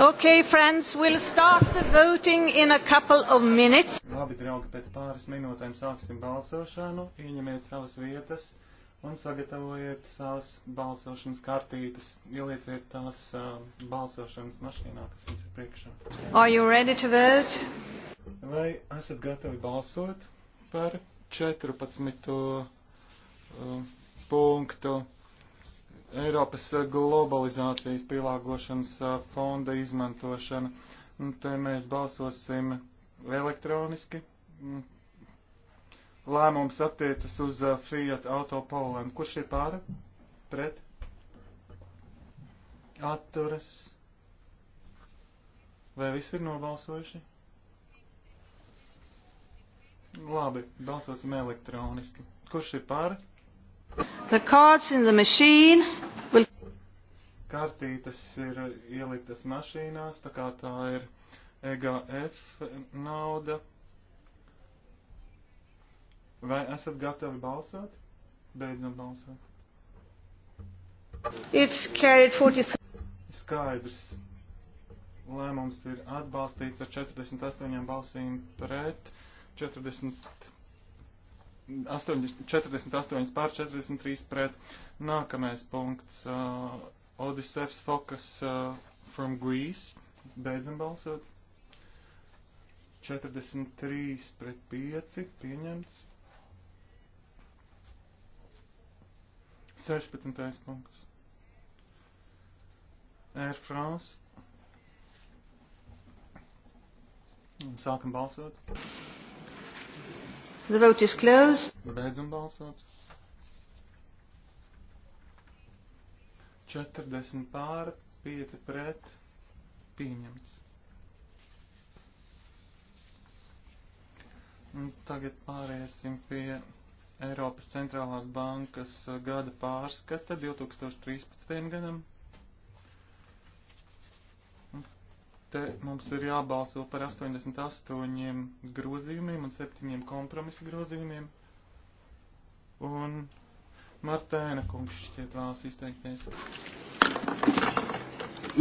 Okay, friends, we'll start the voting in a couple of minutes. Labi, draugi, pēc pāris minūtēm sāksim balsošanu. Ieņemiet savas vietas un sagatavojiet savas balsošanas kartītes. Ielieciet tās uh, balsošanas mašīnā, kas jums ir priekšā. Are you ready to vote? Vai esat gatavi balsot par 14. Uh, punktu? Eiropas eh, globalizācijas pielāgošanas eh, fonda izmantošana. Un te mēs balsosim elektroniski. Mm. Lēmums attiecas uz eh, Fiat autopolēm. Kurš ir pāri? Pret? Atturas? Vai visi ir nobalsojuši? Labi, balsosim elektroniski. Kurš ir pāri? The cards in the machine will... Kartītes ir ieliktas mašīnās, tā kā tā ir EGF nauda. Vai esat gatavi balsot? Beidzam balsot. It's carried 40... Skaidrs. Lēmums ir atbalstīts ar 48 balsīm pret 40 48 pār 43 pret. Nākamais punkts. Uh, Odisefs Fokas uh, from Greece. Beidzam balsot. 43 pret 5 pieņemts. 16. punkts. Air France. Un sākam balsot. The vote is closed. Beidzam balsot. 40 pār, 5 pret, pieņemts. Un tagad pāriesim pie Eiropas centrālās bankas gada pārskata 2013. gadam. te mums ir jābalso par 88 grozījumiem un 7 kompromisa grozījumiem. Un Martēna kungs šķiet vēlas izteikties.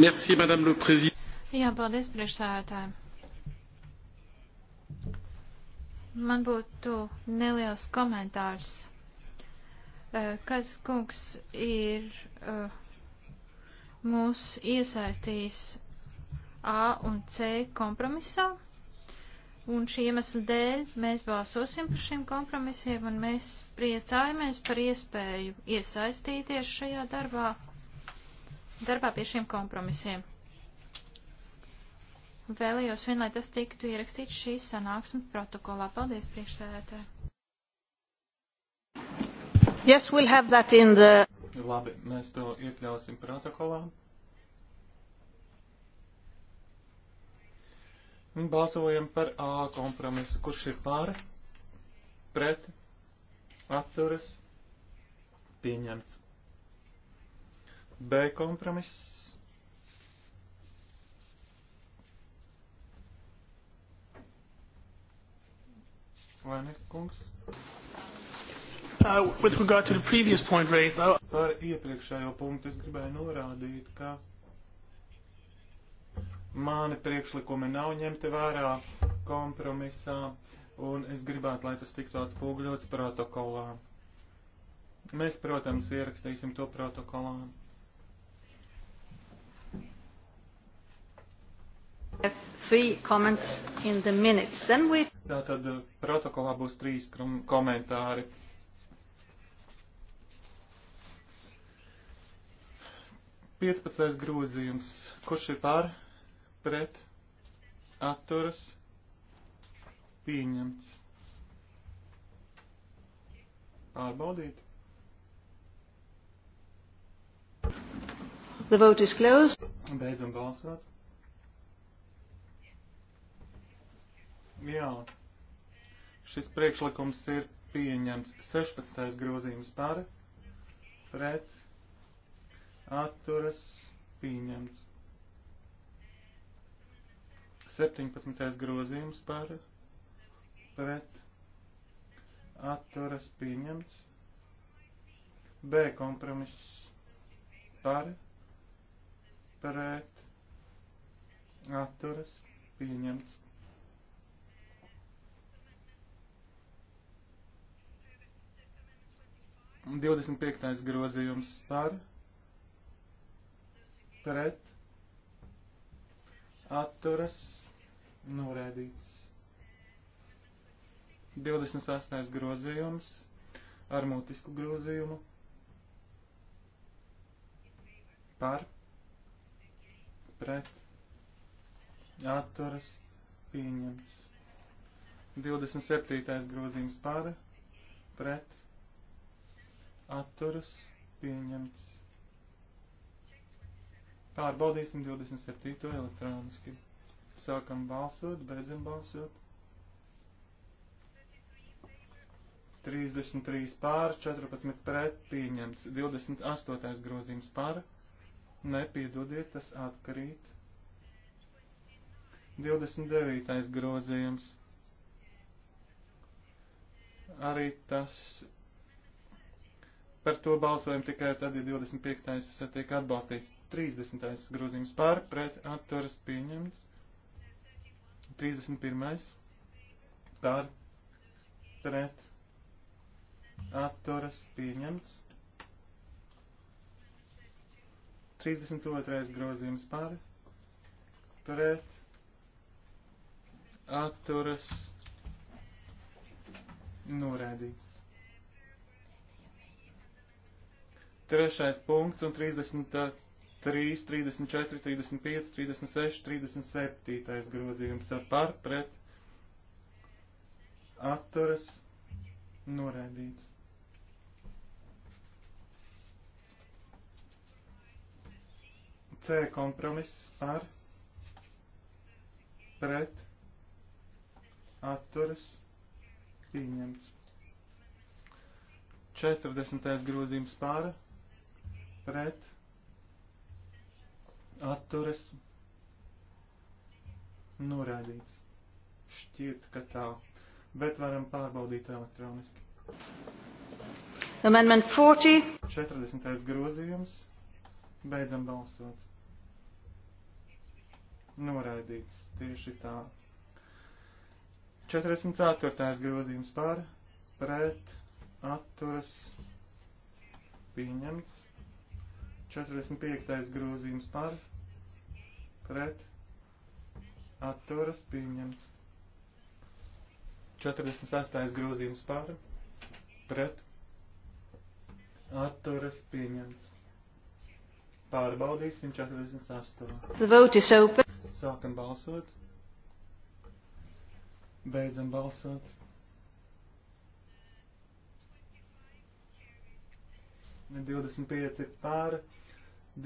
Merci, Madame le Président. Jā, paldies priekšsēdētājiem. Man būtu neliels komentārs. Eh, kas kungs ir eh, mūs iesaistījis A un C kompromisā. Un šī iemesla dēļ mēs balsosim par šiem kompromisiem, un mēs priecājamies par iespēju iesaistīties šajā darbā, darbā pie šiem kompromisiem. Vēlējos vien, lai tas tiktu ierakstīts šīs sanāksmes protokolā. Paldies, priekšsēdētē. Yes, we'll have that in the... Labi, mēs to iekļausim protokolā. Balsojam par A kompromisu. Kurš ir pār? Pret? Atturas? Pieņemts. B kompromiss. Lainik kungs. Uh, with regard to the previous point raised, I... Par iepriekšējo punktu es gribēju norādīt, ka Mani priekšlikumi nav ņemti vērā kompromisā, un es gribētu, lai tas tiktu atspūgļots protokolā. Mēs, protams, ierakstīsim to protokolā. We... Tātad uh, protokolā būs trīs komentāri. Piecpadsmitais grozījums. Kurš ir pār? pret atturas pieņemts. Pārbaudīt. The vote is closed. Beidzam balsot. Jā. Šis priekšlikums ir pieņemts 16. grozījums par, pret, atturas, pieņemts. 17. grozījums par pret atturas pieņemts. B kompromiss par pret atturas pieņemts. Divdesmit piektais grozījums par pret atturas pieņemts Noraidīts. 28. grozījums ar mutisku grozījumu par pret atturas pieņems. 27. grozījums par pret atturas pieņemts. Pārbaudīsim 27. elektroniski. Sākam balsot, beidzam balsot. 33 pār, 14 pret, pieņemts. 28. grozījums pār. Nepiedodiet, tas atkarīt. 29. grozījums. Arī tas. Par to balsojam tikai tad, ja 25. tiek atbalstīts. 30. grozījums pār, pret, atturas pieņemts. 31. par pret atturas pieņemts. 32. grozījums par pret atturas norēdīts. Trešais punkts un 30. 3, 34, 35, 36, 37 grozījums par pret atturas norēdīts. C kompromiss par pret atturas pieņemts. 40. grozījums par pret atturas norādīts. Šķiet, ka tā, bet varam pārbaudīt elektroniski. Amendment 40. 40. grozījums. Beidzam balsot. Noraidīts tieši tā. 44. grozījums par, pret, atturas, pieņemts. 45. grozījums par, pret atturas pieņemts. 46. grozījums par pret atturas pieņemts. Pārbaudīsim 48. The vote is open. Sākam balsot. Beidzam balsot. Ne 25 pār,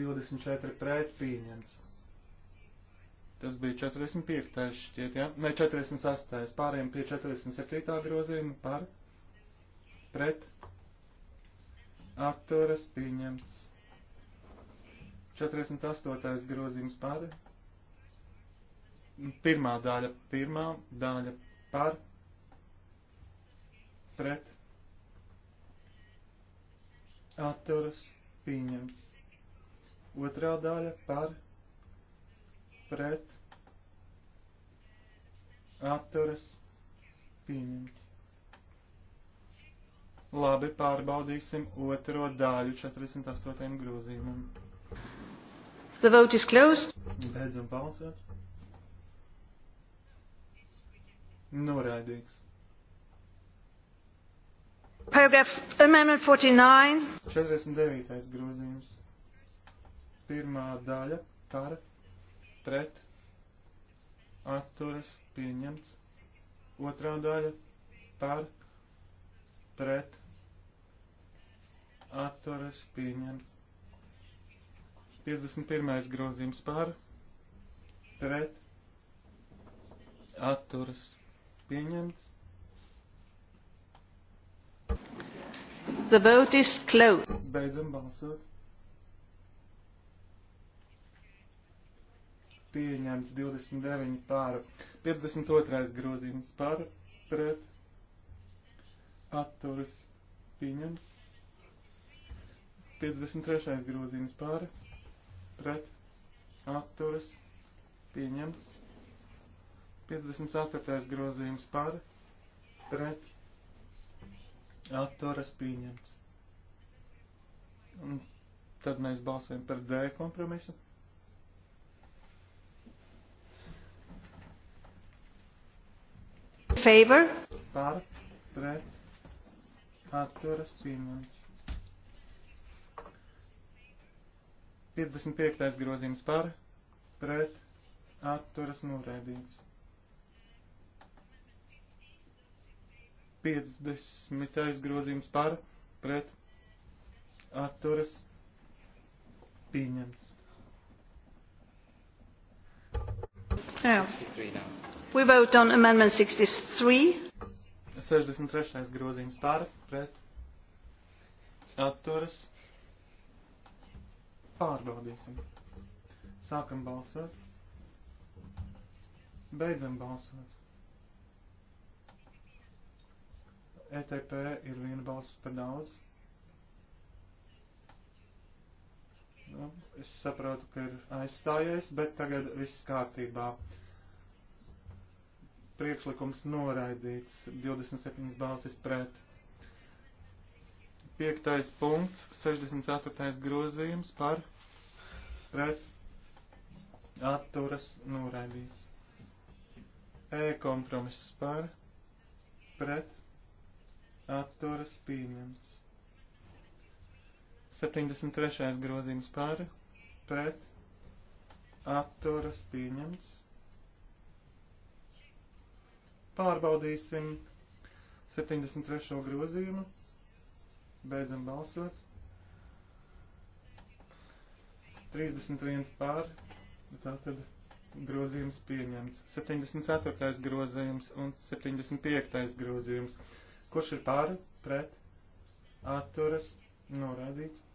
24 pret pieņemts. Tas bija 45. šķiet, ja? Ne, 48. Pārējiem pie 47. grozījuma par pret atturas pieņemts. 48. grozījums par pirmā daļa, pirmā daļa par pret atturas pieņemts. Otrā daļa par pret pret, atturas, pieņemts. Labi, pārbaudīsim otro daļu 48. grozījumam. The vote is closed. Beidzam balsot. Noraidīts. Paragraph amendment 49. 49. grozījums. Pirmā daļa par pret, atturas, pieņemts. Otrā daļa par, pret, atturas, pieņemts. 51. grozījums par, pret, atturas, pieņemts. The vote is closed. Beidzam balsot. pieņemts 29 pār, 52. grozījums pār, pret, atturas pieņemts, 53. grozījums pār, pret, atturas pieņemts, 54. grozījums pār, pret, atturas pieņemts. Un tad mēs balsojam par D kompromisu. favor? Par, pret, atturas pieņemts. 55. grozījums par, pret, atturas noraidīts. 50. grozījums par, pret, atturas pieņemts. Jā. We vote on amendment 63. 63. grozījums par, pret, atturas. Pārbaudīsim. Sākam balsot. Beidzam balsot. ETP ir viena balss par daudz. Nu, es saprotu, ka ir aizstājies, bet tagad viss kārtībā priekšlikums noraidīts, 27 balsis pret. 5. punkts, 64. grozījums par pret atturas noraidīts. E kompromiss par pret atturas pieņemts. 73. grozījums par pret atturas pieņemts. Pārbaudīsim 73. grozījumu. Beidzam balsot. 31 pār. Tātad grozījums pieņemts. 74. grozījums un 75. grozījums. Kurš ir pāri, pret, atturas, norādīts?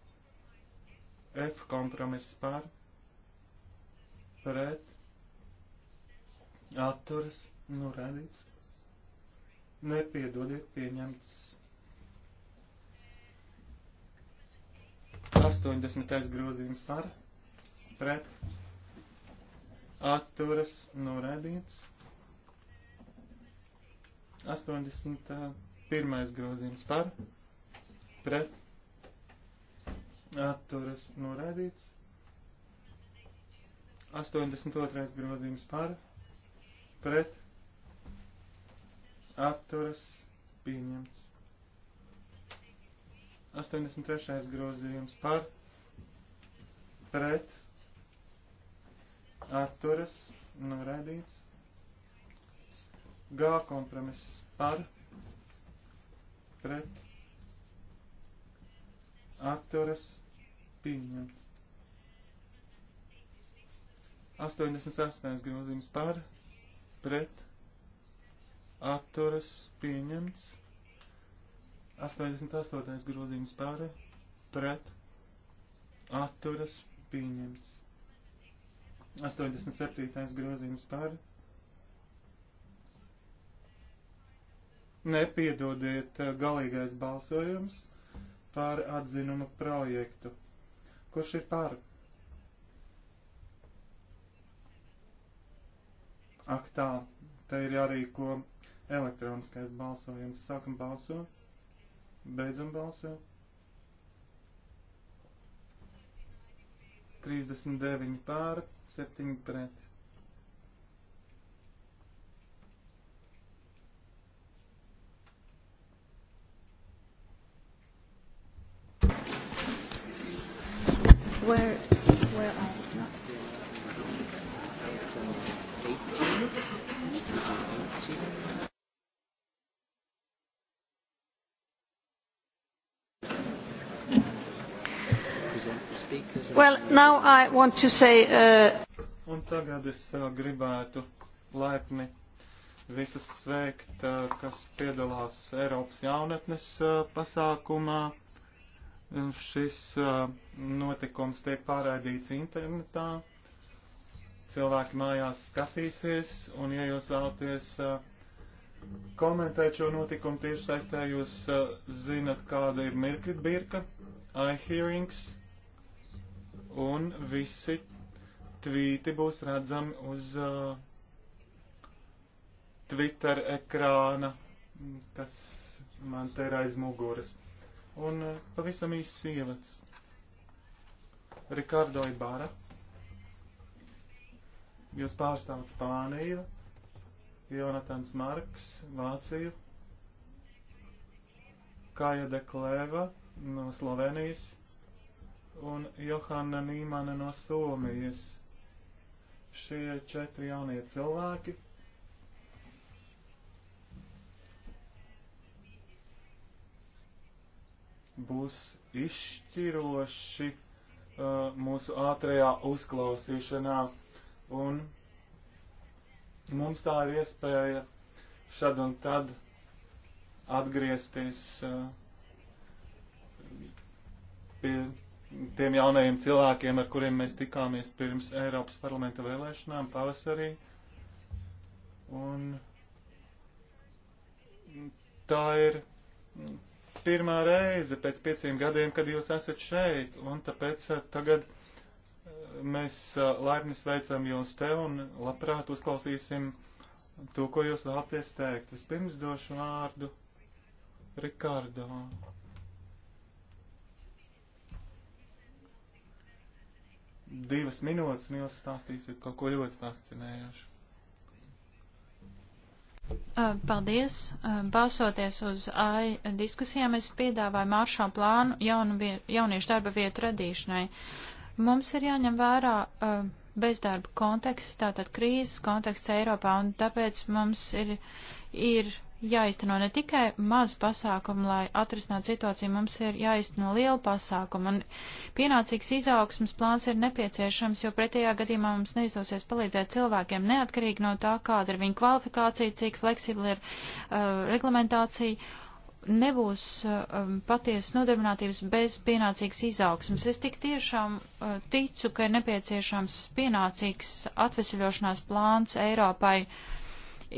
F kompromiss pār, pret, atturas, norādīts nepiedodiet pieņemts 80. grozījums par pret atturas norādīts 81. grozījums par pret atturas norādīts 82. grozījums par pret atturas, pieņemts. 83. grozījums par, pret, atturas, noraidīts. G kompromiss par, pret, atturas, pieņemts. 88. grozījums par, pret, atturas pieņemts. 88. grozījums pāri pret atturas pieņemts. 87. grozījums pāri. Nepiedodiet eh, galīgais balsojums par atzinuma projektu. Kurš ir pāri? Ak tā, te ir jārīko Elektroniskais balsojums. Sākam balsot. Beidzam balsot. 39 pār, 7 pret. Well, now I want to say, uh... Un tagad es uh, gribētu laipni visus sveikt, uh, kas piedalās Eiropas jaunatnes uh, pasākumā. Šis uh, notikums tiek pārraidīts internetā. Cilvēki mājās skatīsies, un ja jūs vēlaties uh, komentēt šo notikumu tieši saistē, jūs uh, zinat, kāda ir Mirkrit Birka, iHearings un visi tvīti būs redzami uz uh, Twitter ekrāna, kas man te ir aiz muguras. Un uh, pavisam īsts ievads. Rikardo Ibara. Jūs pārstāvat Spāniju, Jonatans Marks, Vāciju, Kāja Deklēva no Slovenijas un Johana Nīmana no Somijas. Šie četri jaunie cilvēki. Būs izšķiroši uh, mūsu ātrajā uzklausīšanā, un mums tā ir iespēja šad un tad atgriezties uh, pie tiem jaunajiem cilvēkiem, ar kuriem mēs tikāmies pirms Eiropas parlamenta vēlēšanām pavasarī. Un tā ir pirmā reize pēc pieciem gadiem, kad jūs esat šeit, un tāpēc eh, tagad eh, mēs eh, laipni sveicam jūs te un labprāt uzklausīsim to, ko jūs vēlaties teikt. Vispirms došu vārdu Rikardo. divas minūtes, un jūs stāstīsiet kaut ko ļoti fascinējošu. Paldies. Balsoties uz AI diskusijām, es piedāvāju maršā plānu jaunu, jauniešu darba vietu radīšanai. Mums ir jāņem vērā bezdarba konteksts, tātad krīzes konteksts Eiropā, un tāpēc mums ir, ir jāizteno ne tikai maz pasākumu, lai atrisinātu situāciju, mums ir jāizteno liela pasākuma, un pienācīgs izaugsmas plāns ir nepieciešams, jo pretējā gadījumā mums neizdosies palīdzēt cilvēkiem neatkarīgi no tā, kāda ir viņa kvalifikācija, cik fleksibli ir uh, reglamentācija nebūs uh, um, patiesas nodarbinātības bez pienācīgas izaugsmas. Es tik tiešām uh, ticu, ka ir nepieciešams pienācīgs atvesļošanās plāns Eiropai. Uh,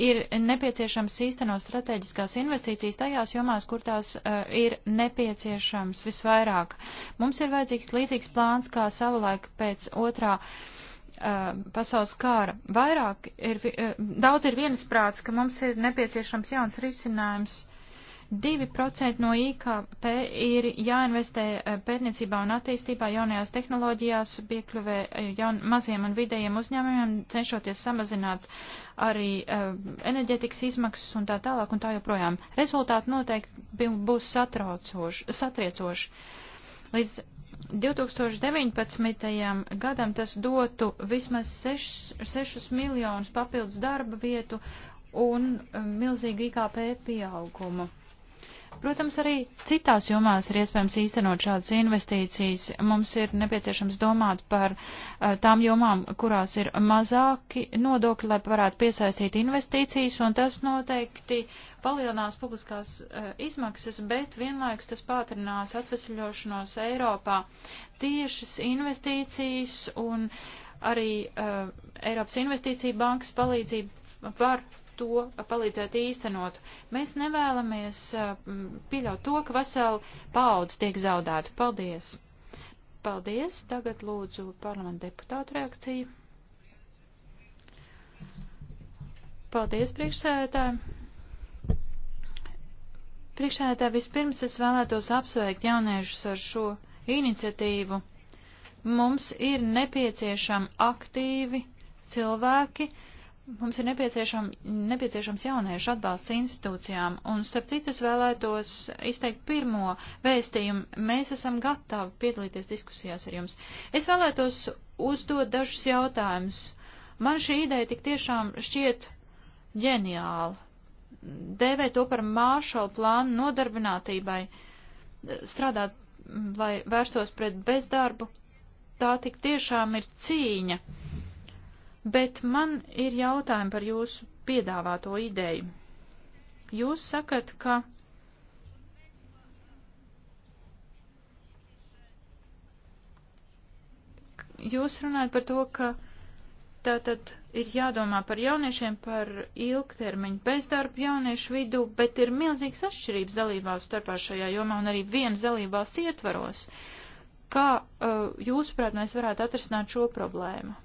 ir nepieciešams īstenot strateģiskās investīcijas tajās jomās, kur tās uh, ir nepieciešams visvairāk. Mums ir vajadzīgs līdzīgs plāns kā savulaik pēc otrā uh, pasaules kāra. Vairāk ir, uh, daudz ir viensprāts, ka mums ir nepieciešams jauns risinājums 2% no IKP ir jāinvestē eh, pētniecībā un attīstībā jaunajās tehnoloģijās, piekļuvē eh, jaun, maziem un vidējiem uzņēmumiem, cenšoties samazināt arī uh, eh, enerģetikas izmaksas un tā tālāk un tā joprojām. Rezultāti noteikti būs satriecoši. Līdz 2019. gadam tas dotu vismaz 6, 6 miljonus papildus darba vietu un milzīgu IKP pieaugumu. Protams, arī citās jomās ir iespējams īstenot šādas investīcijas. Mums ir nepieciešams domāt par eh, tām jomām, kurās ir mazāki nodokļi, lai varētu piesaistīt investīcijas, un tas noteikti palielinās publiskās eh, izmaksas, bet vienlaikus tas pātrinās atvesļošanos Eiropā. Tiešas investīcijas un arī uh, Eiropas investīcija bankas palīdzība var to palīdzēt īstenot. Mēs nevēlamies eh, pieļaut to, ka vesela paudze tiek zaudēta. Paldies! Paldies! Tagad lūdzu parlamentu deputātu reakciju. Paldies priekšsēdētājiem! Priekšsēdētāji, vispirms es vēlētos apsveikt jauniešus ar šo iniciatīvu. Mums ir nepieciešami aktīvi cilvēki, Mums ir nepieciešam, nepieciešams jauniešu atbalsts institūcijām, un starp citas vēlētos izteikt pirmo vēstījumu. Mēs esam gatavi piedalīties diskusijās ar jums. Es vēlētos uzdot dažus jautājumus. Man šī ideja tik tiešām šķiet ģeniāla. Dēvē to par māšalu plānu nodarbinātībai, strādāt, mm, lai vērstos pret bezdarbu. Tā tik tiešām ir cīņa Bet man ir jautājumi par jūsu piedāvāto ideju. Jūs sakat, ka jūs runājat par to, ka tātad ir jādomā par jauniešiem, par ilgtermiņu bezdarbu jauniešu vidū, bet ir milzīgas atšķirības dalībās starpā šajā jomā un arī vienas dalībās ietvaros. Kā uh, jūsuprāt mēs varētu atrisināt šo problēmu?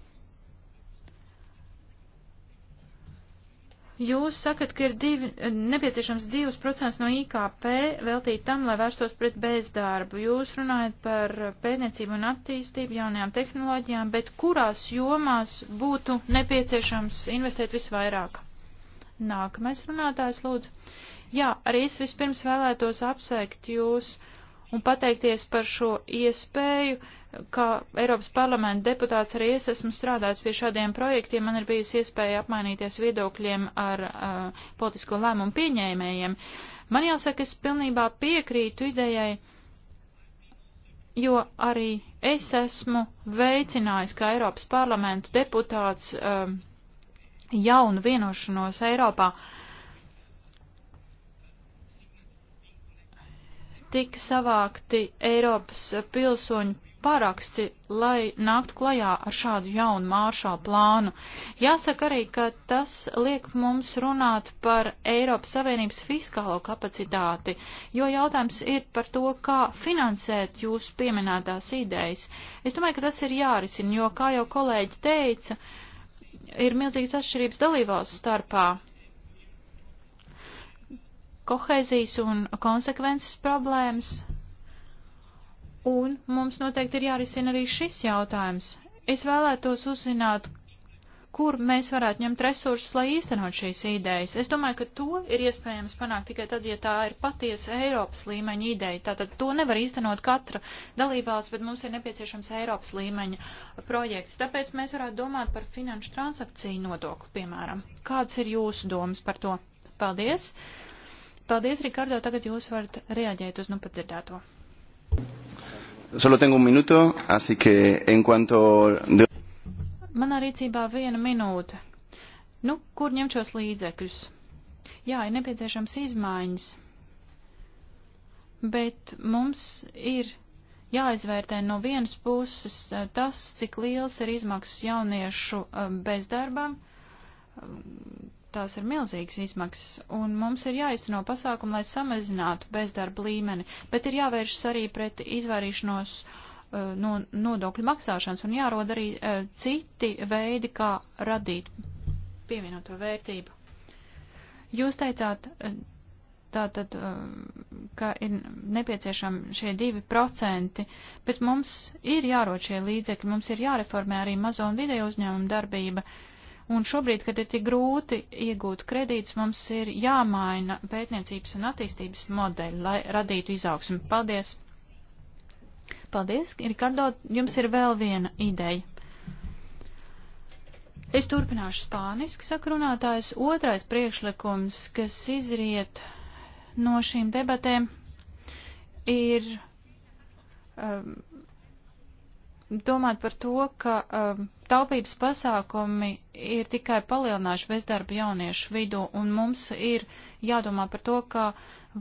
Jūs sakat, ka ir divi, nepieciešams 2% no IKP veltīt tam, lai vērstos pret bezdarbu. Jūs runājat par pētniecību un attīstību, jaunajām tehnoloģijām, bet kurās jomās būtu nepieciešams investēt visvairāk? Nākamais runātājs lūdzu. Jā, arī es vispirms vēlētos apsveikt jūs un pateikties par šo iespēju Kā Eiropas parlamenta deputāts arī es esmu strādājis pie šādiem projektiem, man ir bijusi iespēja apmainīties viedokļiem ar uh, politisko lēmumu pieņēmējiem. Man jāsaka, es pilnībā piekrītu idejai, jo arī es esmu veicinājis, kā Eiropas parlamenta deputāts, uh, jaunu vienošanos Eiropā. Tika savākti Eiropas pilsoņu paraksti, lai nāktu klajā ar šādu jaunu māršālu plānu. Jāsaka arī, ka tas liek mums runāt par Eiropas Savienības fiskālo kapacitāti, jo jautājums ir par to, kā finansēt jūs pieminētās idejas. Es domāju, ka tas ir jārisina, jo, kā jau kolēģi teica, ir milzīgas atšķirības dalībās starpā. Kohēzijas un konsekvences problēmas Un mums noteikti ir jārisina arī šis jautājums. Es vēlētos uzzināt, kur mēs varētu ņemt resursus, lai īstenot šīs idejas. Es domāju, ka to ir iespējams panākt tikai tad, ja tā ir patiesa Eiropas līmeņa ideja. Tātad to nevar īstenot katra dalībvalsts, bet mums ir nepieciešams Eiropas līmeņa projekts. Tāpēc mēs varētu domāt par finanšu transakciju nodokli, piemēram. Kāds ir jūsu domas par to? Paldies! Paldies, Rikardo, tagad jūs varat reaģēt uz nu padzirdēto. Solo tengo un minuto, así que en cuanto. De... Manā rīcībā viena minūte. Nu, kur ņemt šos līdzekļus? Jā, ir nepieciešams izmaiņas, bet mums ir jāizvērtē no vienas puses eh, tas, cik liels ir izmaksas jauniešu eh, bezdarbam, tās ir milzīgas izmaksas, un mums ir jāizteno pasākumu, lai samazinātu bezdarba līmeni, bet ir jāvēršas arī pret izvairīšanos uh, no nodokļu maksāšanas un jārod arī uh, citi veidi, kā radīt pievienoto vērtību. Jūs teicāt, eh, tātad, ka ir nepieciešami šie divi procenti, bet mums ir jārod šie līdzekļi, mums ir jāreformē arī mazo un video uzņēmumu darbība. Uh, Un šobrīd, kad ir tik grūti iegūt kredītus, mums ir jāmaina pētniecības un attīstības modeļi, lai radītu izaugsmi. Paldies! Paldies, Rikardo, jums ir vēl viena ideja. Es turpināšu spāniski sakrunātājs. Otrais priekšlikums, kas izriet no šīm debatēm, ir um, domāt par to, ka um, Taupības pasākumi ir tikai palielinājuši bezdarbu jauniešu vidū, un mums ir jādomā par to, kā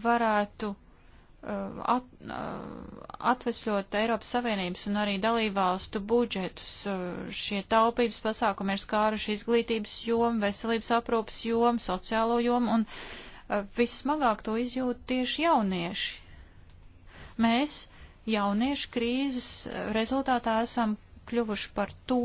varētu uh, at, uh, atvesļot Eiropas Savienības un arī dalībvalstu budžetus. Uh, šie taupības pasākumi ir skāruši izglītības jomu, veselības aprūpas jomu, sociālo jomu, un vissmagāk to izjūt tieši jaunieši. Mēs jauniešu krīzes rezultātā esam kļuvuši par to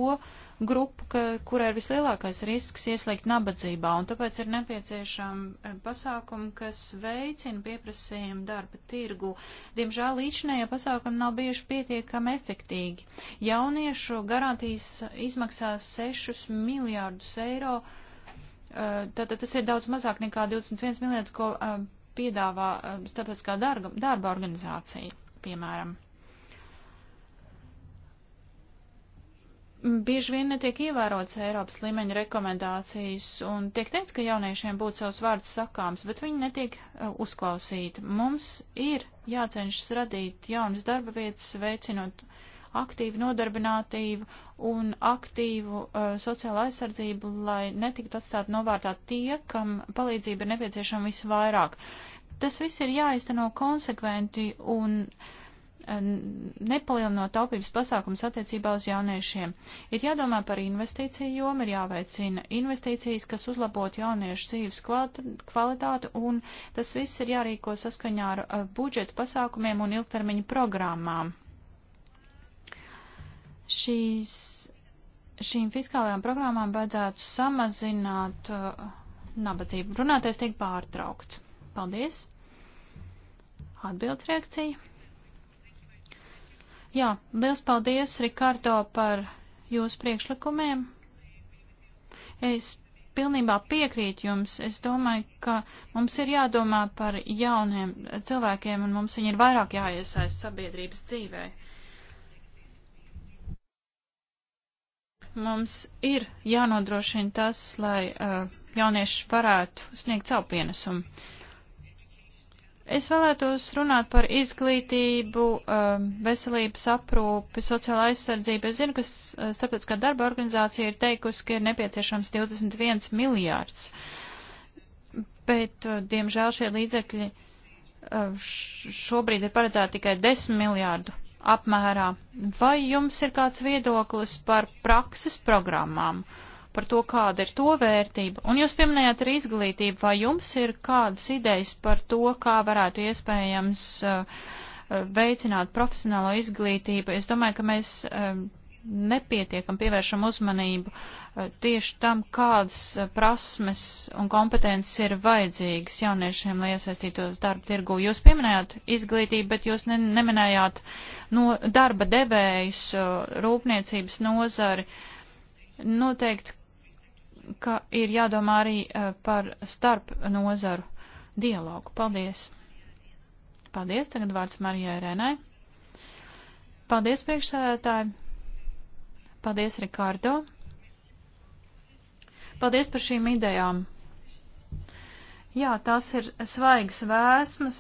grupu, ka, kurai ir vislielākais risks ieslīgt nabadzībā, un tāpēc ir nepieciešama e, pasākuma, kas veicina pieprasījumu darba tirgu. Diemžēl līdšanējie pasākumi nav bijuši pietiekami efektīgi. Jauniešu garantijas izmaksās 6 miljārdus eiro, e, tātad tas ir daudz mazāk nekā 21 miljardus, ko e, piedāvā starptautiskā darba, darba organizācija, piemēram. bieži vien netiek ievērotas Eiropas līmeņa rekomendācijas, un tiek teikt, ka jauniešiem būtu savs vārds sakāms, bet viņi netiek uh, uzklausīti. Mums ir jācenšas radīt jaunas darba vietas, veicinot aktīvu nodarbinātību un aktīvu uh, sociālo aizsardzību, lai netiktu atstāt novārtā tie, kam palīdzība ir nepieciešama visvairāk. Tas viss ir jāizteno konsekventi un uh, nepalielinot taupības pasākums attiecībā uz jauniešiem. Ir jādomā par investīciju jomu, ir jāveicina investīcijas, kas uzlabot jauniešu dzīves kvalitātu, un tas viss ir jārīko saskaņā ar budžeta pasākumiem un ilgtermiņu programmām. Šīs, šīm fiskālajām programmām vajadzētu samazināt uh, nabadzību. Runātais tiek pārtraukts. Paldies! Atbildes reakcija. Jā, liels paldies, Rikārdo, par jūsu priekšlikumiem. Es pilnībā piekrītu jums. Es domāju, ka mums ir jādomā par jauniem cilvēkiem un mums viņi ir vairāk jāiesaist sabiedrības dzīvē. Mums ir jānodrošina tas, lai uh, jaunieši varētu sniegt savu pienesumu. Uh, Es vēlētos runāt par izglītību, um, veselības aprūpi, sociālā aizsardzību. Es zinu, ka uh, starptautiskā darba organizācija ir teikusi, ka ir nepieciešams 21 miljārds, bet, uh, diemžēl, šie līdzekļi uh, šobrīd ir paredzēti tikai 10 miljārdu apmērā. Vai jums ir kāds viedoklis par prakses programmām? Uh, par to, kāda ir to vērtība. Un jūs pieminējāt arī izglītību, vai jums ir kādas idejas par to, kā varētu iespējams uh, uh, veicināt profesionālo izglītību? Es domāju, ka mēs um, nepietiekam pievēršam uzmanību uh, tieši tam, kādas prasmes un kompetences ir vajadzīgas jauniešiem, lai iesaistītos darba tirgu. Jūs pieminējāt izglītību, bet jūs ne, neminējāt no darba devējus, rūpniecības nozari. Noteikti ka ir jādomā arī eh, par starp nozaru dialogu. Paldies! Paldies! Tagad vārds Marijai Renai. Paldies, priekšsēdētāji! Paldies, Rikārdo! Paldies par šīm idejām! Jā, tās ir svaigas vēsmas,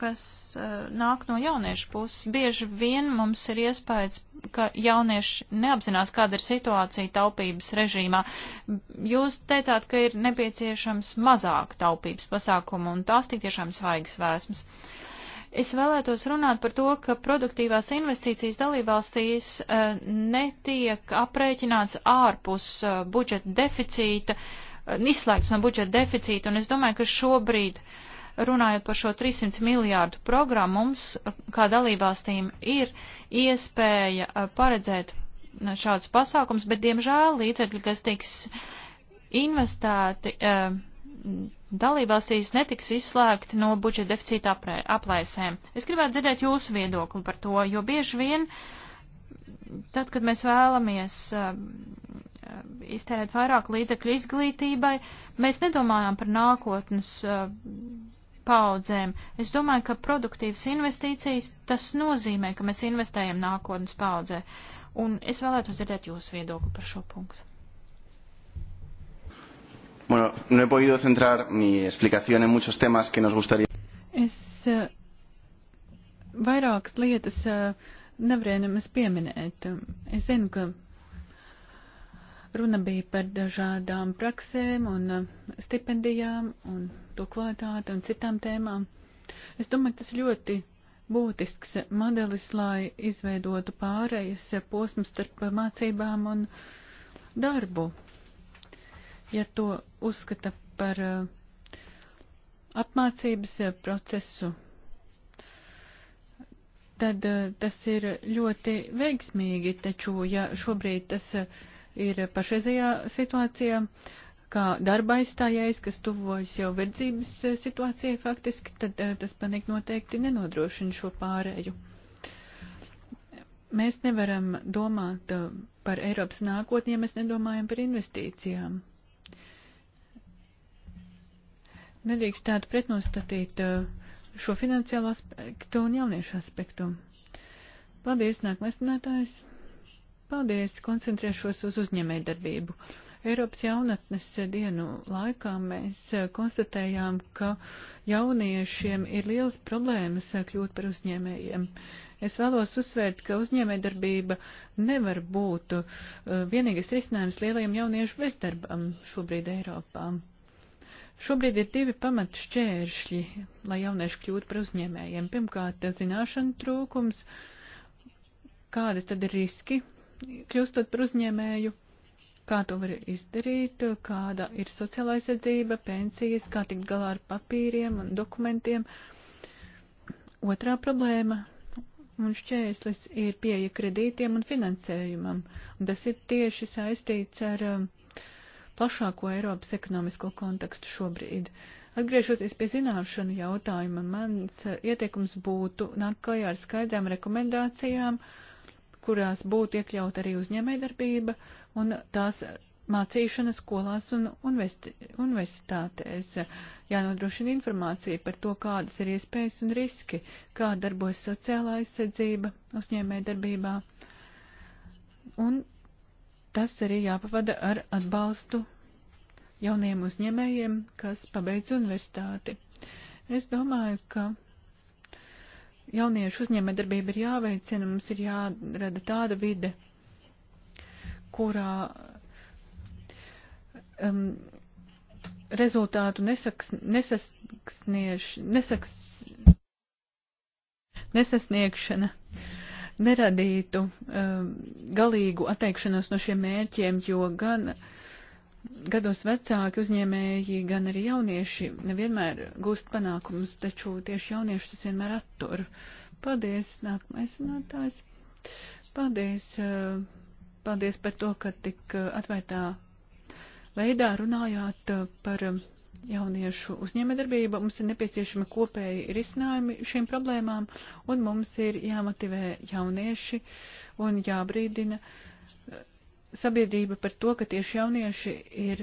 kas uh, nāk no jauniešu puses. Bieži vien mums ir iespējas, ka jaunieši neapzinās, kāda ir situācija taupības režīmā. Jūs teicāt, ka ir nepieciešams mazāk taupības pasākumu, un tās tik tiešām svaigas vēsmas. Es vēlētos runāt par to, ka produktīvās investīcijas dalībvalstīs uh, netiek aprēķināts ārpus uh, budžeta deficīta, uh, izslēgts no budžeta deficīta, un es domāju, ka šobrīd uh, runājot par šo 300 miljārdu programmu, mums, kā dalībvalstīm, ir iespēja eh, paredzēt eh, šādus pasākums, bet, diemžēl, līdzekļi, kas tiks investēti eh, dalībvalstīs, netiks izslēgti no budžeta deficīta aplēsēm. Es gribētu dzirdēt jūsu viedokli par to, jo bieži vien, tad, kad mēs vēlamies iztērēt vairāk līdzekļu izglītībai, mēs nedomājām par nākotnes paudzēm. Es domāju, ka produktīvas investīcijas tas nozīmē, ka mēs investējam nākotnes paudzē. Un es vēlētos dzirdēt jūsu viedokli par šo punktu. Bueno, no he podido centrar mi explicación en muchos temas que nos gustaría. Es uh, vairākas lietas uh, nevarēju nemaz pieminēt. Es zinu, ka Runa bija par dažādām praksēm un uh, stipendijām un to kvalitāti un citām tēmām. Es domāju, tas ļoti būtisks modelis, lai izveidotu pārējas posmu starp mācībām un darbu. Ja to uzskata par uh, apmācības procesu, tad uh, tas ir ļoti veiksmīgi, taču ja šobrīd tas uh, ir pašreizajā situācijā, kā darba aizstājējs, kas tuvojas jau verdzības eh, situācijai faktiski, tad eh, tas panīgi noteikti nenodrošina šo pārēju. Mēs nevaram domāt eh, par Eiropas nākotni, ja mēs nedomājam par investīcijām. Nedrīkst tādu pretnostatīt šo finansiālo aspektu un jauniešu aspektu. Paldies, nākamais runātājs. Paldies, koncentrēšos uz uzņēmējdarbību. Eiropas jaunatnes dienu laikā mēs eh, konstatējām, ka jauniešiem ir liels problēmas eh, kļūt par uzņēmējiem. Es vēlos uzsvērt, ka uzņēmējdarbība nevar būt eh, vienīgais risinājums lielajam jauniešu bezdarbam šobrīd Eiropā. Šobrīd ir divi pamat šķēršļi, lai jaunieši kļūtu par uzņēmējiem. Pirmkārt, zināšanu trūkums. Kādi tad ir riski, kļūstot par uzņēmēju, kā to var izdarīt, kāda ir sociālā aizsardzība, pensijas, kā tikt galā ar papīriem un dokumentiem. Otrā problēma un šķēslis ir pieeja kredītiem un finansējumam, un tas ir tieši saistīts ar um, plašāko Eiropas ekonomisko kontekstu šobrīd. Atgriežoties pie zināšanu jautājuma, mans uh, ieteikums būtu nākt klajā ar skaidrām rekomendācijām, uh, kurās būtu iekļaut arī uzņēmējdarbība un tās mācīšana skolās un universitātēs. Jānodrošina informācija par to, kādas ir iespējas un riski, kā darbojas sociālā aizsardzība uzņēmējdarbībā. Un tas arī jāpavada ar atbalstu jauniem uzņēmējiem, kas pabeidz universitāti. Es domāju, ka jauniešu uzņēmējdarbība ir jāveicina, mums ir jārada tāda vide, kurā um, rezultātu nesaks, nesasniegš, nesaks, nesasniegšana neradītu um, galīgu atteikšanos no šiem mērķiem, jo gan uh, gados vecāki uzņēmēji, gan arī jaunieši nevienmēr gūst panākumus, taču tieši jaunieši tas vienmēr attur. Paldies, nākamais runātājs. Paldies, eh, paldies par to, ka tik eh, atvērtā veidā runājāt eh, par jauniešu uzņēmējdarbība, mums ir nepieciešami kopēji risinājumi šīm problēmām, un mums ir jāmotivē jaunieši un jābrīdina uh, sabiedrība par to, ka tieši jaunieši ir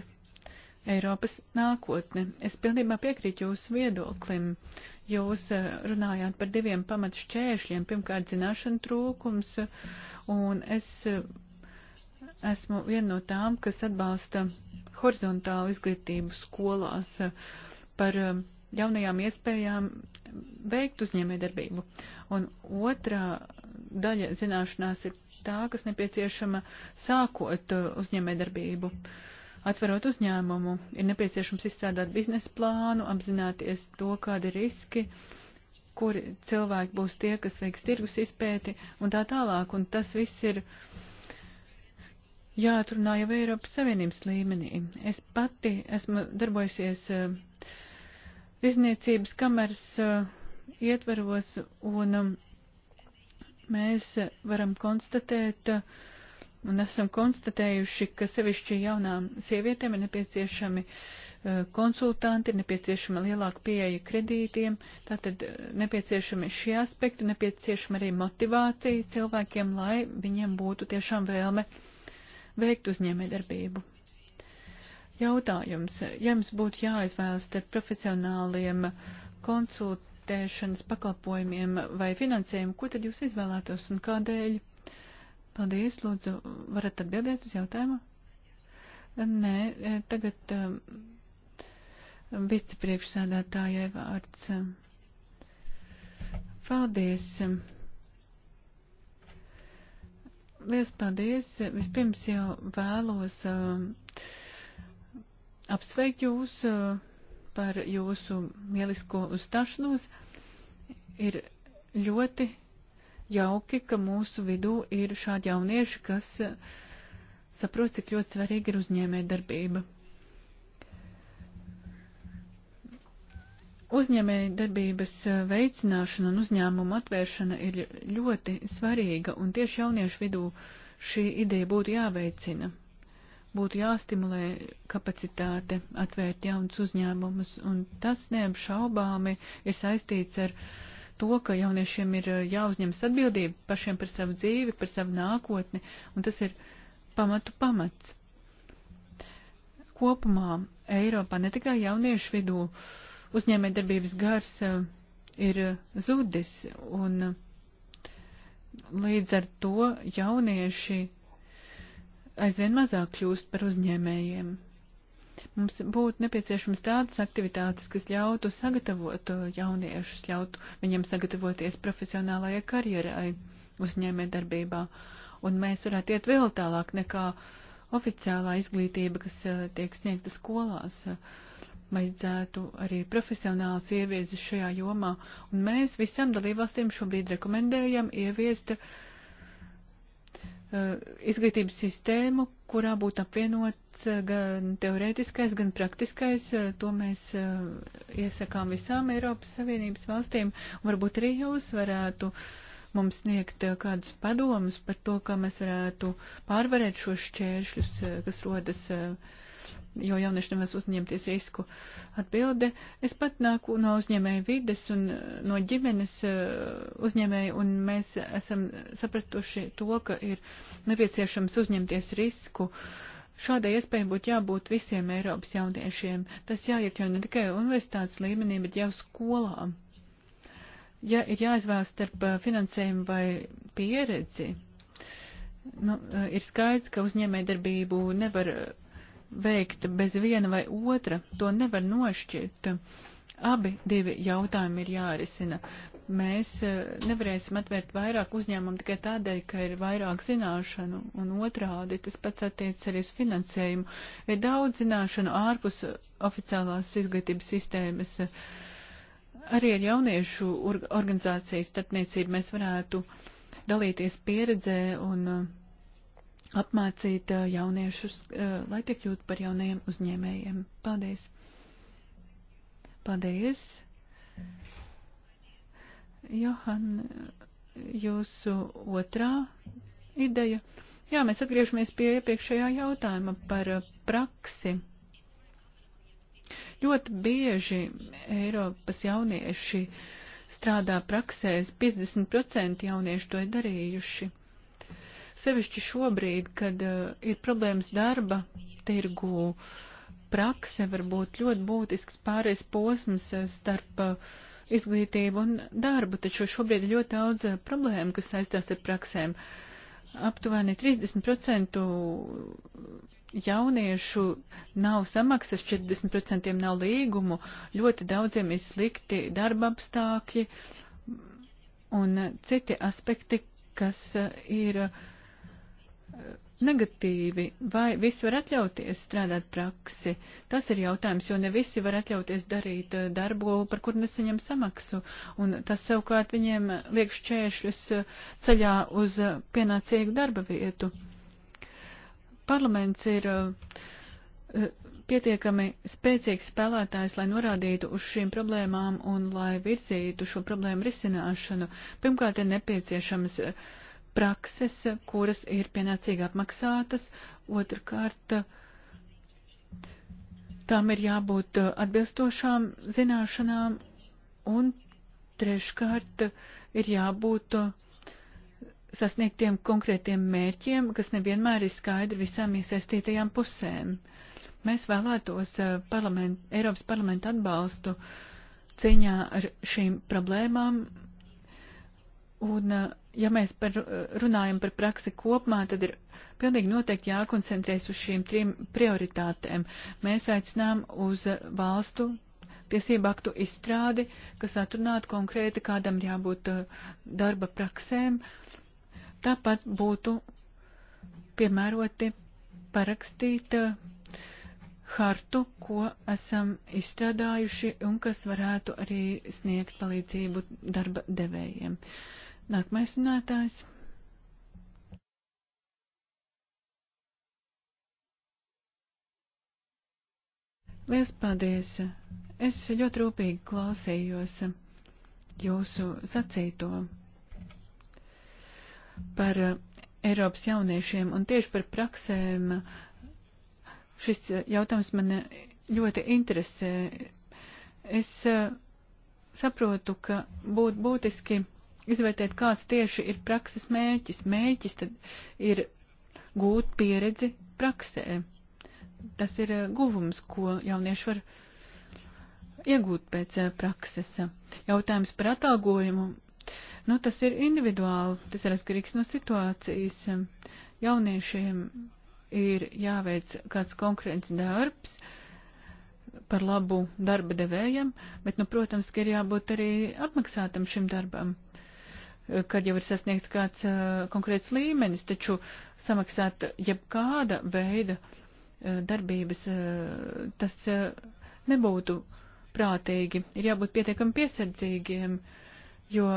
Eiropas nākotne. Es pilnībā piekrītu jūsu viedoklim. Jūs eh, runājāt par diviem pamatšķēršļiem. Pirmkārt, zināšana trūkums, un es eh, esmu viena no tām, kas atbalsta horizontālu izglītību skolās eh, par jaunajām iespējām veikt uzņēmējdarbību. Un otrā daļa zināšanās ir tā, kas nepieciešama sākot uh, uzņēmējdarbību. Atverot uzņēmumu, ir nepieciešams izstrādāt biznesa plānu, apzināties to, kādi ir riski, kuri cilvēki būs tie, kas veiks tirgus izpēti un tā tālāk. Un tas viss ir jāatrunā jau Eiropas Savienības līmenī. Es pati esmu darbojusies uh, izniecības kameras uh, ietveros, un um, mēs varam konstatēt, uh, un esam konstatējuši, ka sevišķi jaunām sievietēm ir nepieciešami uh, konsultanti, ir nepieciešama lielāka pieeja kredītiem, tātad nepieciešami šie aspekti, nepieciešama arī motivācija cilvēkiem, lai viņiem būtu tiešām vēlme veikt uzņēmējdarbību jautājums. Ja jums būtu jāizvēlas starp profesionāliem konsultēšanas pakalpojumiem vai finansējumu, ko tad jūs izvēlētos un kādēļ? Paldies, lūdzu, varat atbildēt uz jautājumu? Nē, tagad um, vicepriekšsādātājai vārds. Paldies. Liels paldies. Vispirms jau vēlos. Um, uh, apsveikt jūs eh, par jūsu lielisko uzstāšanos. Ir ļoti jauki, ka mūsu vidū ir šādi jaunieši, kas eh, saprot, cik ļoti svarīga ir uzņēmē darbība. Uzņēmēja darbības eh, veicināšana un uzņēmuma atvēršana ir ļoti svarīga, un tieši jauniešu vidū šī ideja būtu jāveicina būtu jāstimulē kapacitāte atvērt jaunus uzņēmumus, un tas neapšaubāmi ir saistīts ar to, ka jauniešiem ir jāuzņemas atbildība pašiem par savu dzīvi, par savu nākotni, un tas ir pamatu pamats. Kopumā Eiropā ne tikai jauniešu vidū uzņēmējdarbības gars ir zudis, un līdz ar to jaunieši aizvien mazāk kļūst par uzņēmējiem. Mums būtu nepieciešams tādas aktivitātes, kas ļautu sagatavot uh, jauniešus, ļautu viņiem sagatavoties profesionālajai karjerai uzņēmē darbībā. Un mēs varētu iet vēl tālāk nekā oficiālā izglītība, kas uh, tiek sniegta skolās. Vajadzētu arī profesionāls ieviezes šajā jomā, un mēs visām dalībvalstīm šobrīd rekomendējam ieviest uh, Eh, izglītības sistēmu, kurā būtu apvienots eh, gan teorētiskais, gan praktiskais. Eh, to mēs iesakām visām Eiropas Savienības valstīm. Varbūt arī jūs varētu mums sniegt kādus padomus par to, kā mēs varētu pārvarēt šos šķēršļus, kas rodas uh, jo jaunieši nevēlas uzņemties risku. Atbilde, es pat nāku no uzņēmēja vides un eh, no ģimenes eh, uzņēmēja, un mēs esam sapratuši to, ka ir nepieciešams uzņemties risku. Šādai iespējai būtu jābūt visiem Eiropas jauniešiem. Tas jāiekļauj ne tikai universitātes līmenī, bet jau skolām. Ja ir jāizvēlas starp eh, finansējumu vai pieredzi, nu, ir skaidrs, ka uzņēmējdarbību nevar veikt bez viena vai otra. To nevar nošķirt. Abi divi jautājumi ir jārisina. Mēs eh, nevarēsim atvērt vairāk uzņēmumu tikai tādēļ, ka ir vairāk zināšanu, un otrādi tas pats attiec arī uz finansējumu. Ir daudz zināšanu ārpus oficiālās izglītības sistēmas. Arī ar jauniešu organizācijas starpniecību mēs varētu dalīties pieredzē un uh, apmācīt eh, jauniešus, eh, lai tie kļūtu par jaunajiem uzņēmējiem. Paldies! Paldies! Johan, jūsu otrā ideja. Jā, mēs atgriežamies pie iepriekšējā jautājuma par eh, praksi. Ļoti bieži Eiropas jaunieši strādā praksēs, 50% jaunieši to ir darījuši. Uh, Sevišķi šobrīd, kad eh, ir problēmas darba tirgū, prakse var būt ļoti būtisks pārējais posms eh, starp eh, izglītību un darbu, taču šobrīd ir ļoti daudz problēmu, kas saistās ar praksēm. Aptuveni 30% jauniešu nav samaksas, 40% nav līgumu, ļoti daudziem ir slikti darba apstākļi un citi aspekti, kas ir uh, negatīvi, vai visi var atļauties strādāt praksi. Tas ir jautājums, jo ne visi var atļauties darīt eh, darbu, par kur nesaņem samaksu, un tas savukārt viņiem liek šķēršļus eh, ceļā uz eh, pienācīgu darba vietu. Parlaments ir pietiekami spēcīgs spēlētājs, lai norādītu uz šīm problēmām un lai virzītu šo problēmu risināšanu. Pirmkārt, ir nepieciešams uh, prakses, kuras ir pienācīgi apmaksātas. Otrkārt, tām ir jābūt atbilstošām zināšanām. Un treškārt, ir jābūt sasniegtiem konkrētiem mērķiem, kas nevienmēr ir skaidri visām iesaistītajām pusēm. Mēs vēlētos eh, parlament, Eiropas parlamentu atbalstu cīņā ar šīm problēmām un uh, ja mēs par, runājam par praksi kopumā, tad ir pilnīgi noteikti jākoncentrēs uz šīm trim prioritātēm. Mēs aicinām uz valstu tiesību aktu izstrādi, kas atrunātu konkrēti, kādam ir jābūt uh, darba praksēm. Tāpat būtu piemēroti parakstīt uh, hartu, ko esam izstrādājuši un kas varētu arī sniegt palīdzību darba devējiem. Uh, Nākamais runātājs. Liels paldies! Es ļoti rūpīgi klausījos jūsu sacīto par eh, Eiropas jauniešiem un tieši par praksēm. Šis jautājums man ļoti interesē. Es eh, saprotu, ka būtu būtiski izvērtēt, kāds tieši ir prakses mērķis. Mērķis tad ir gūt pieredzi praksē. Tas ir eh, guvums, ko jaunieši var iegūt pēc eh, prakses. Jautājums par atalgojumu. Nu, tas ir individuāli, tas ir atkarīgs no situācijas. Jauniešiem ir jāveic kāds konkrēts darbs par labu darba devējam, bet, nu, protams, ka ir jābūt arī apmaksātam šim darbam kad jau ir sasniegts kāds uh, konkrēts līmenis, taču samaksāt jebkāda veida uh, darbības, uh, tas nebūtu prātīgi. Ir jābūt pietiekami piesardzīgiem, jo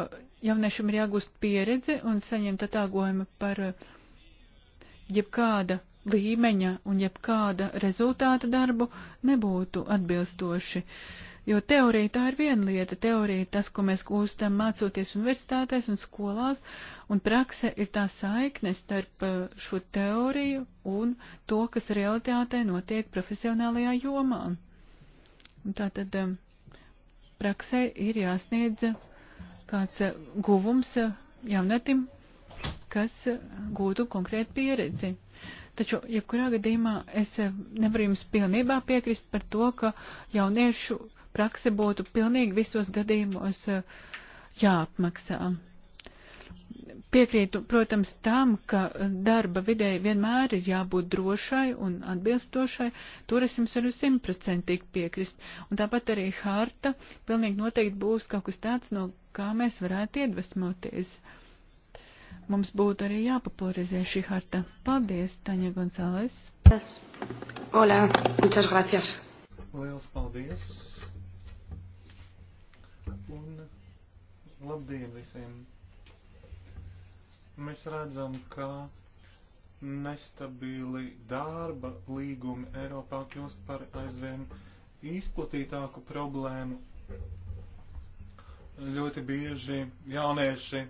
jauniešiem ir jāgūst pieredze un saņemt atāgojumu par jebkāda līmeņa un jebkāda rezultāta darbu nebūtu atbilstoši. Uh, Jo teorija tā ir viena lieta. Teorija ir tas, ko mēs gūstam mācoties universitātēs un skolās, un prakse ir tā saikne starp uh, šo teoriju un to, kas realitātē notiek profesionālajā jomā. Tātad um, praksē ir jāsniedz uh, kāds uh, guvums jaunatim, kas gūtu konkrētu pieredzi. Taču, jebkurā gadījumā, es nevaru jums pilnībā piekrist par to, ka jauniešu uh, prakse būtu pilnīgi visos gadījumos eh, jāapmaksā. Piekrītu, protams, tam, ka eh, darba videi vienmēr ir jābūt drošai un atbilstošai, tur es jums varu simtprocentīgi piekrist. Un tāpat arī harta pilnīgi noteikti būs kaut kas tāds, no kā mēs varētu iedvesmoties. Mums būtu arī jāpopularizē šī harta. Paldies, Taņa Gonzales. Hola, muchas gracias. Lielas paldies un labdien visiem! Mēs redzam, ka nestabili darba līgumi Eiropā kļūst par aizvien izplatītāku problēmu. Ļoti bieži jaunieši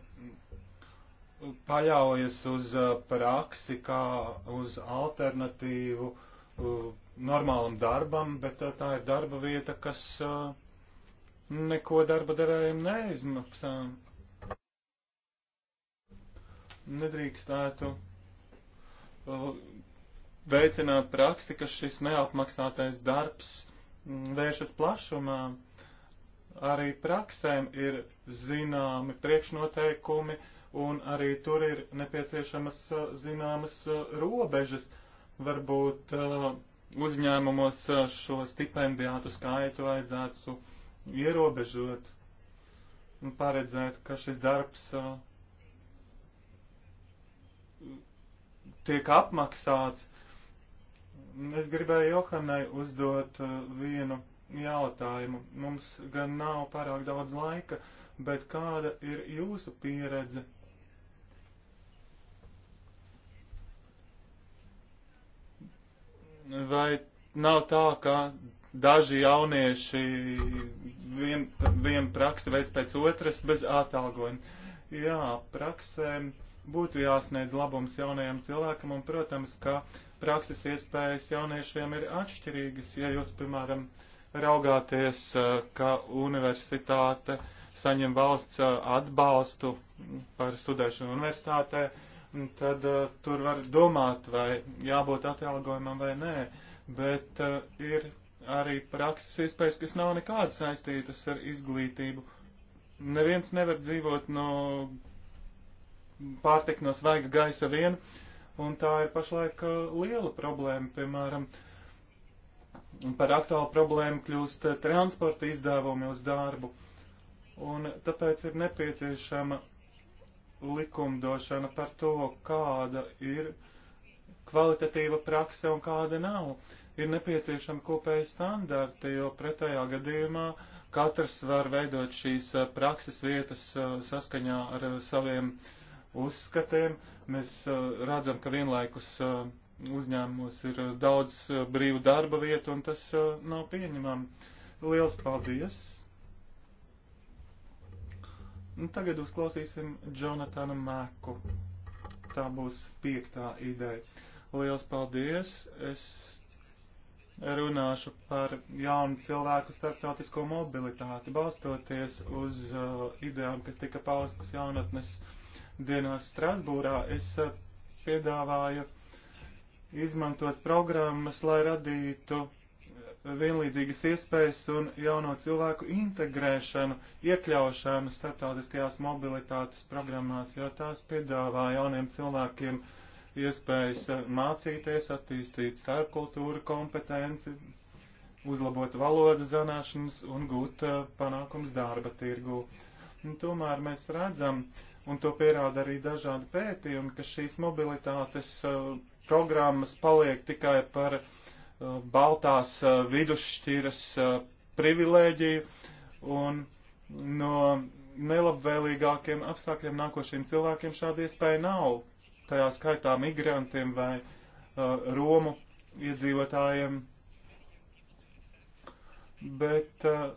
paļaujas uz uh, praksi kā uz alternatīvu uh, normālam darbam, bet uh, tā ir darba vieta, kas uh, neko darba devējiem neizmaksām. Nedrīkstētu uh, veicināt praksi, ka šis neapmaksātais darbs mm, vēršas plašumā. Arī praksēm ir zināmi priekšnoteikumi, un arī tur ir nepieciešamas uh, zināmas uh, robežas. Varbūt uzņēmumos šo stipendijātu skaitu vajadzētu uh, ierobežot un nu, paredzēt, ka šis darbs uh, tiek apmaksāts. Es gribēju Johanai uzdot uh, vienu jautājumu. Mums gan nav pārāk daudz laika, bet kāda ir jūsu pieredze vai nav tā, ka daži jaunieši vien, vien praksi veids pēc otras bez atalgojuma. Jā, praksēm būtu jāsniedz labums jaunajam cilvēkam, un, protams, ka prakses iespējas jauniešiem ir atšķirīgas. Ja jūs, piemēram, raugāties, ka universitāte saņem valsts atbalstu par studēšanu universitātē, tad tur var domāt, vai jābūt atalgojumam vai nē, bet ir arī prakses iespējas, kas nav nekādas saistītas ar izglītību. Neviens nevar dzīvot no pārtikt no svaiga gaisa vien, un tā ir pašlaik uh, liela problēma, piemēram, par aktuālu problēmu kļūst uh, transporta izdevumi uz darbu, un tāpēc ir nepieciešama likumdošana par to, kāda ir kvalitatīva prakse un kāda nav. Uh, ir nepieciešami kopēji standarti, jo pretējā gadījumā katrs var veidot šīs eh, prakses vietas eh, saskaņā ar eh, saviem uzskatiem. Mēs redzam, ka vienlaikus uzņēmumos ir daudz brīvu darba vietu, un tas nav pieņemami. Liels paldies! Un tagad uzklausīsim Jonatanu Mēku. Tā būs piektā ideja. Liels paldies! Es runāšu par jaunu cilvēku starptautisko mobilitāti, balstoties uz uh, idejām, kas tika paustas jaunatnes dienās Strasbūrā. Es uh, piedāvāju izmantot programmas, lai radītu vienlīdzīgas iespējas un jauno cilvēku integrēšanu, iekļaušanu starptautiskajās mobilitātes programmās, jo tās piedāvā jauniem cilvēkiem uh, iespējas eh, mācīties, attīstīt starpkultūru kompetenci, uzlabot valodu zināšanas un gūt eh, panākums darba tirgu. Un tomēr mēs redzam, un to pierāda arī dažādi pētījumi, ka šīs mobilitātes eh, programmas paliek tikai par baltās vidusšķiras privilēģiju un no nelabvēlīgākiem apstākļiem nākošiem cilvēkiem šāda iespēja nav tajā skaitā migrantiem vai uh, Romu iedzīvotājiem. Bet uh,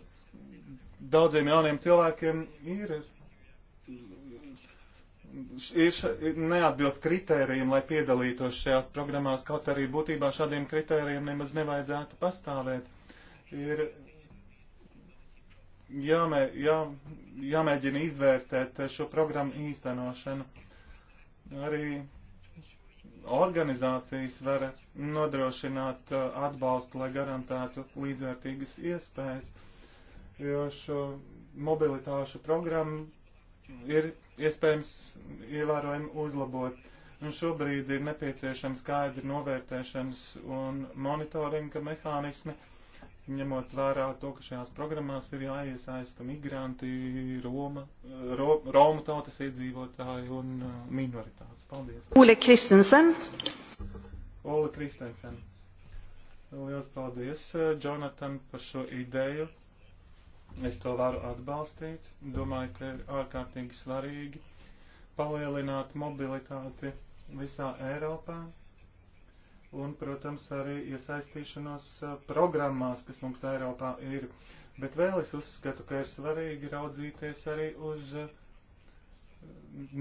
daudziem jauniem cilvēkiem ir, ir, ir neatbilst kritērijiem, lai piedalītos šajās programmās, kaut arī būtībā šādiem kritērijiem nemaz nevajadzētu pastāvēt. Ir jāmē, jā, jāmēģina izvērtēt šo programmu īstenošanu arī organizācijas var nodrošināt uh, atbalstu, lai garantētu līdzvērtīgas iespējas, jo šo mobilitāšu programmu ir iespējams ievērojami uzlabot. Un šobrīd ir nepieciešama skaidra novērtēšanas un monitoringa mehānismi, uh, ņemot vērā to, ka šajās programmās ir jāiesaista migranti, Roma, Ro, Roma tautas iedzīvotāji un uh, minoritātes. Paldies. Ule Kristensen. Ole Kristensen. Lielas paldies, uh, Jonathan, par šo ideju. Es to varu atbalstīt. Domāju, ka ir ārkārtīgi svarīgi palielināt mobilitāti visā Eiropā un, protams, arī iesaistīšanos uh, programmās, kas mums Eiropā ir. Bet vēl es uzskatu, ka ir svarīgi raudzīties arī uz uh,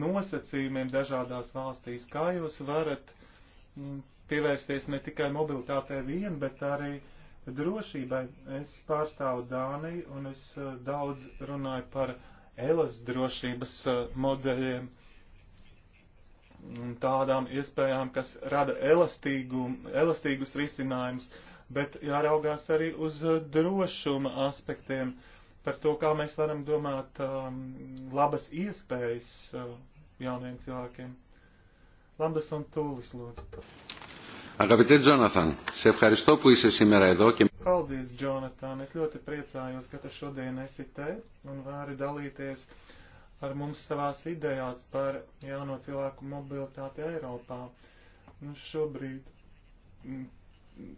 nosacījumiem dažādās valstīs, kā jūs varat mm, pievērsties ne tikai mobilitātei vien, bet arī drošībai. Es pārstāvu Dāniju un es uh, daudz runāju par elas drošības modeļiem. Uh, tādām iespējām, kas rada elastīgu, elastīgus risinājumus, bet jāraugās arī uz drošuma aspektiem, par to, kā mēs varam domāt um, labas iespējas uh, jauniem cilvēkiem. Lambdas un Tūlis, lūdzu. Αγαπητέ Τζόναθαν, σε ευχαριστώ που είσαι σήμερα εδώ και... Paldies, Jonathan. Es ļoti priecājos, ka tu šodien esi te un vari dalīties uh, ar mums savās idejās par jauno cilvēku mobilitāti Eiropā. Nu, šobrīd mm,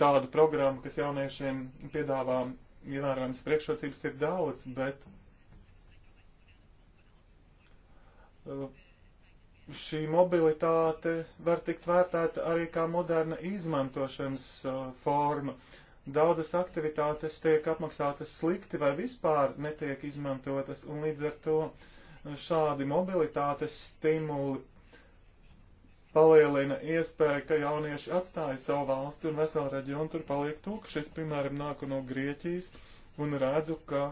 tādu programmu, kas jauniešiem piedāvā ievērojams priekšrocības, ir daudz, bet eh, šī mobilitāte var tikt vērtēta arī kā moderna izmantošanas eh, forma. Uh, Daudzas aktivitātes tiek apmaksātas slikti vai vispār netiek izmantotas, un līdz ar to šādi mobilitātes stimuli palielina iespēju, ka jaunieši atstāja savu valsti un veselu reģionu tur paliek tūkstoši. Es, piemēram, nāku no Grieķijas un redzu, ka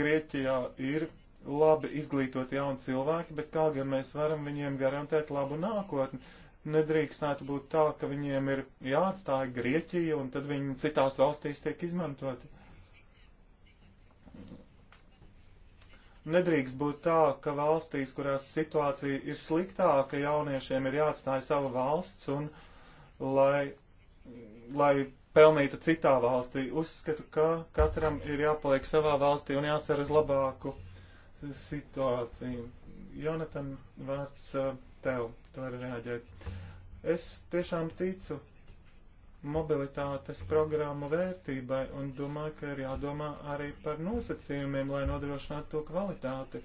Grieķijā ir labi izglītot jauni cilvēki, bet kā gan mēs varam viņiem garantēt labu nākotni? Nedrīkstētu būt tā, ka viņiem ir jāatstāja Grieķija un tad viņi citās valstīs tiek izmantoti. Nedrīkst būt tā, ka valstīs, kurās situācija ir sliktāka, jauniešiem ir jāatstāja sava valsts un lai, lai pelnītu citā valstī. Uzskatu, ka katram ir jāpaliek savā valstī un jāceras labāku situāciju. Jonatan, vārds eh, tev to var reaģēt. Es tiešām ticu mobilitātes programmu vērtībai un domāju, ka ir jādomā arī par nosacījumiem, lai nodrošinātu to kvalitāti.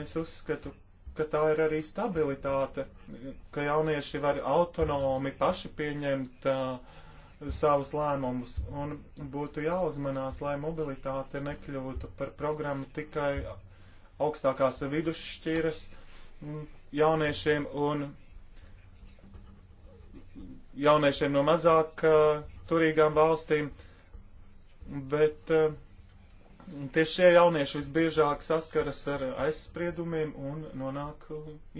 Es uzskatu, ka tā ir arī stabilitāte, ka jaunieši var autonomi paši pieņemt uh, savus lēmumus un būtu jāuzmanās, lai mobilitāte nekļūtu par programmu tikai augstākās vidusšķiras jauniešiem un jauniešiem no mazāk uh, turīgām valstīm, bet uh, tieši šie jaunieši visbiežāk saskaras ar aizspriedumiem un nonāk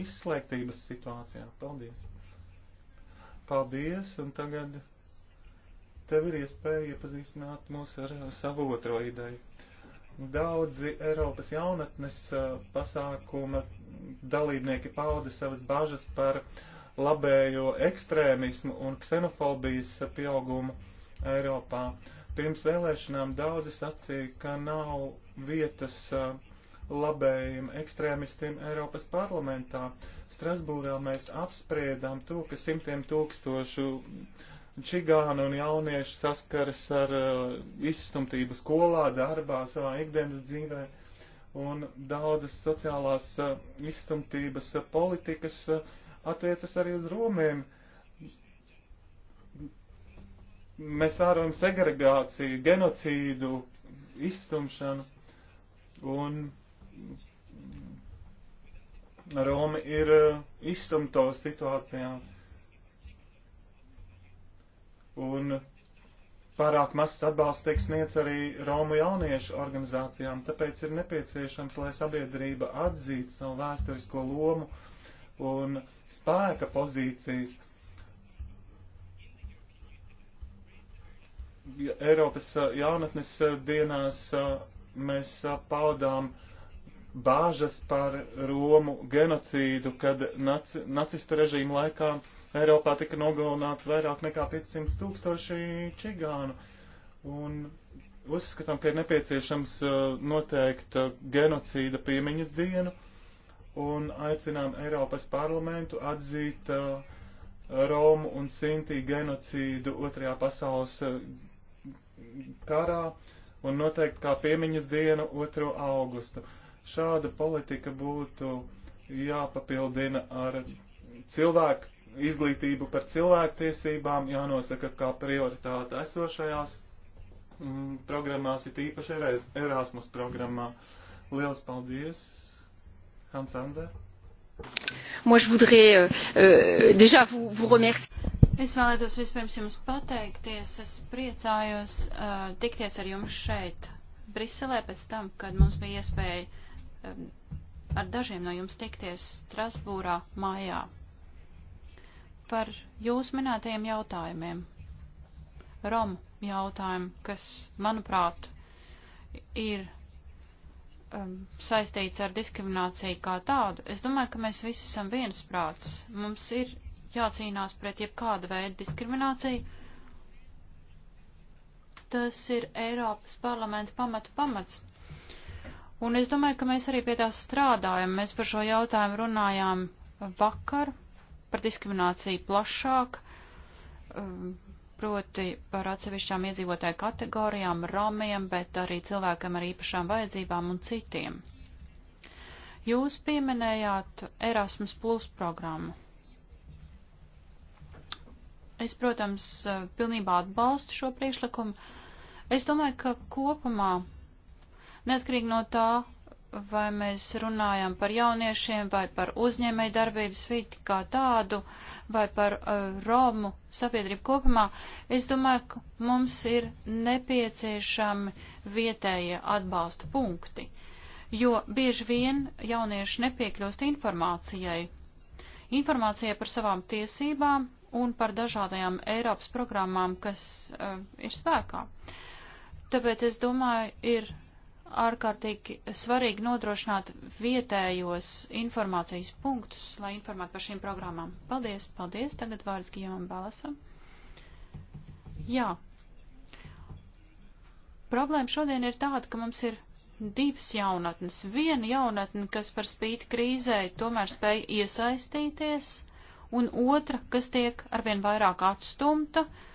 izslēgtības situācijā. Paldies! Paldies, un tagad tev ir iespēja iepazīstināt mūs ar savu otro ideju. Daudzi Eiropas jaunatnes pasākuma dalībnieki pauda savas bažas par labējo ekstrēmismu un ksenofobijas pieaugumu Eiropā. Pirms vēlēšanām daudzi sacīja, ka nav vietas uh, labējiem ekstrēmistiem Eiropas parlamentā. Strasbūrā mēs apspriedām to, ka simtiem tūkstošu čigānu un jauniešu saskaras ar uh, izstumtību skolā, darbā, savā ikdienas dzīvē. Uh, un daudzas sociālās eh, izstumtības eh, politikas eh, attiecas arī uz Romiem. Mēs vērojam segregāciju, genocīdu, izstumšanu, un Romi ir izstumto situācijām. Un pārāk mazs atbalsts tiek sniegts arī Romu jauniešu organizācijām, tāpēc ir nepieciešams, lai sabiedrība atzītu savu vēsturisko lomu un spēka pozīcijas. Eiropas uh, jaunatnes uh, dienās uh, mēs paudām bāžas par Romu genocīdu, kad naci, nacistu režīmu laikā uh, Eiropā tika nogalināts vairāk nekā 500 tūkstoši čigānu. Un uzskatām, ka ir nepieciešams uh, noteikt uh, genocīda piemiņas dienu un aicinām Eiropas parlamentu atzīt uh, Romu un Sintī genocīdu otrajā pasaules karā un noteikt kā piemiņas dienu 2. augustu. Šāda politika būtu jāpapildina ar cilvēku izglītību par cilvēktiesībām jānosaka kā prioritāte esošajās mm, programmās, ir tīpaši Erasmus programmā. Liels paldies, Hans Ander. Moi, je voudrais euh, euh, déjà vous, vous remercier. Es vēlētos vispirms jums pateikties. Es priecājos uh, tikties ar jums šeit, Briselē, pēc tam, kad mums bija iespēja um, ar dažiem no jums tikties Strasbūrā mājā par jūs minētajiem jautājumiem. Rom jautājumu, kas, manuprāt, ir um, saistīts ar diskrimināciju kā tādu. Es domāju, ka mēs visi esam viensprāts. Mums ir jācīnās pret jebkāda veida diskrimināciju. Tas ir Eiropas parlamenta pamatu pamats. Un es domāju, ka mēs arī pie tā strādājam. Mēs par šo jautājumu runājām vakar par diskrimināciju plašāk, um, proti par atsevišķām iedzīvotāju kategorijām, romiem, bet arī cilvēkiem ar īpašām vajadzībām un citiem. Jūs pieminējāt Erasmus Plus programmu. Es, protams, pilnībā atbalstu šo priekšlikumu. Es domāju, ka kopumā, neatkarīgi no tā, vai mēs runājam par jauniešiem, vai par uzņēmēju darbības vidi kā tādu, vai par uh, Romu sabiedrību kopumā, es domāju, ka mums ir nepieciešami vietējie atbalsta punkti, jo bieži vien jaunieši nepiekļūst informācijai, informācijai par savām tiesībām un par dažādajām Eiropas programmām, kas uh, ir spēkā. Tāpēc es domāju, ir ārkārtīgi svarīgi nodrošināt vietējos informācijas punktus, lai informētu par šīm programmām. Paldies, paldies. Tagad vārds Gijomam Balasam. Jā. Problēma šodien ir tāda, ka mums ir divas jaunatnes. Viena jaunatne, kas par spīti krīzē tomēr spēja iesaistīties, un otra, kas tiek arvien vairāk atstumta, uh,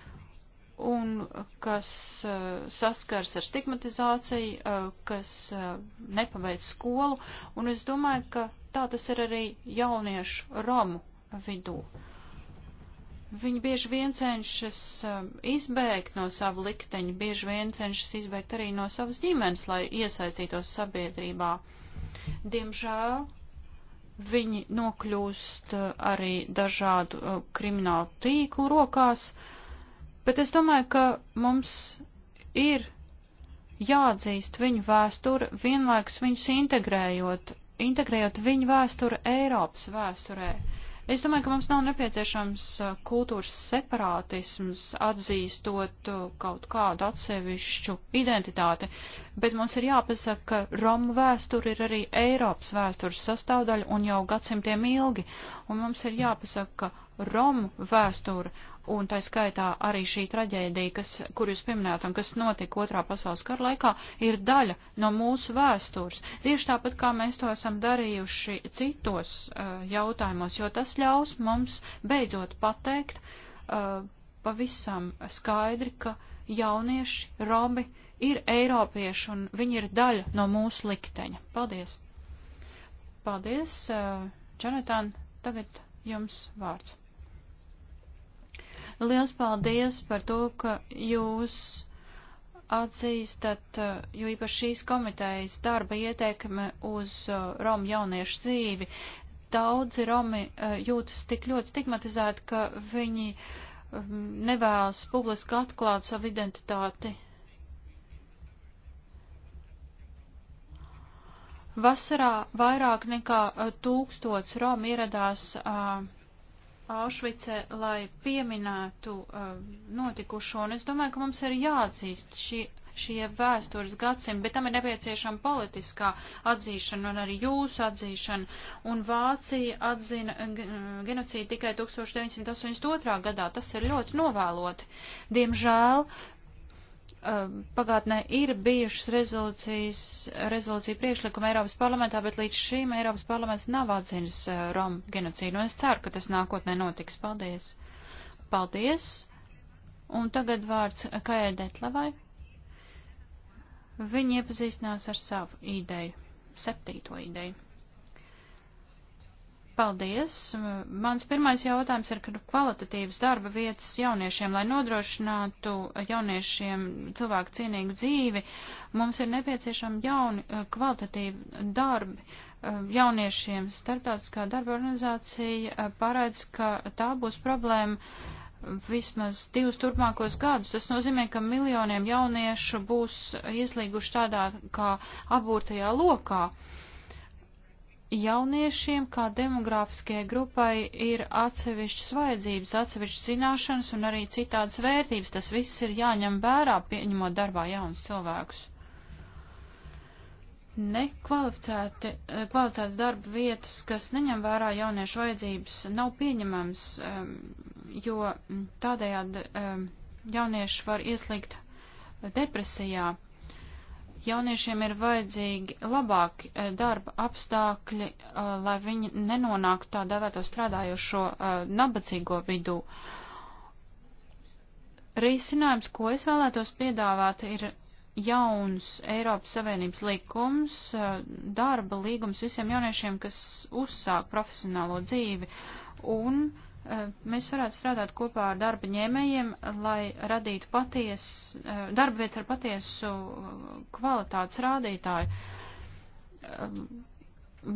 un kas uh, saskars ar stigmatizāciju, uh, kas uh, nepabeidz skolu, un es domāju, ka tā tas ir arī jauniešu romu vidū. Viņi bieži vien cenšas izbēgt no savu likteņu, bieži vien cenšas izbēgt arī no savas ģimenes, lai iesaistītos sabiedrībā. Diemžēl viņi nokļūst arī dažādu kriminālu tīklu rokās, uh, Bet es domāju, ka mums ir jāatzīst viņu vēsturi, vienlaikus viņus integrējot, integrējot viņu vēsturi Eiropas vēsturē. Es domāju, ka mums nav nepieciešams kultūras separātisms, atzīstot kaut kādu atsevišķu identitāti, bet mums ir jāpasaka, ka Romu vēsture ir arī Eiropas vēstures sastāvdaļa un jau gadsimtiem ilgi, un mums ir jāpasaka, ka Romu vēsture, un tā skaitā arī šī traģēdija, kas, kur jūs pieminējāt un kas notika otrā pasaules kara laikā, ir daļa no mūsu vēstures. Tieši tāpat kā mēs to esam darījuši citos uh, jautājumos, jo tas ļaus mums beidzot pateikt uh, pavisam skaidri, ka jaunieši, robi ir eiropieši un viņi ir daļa no mūsu likteņa. Paldies! Paldies, uh, Jonathan! Tagad jums vārds. Liels paldies par to, ka jūs atzīstat, eh, jo īpaši šīs komitejas darba ieteikme uz eh, Romu jauniešu dzīvi. Daudzi Romi eh, jūtas tik ļoti stigmatizēti, ka viņi mm, nevēlas publiski atklāt savu identitāti. Vasarā vairāk nekā tūkstots Romu ieradās uh, Aušvice, lai pieminētu uh, notikušo, un es domāju, ka mums ir jāatzīst šī, šie vēstures gadsimti, bet tam ir nepieciešama politiskā atzīšana un arī jūsu atzīšana, un Vācija atzina uh, uh, genocīdu tikai 1982. gadā, tas ir ļoti novēloti. Diemžēl Um, pagātnē ir bijušas rezolūcijas, rezolūcija priekšlikuma Eiropas parlamentā, bet līdz šim Eiropas parlaments nav atzinis uh, Romu genocīdu, un es ceru, ka tas nākotnē notiks. Paldies! Paldies! Un tagad vārds Kajai Detlavai. Viņa iepazīstinās ar savu ideju, septīto ideju. Paldies. Mans pirmais jautājums ir kvalitatīvas darba vietas jauniešiem, lai nodrošinātu jauniešiem cilvēku cienīgu dzīvi. Mums ir nepieciešami jauni eh, kvalitatīvi darbi eh, jauniešiem. Startautiskā darba organizācija eh, paredz, ka tā būs problēma vismaz divus turpmākos gadus. Tas nozīmē, ka miljoniem jauniešu būs ieslīguši tādā kā aburtajā lokā. Uh, jauniešiem kā demogrāfiskajai grupai ir atsevišķas vajadzības, atsevišķas zināšanas un arī citādas vērtības. Tas viss ir jāņem vērā, pieņemot darbā jaunus cilvēkus. Nekvalificētas eh, darba vietas, kas neņem vērā jauniešu vajadzības, nav pieņemams, ehm, jo tādējādi ehm, jaunieši var ieslīgt depresijā. Jauniešiem ir vajadzīgi labāki eh, darba apstākļi, eh, lai viņi nenonāktu tā devēto strādājošo eh, nabadzīgo vidū. Risinājums, ko es vēlētos piedāvāt, ir jauns Eiropas Savienības likums, darba līgums visiem jauniešiem, kas uzsāk profesionālo dzīvi, un uh, Eh, mēs varētu strādāt kopā ar darba ņēmējiem, lai radītu paties, eh, darba vietas ar patiesu eh, kvalitātes rādītāju.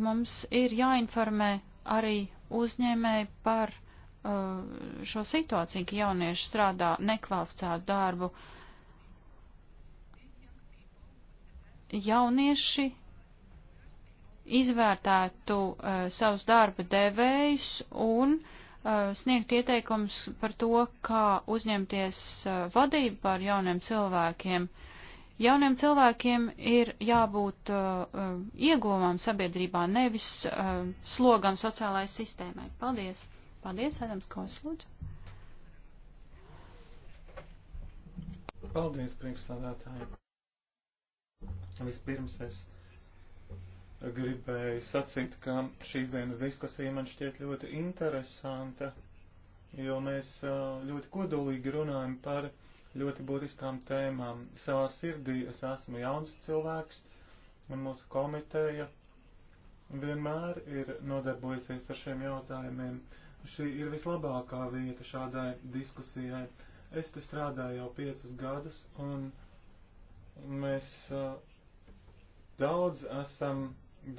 Mums ir jāinformē arī uzņēmēji par šo situāciju, ka jaunieši strādā nekvalificētu darbu. Jaunieši izvērtētu uh, savus darba devējus un uh, Uh, sniegt ieteikums par to, kā uzņemties uh, vadību par jauniem cilvēkiem. Jauniem cilvēkiem ir jābūt uh, ieguvumam sabiedrībā, nevis slogam sociālajai sistēmai. Paldies! Paldies, Adams Koslūdzu! Paldies, priekšstādātāji! Vispirms es gribēju sacīt, ka šīs dienas diskusija man šķiet ļoti interesanta, jo mēs ļoti kodolīgi runājam par ļoti būtiskām tēmām. Savā sirdī es esmu jauns cilvēks, un mūsu komiteja vienmēr ir nodarbojusies ar šiem jautājumiem. Šī ir vislabākā vieta šādai diskusijai. Es te strādāju jau piecus gadus, un mēs daudz esam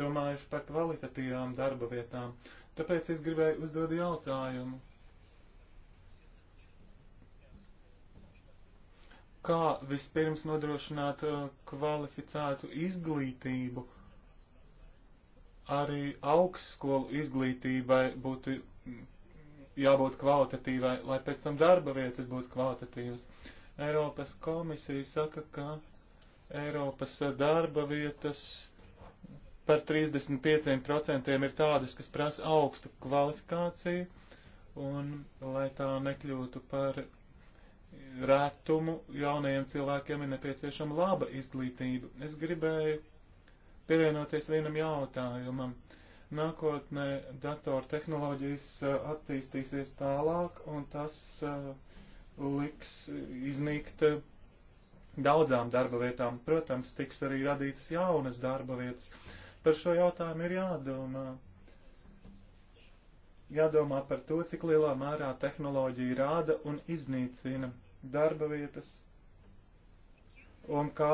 domājuši par kvalitatīvām darba vietām. Tāpēc es gribēju uzdot jautājumu. Kā vispirms nodrošināt uh, kvalificētu izglītību? Arī augstskolu izglītībai būtu mm, jābūt kvalitatīvai, lai pēc tam darba vietas būtu kvalitatīvas. Eiropas komisija saka, ka Eiropas uh, darba vietas par 35% ir tādas, kas prasa augstu kvalifikāciju, un lai tā nekļūtu par rētumu, jaunajiem cilvēkiem ir nepieciešama laba izglītība. Es gribēju pievienoties vienam jautājumam. Nākotnē datoru tehnoloģijas uh, attīstīsies tālāk, un tas uh, liks iznīkt uh, daudzām darba vietām. Protams, tiks arī radītas jaunas darba vietas. Uh, Par šo jautājumu ir jādomā. Jādomā par to, cik lielā mērā tehnoloģija rāda un iznīcina darba vietas un kā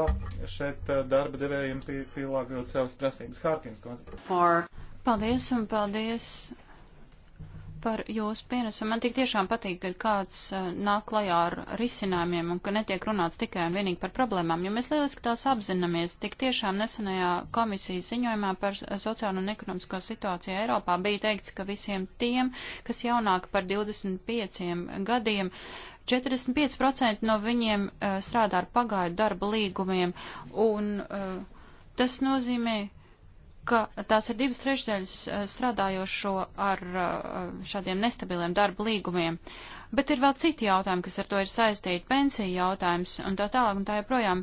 šeit eh, darba devējiem pielāgojot savas prasības. Hārkins, konzultants. Paldies un paldies par jūsu pienesumu. Man tik tiešām patīk, ka kāds eh, nāk klajā ar risinājumiem un ka netiek runāts tikai un vienīgi par problēmām, jo mēs lieliski tās apzināmies. Tik tiešām nesenajā komisijas ziņojumā par sociālo un ekonomisko situāciju Eiropā bija teikts, ka visiem tiem, kas jaunāk par 25 gadiem, 45% no viņiem eh, strādā ar pagaidu darba līgumiem un eh, tas nozīmē, ka tās ir divas trešdaļas eh, strādājošo ar eh, šādiem nestabiliem darba līgumiem. Bet ir vēl citi jautājumi, kas ar to ir saistīti - pensija jautājums un tā tālāk un tā joprojām.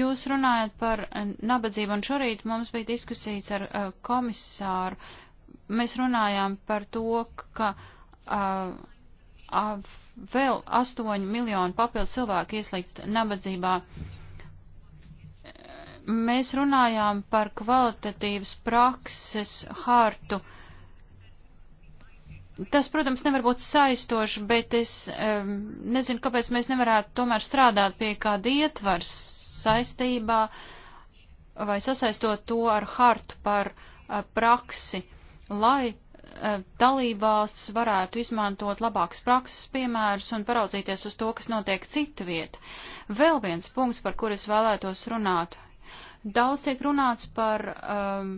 Jūs runājat par eh, nabadzību, un šorīt mums bija diskusijas ar komisāru. Mēs runājām par to, ka uh, uh, vēl 8 miljonu papildu cilvēku ieslīgst nabadzībā. Uh, mēs runājām par kvalitatīvas prakses hartu. Tas, protams, nevar būt saistoši, bet es um, nezinu, kāpēc mēs nevarētu tomēr strādāt pie kāda ietvars saistībā vai sasaistot to ar hartu par uh, praksi, lai uh, dalībvalstis varētu izmantot labākas prakses piemērus un paraudzīties uz to, kas notiek cita vieta. Vēl viens punkts, par kur es vēlētos runāt Daudz tiek runāts par um,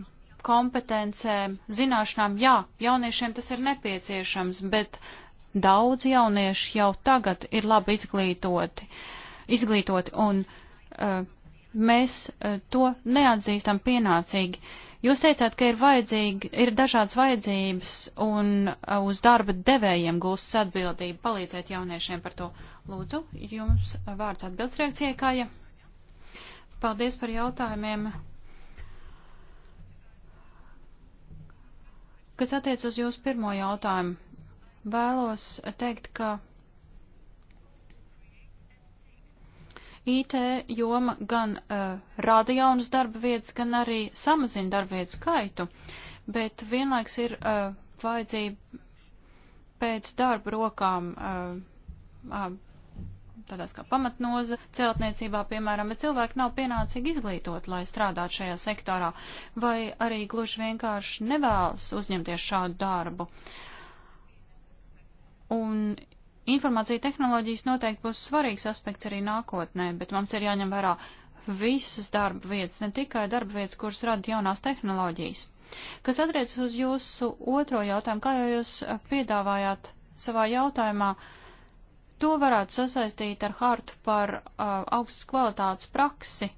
kompetencēm, zināšanām. Jā, jauniešiem tas ir nepieciešams, bet daudz jauniešu jau tagad ir labi izglītoti, izglītoti un uh, mēs uh, to neatzīstam pienācīgi. Jūs teicāt, ka ir, vajadzīgi, ir dažādas vajadzības un uh, uz darba devējiem gūstas atbildība palīdzēt jauniešiem par to. Lūdzu, jums vārds atbildes reakcijai, kā ja Paldies par jautājumiem. Kas attiec uz jūsu pirmo jautājumu, vēlos teikt, ka IT joma gan uh, eh, rada jaunas darba vietas, gan arī samazina darba vietu skaitu, bet vienlaiks ir uh, vajadzība pēc darba rokām uh, uh, tādās kā pamatnoza celtniecībā, piemēram, bet cilvēki nav pienācīgi izglītot, lai strādātu šajā sektorā, vai arī gluži vienkārši nevēlas uzņemties šādu darbu. Un informācija tehnoloģijas noteikti būs svarīgs aspekts arī nākotnē, bet mums ir jāņem vērā visas darba vietas, ne tikai darba vietas, kuras rada jaunās tehnoloģijas. Kas attiecas uz jūsu otro jautājumu, kā jau jūs piedāvājāt savā jautājumā, uh, To varētu sasaistīt ar hartu par uh, augstas kvalitātes praksi,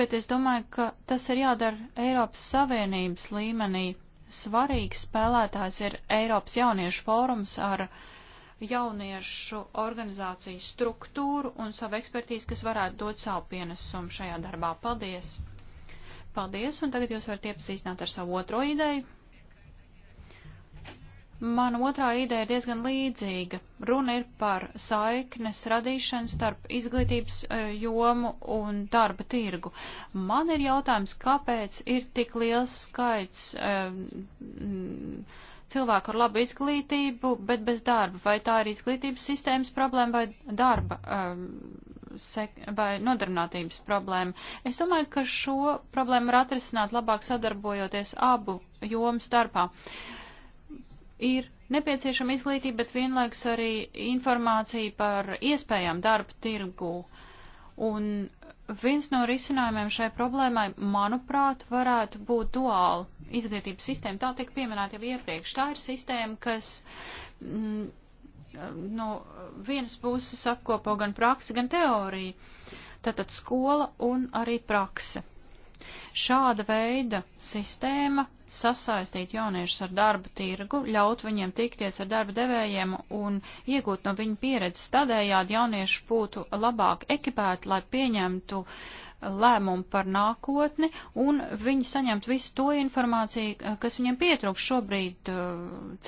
bet es domāju, ka tas ir jādara Eiropas Savienības līmenī. Svarīgs spēlētājs ir Eiropas jauniešu fórums ar jauniešu organizāciju struktūru un savu ekspertīzi, kas varētu dot savu pienesumu šajā darbā. Paldies! Paldies, un tagad jūs varat iepazīstināt ar savu otro ideju. Mana otrā ideja ir diezgan līdzīga. Runa ir par saiknes radīšanu starp izglītības e, jomu un darba tirgu. Man ir jautājums, kāpēc ir tik liels skaits um, cilvēku ar labu izglītību, bet bez darba? Vai tā ir izglītības sistēmas problēma vai darba um, sek vai nodarbinātības problēma? Es domāju, ka šo problēmu var atrisināt labāk sadarbojoties abu jomu starpā. Uh, ir nepieciešama izglītība, bet vienlaiks arī informācija par iespējām darba tirgū. Un viens no risinājumiem šai problēmai, manuprāt, varētu būt duāla izglītības sistēma. Tā tika pieminēta jau iepriekš. Tā ir sistēma, kas mm, no vienas puses apkopo gan praksi, gan teoriju. Tātad skola un arī prakse. Šāda veida sistēma sasaistīt jauniešus ar darba tirgu, ļaut viņiem tikties ar darba devējiem un iegūt no viņu pieredzes. Tādējādi jaunieši būtu labāk ekipēti, lai pieņemtu lēmumu par nākotni un viņi saņemtu visu to informāciju, kas viņiem pietrūkst šobrīd uh,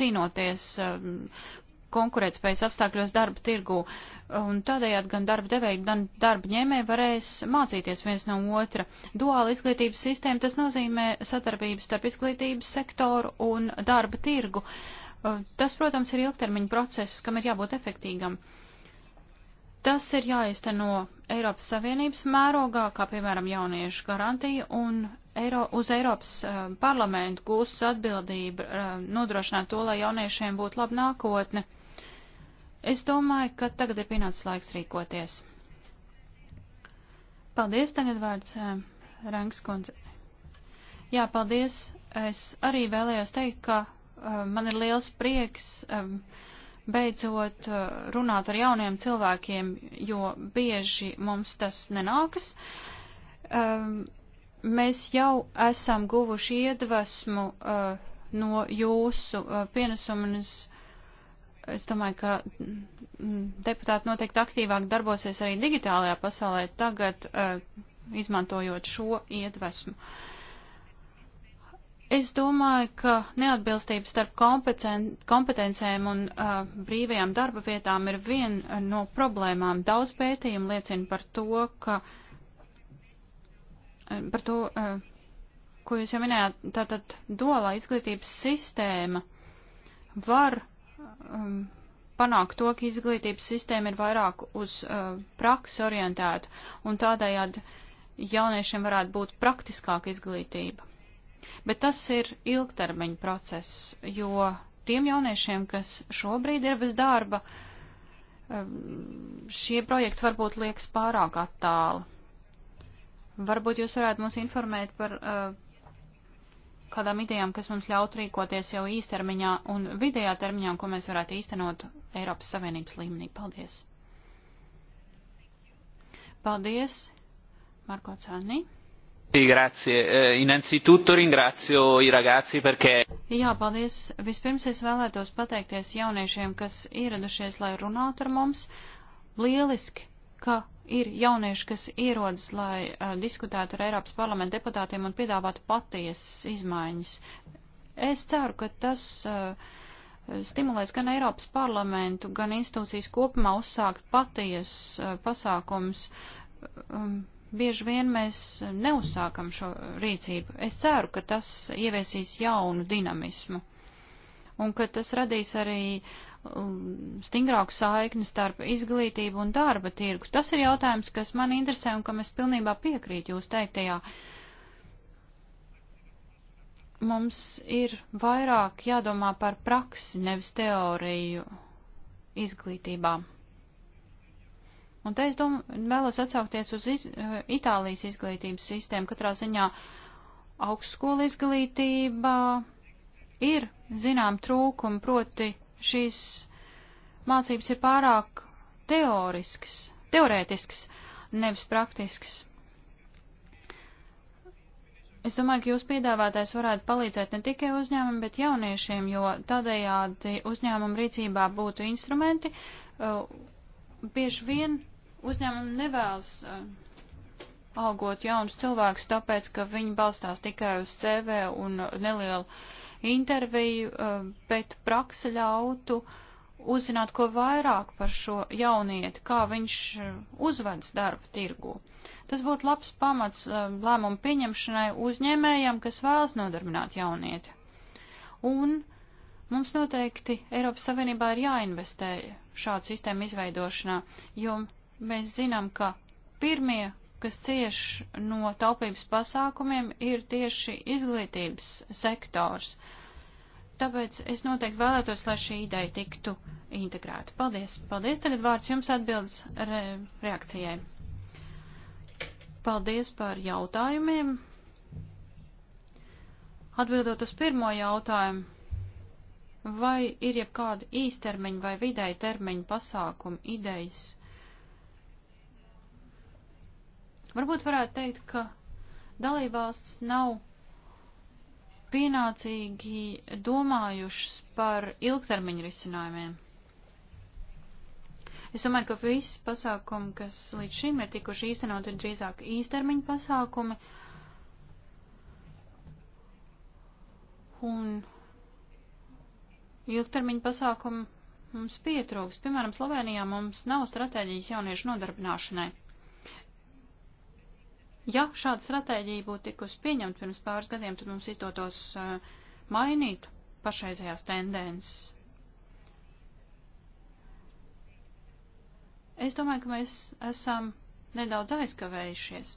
cīnoties um, konkurētspējas apstākļos darba tirgū. Un tādējādi gan darba devēji, gan darba ņēmēji varēs mācīties viens no otra. Duāla izglītības sistēma tas nozīmē sadarbības starp izglītības sektoru un darba tirgu. Uh, tas, protams, ir ilgtermiņa process, kam ir jābūt efektīgam. Tas ir jāizteno Eiropas Savienības mērogā, kā piemēram jauniešu garantija, un Eiro, uz Eiropas uh, parlamentu gūstas atbildība uh, nodrošināt to, lai jauniešiem būtu laba nākotne. Es domāju, ka tagad ir pienācis laiks rīkoties. Paldies, tagad vārds eh, Ranks kundze. Jā, paldies. Es arī vēlējos teikt, ka uh, man ir liels prieks um, beidzot uh, runāt ar jauniem cilvēkiem, jo bieži mums tas nenākas. Um, mēs jau esam guvuši iedvesmu uh, no jūsu uh, pienesumu un es Es domāju, ka mm, deputāti noteikti aktīvāk darbosies arī digitālajā pasaulē tagad, eh, izmantojot šo iedvesmu. Es domāju, ka neatbilstība starp kompetencēm un uh, brīvajām darba vietām ir viena no problēmām. Daudz pētījumu liecina par to, ka eh, par to, uh, ko jūs jau minējāt, tātad duolā izglītības sistēma var uh, um, panākt to, ka izglītības sistēma ir vairāk uz uh, praksi orientēta un tādējādi jauniešiem varētu būt praktiskāka izglītība. Bet tas ir ilgtermiņa process, jo tiem jauniešiem, kas šobrīd ir bez darba, um, šie projekti varbūt liekas pārāk attāli. Varbūt jūs varētu mums informēt par uh, kādām idejām, kas mums ļautu rīkoties jau īstermiņā un vidējā termiņā, un ko mēs varētu īstenot Eiropas Savienības līmenī. Paldies! Paldies, Marko Cāni! Grazie. Eh, innanzitutto ringrazio i ragazzi perché. Jā, paldies. Vispirms es vēlētos pateikties jauniešiem, kas ieradušies, lai runātu ar mums. Lieliski, ka ir jaunieši, kas ierodas, lai uh, diskutētu ar Eiropas parlamentu deputātiem un piedāvātu patiesas izmaiņas. Es ceru, ka tas uh, stimulēs gan Eiropas parlamentu, gan institūcijas kopumā uzsākt patiesas uh, pasākums. Um, bieži vien mēs neuzsākam šo rīcību. Es ceru, ka tas ieviesīs jaunu dinamismu un ka tas radīs arī uh, Um, stingrāku saikni starp izglītību un darba tirgu. Tas ir jautājums, kas man interesē un kam es pilnībā piekrītu jūs teiktajā. Mums ir vairāk jādomā par praksi, nevis teoriju izglītībā. Un te es domāju, vēlos atsaukties uz iz, Itālijas izglītības sistēmu. Katrā ziņā augstskola izglītība ir zinām trūkumi, proti šīs mācības ir pārāk teorisks, teorētisks, nevis praktisks. Es domāju, ka jūs piedāvātais varētu palīdzēt ne tikai uzņēmumiem, bet jauniešiem, jo tādējādi uzņēmumu rīcībā būtu instrumenti. Uh, bieži vien uzņēmumi nevēlas uh, algot jaunus cilvēkus, tāpēc, ka viņi balstās tikai uz CV un nelielu interviju, eh, bet praksa ļautu uzzināt ko vairāk par šo jaunieti, kā viņš eh, uzvedas darba tirgu. Tas būtu labs pamats eh, lēmumu pieņemšanai uzņēmējam, kas vēlas nodarbināt jaunieti. Un mums noteikti Eiropas Savienībā ir jāinvestē šādu sistēmu izveidošanā, jo mēs zinām, ka pirmie, kas cieš no taupības pasākumiem, ir tieši izglītības sektors. Tāpēc es noteikti vēlētos, lai šī ideja tiktu integrēta. Paldies! Paldies! Tagad vārds jums atbildes re reakcijai. Paldies par jautājumiem. Atbildot uz pirmo jautājumu, vai ir jebkāda īstermiņa vai vidēja termiņa pasākuma idejas Varbūt varētu teikt, ka dalībvalsts nav pienācīgi domājušas par ilgtermiņa risinājumiem. Es domāju, ka visi pasākumi, kas līdz šim ir tikuši īstenot, ir drīzāk īstermiņa pasākumi. Un ilgtermiņa pasākumi mums pietrūks. Piemēram, Slovenijā mums nav stratēģijas jauniešu nodarbināšanai. Ja šāda stratēģija būtu tikusi pieņemta pirms pāris gadiem, tad mums izdotos eh, mainīt pašreizējās tendences. Es domāju, ka mēs esam nedaudz aizkavējušies.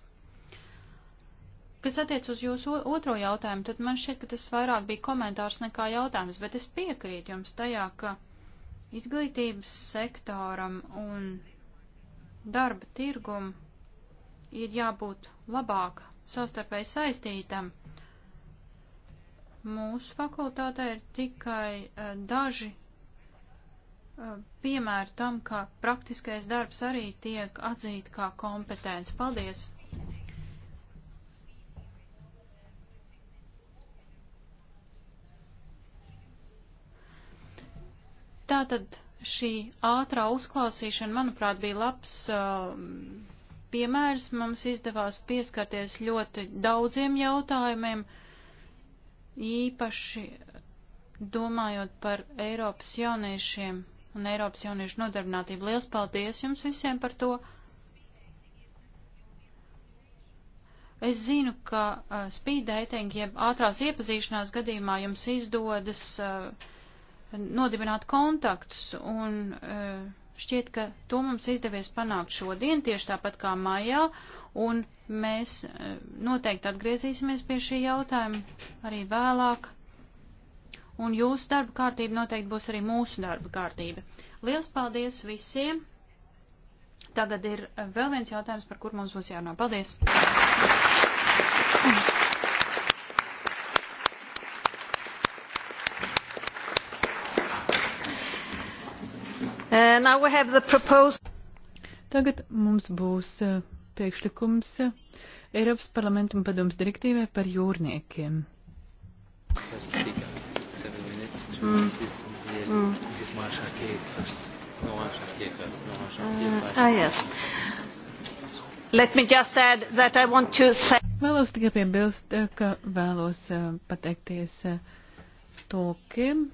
Kas attiec uz jūsu otro jautājumu, tad man šķiet, ka tas vairāk bija komentārs nekā jautājums, bet es piekrītu jums tajā, ka izglītības sektoram un darba tirgumu ir jābūt labāk savstarpēji saistītam. Mūsu fakultātē ir tikai uh, daži uh, piemēri tam, ka praktiskais darbs arī tiek atzīt kā kompetence. Paldies! Tātad šī ātrā uzklausīšana, manuprāt, bija labs uh, piemērus. Mums izdevās pieskarties ļoti daudziem jautājumiem, īpaši domājot par Eiropas jauniešiem un Eiropas jauniešu nodarbinātību. Liels paldies jums visiem par to! Es zinu, ka uh, speed dating, jeb ātrās iepazīšanās gadījumā jums izdodas uh, nodibināt kontaktus un uh, Šķiet, ka to mums izdevies panākt šodien, tieši tāpat kā maijā, un mēs e, noteikti atgriezīsimies pie šī jautājuma arī vēlāk. Un jūsu darba kārtība noteikti būs arī mūsu darba kārtība. Liels paldies visiem! Tagad ir e, vēl viens jautājums, par kur mums būs jārunā. Paldies! Uh, Tagad mums būs uh, priekšlikums uh, Eiropas parlamenta un padomas direktīvai par jūrniekiem. Mm. Mm. mm. Uh, ah, yes. say... Vēlos tikai piebilst, ka vēlos pateikties tūkiem.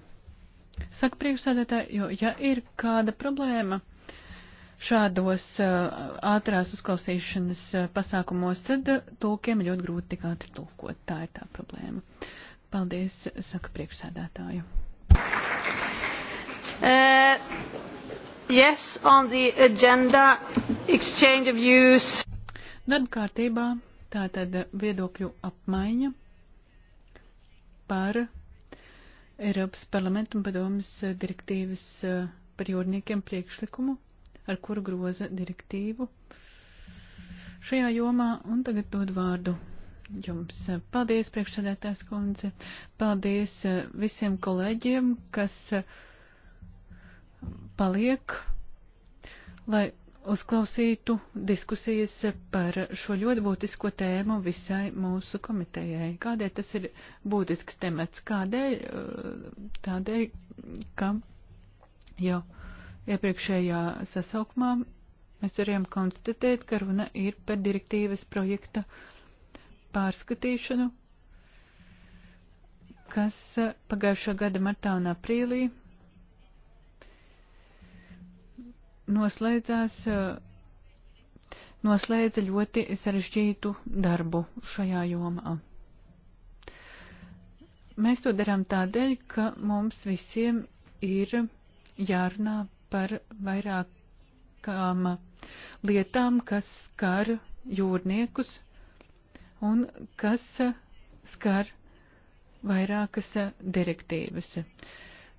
Saka priekšsādātāji, jo ja ir kāda problēma šādos uh, ātrās uzklausīšanas uh, pasākumos, tad uh, tulkiem ļoti grūti tik ātri tulkot. Tā ir tā problēma. Paldies, saka priekšsādātāju. Uh, yes, on the agenda, exchange of views. Darba kārtībā tātad viedokļu apmaiņa par Eiropas parlamenta un padomas eh, direktīvas eh, par jūrniekiem priekšlikumu, ar kuru groza direktīvu šajā jomā, un tagad dod vārdu jums. Paldies, priekšsēdētājs kundze, paldies eh, visiem kolēģiem, kas paliek, lai uzklausītu diskusijas par šo ļoti būtisko tēmu visai mūsu komitejai. Kādēļ tas ir būtisks temats? Kādēļ? Eh, tādēļ, ka jau iepriekšējā sasaukumā mēs varējām konstatēt, ka runa ir par direktīvas projekta pārskatīšanu, kas pagājušā gada martā un aprīlī noslēdzās, eh, noslēdza ļoti sarežģītu darbu šajā jomā. Mēs to darām tādēļ, ka mums visiem ir jārunā par vairākām lietām, kas skar jūrniekus un kas skar vairākas direktīvas.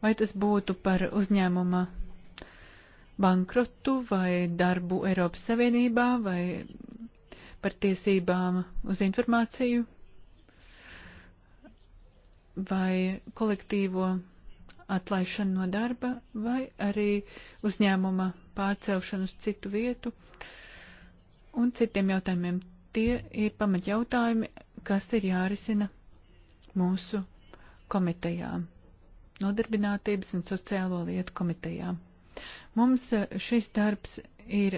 Vai tas būtu par uzņēmuma bankrotu vai darbu Eiropas Savienībā vai par tiesībām uz informāciju vai kolektīvo atlaišanu no darba vai arī uzņēmuma pārcelšanu uz citu vietu un citiem jautājumiem. Tie ir pamatjautājumi, kas ir jārisina mūsu komitejām, nodarbinātības un sociālo lietu komitejām. Mums eh, šis darbs ir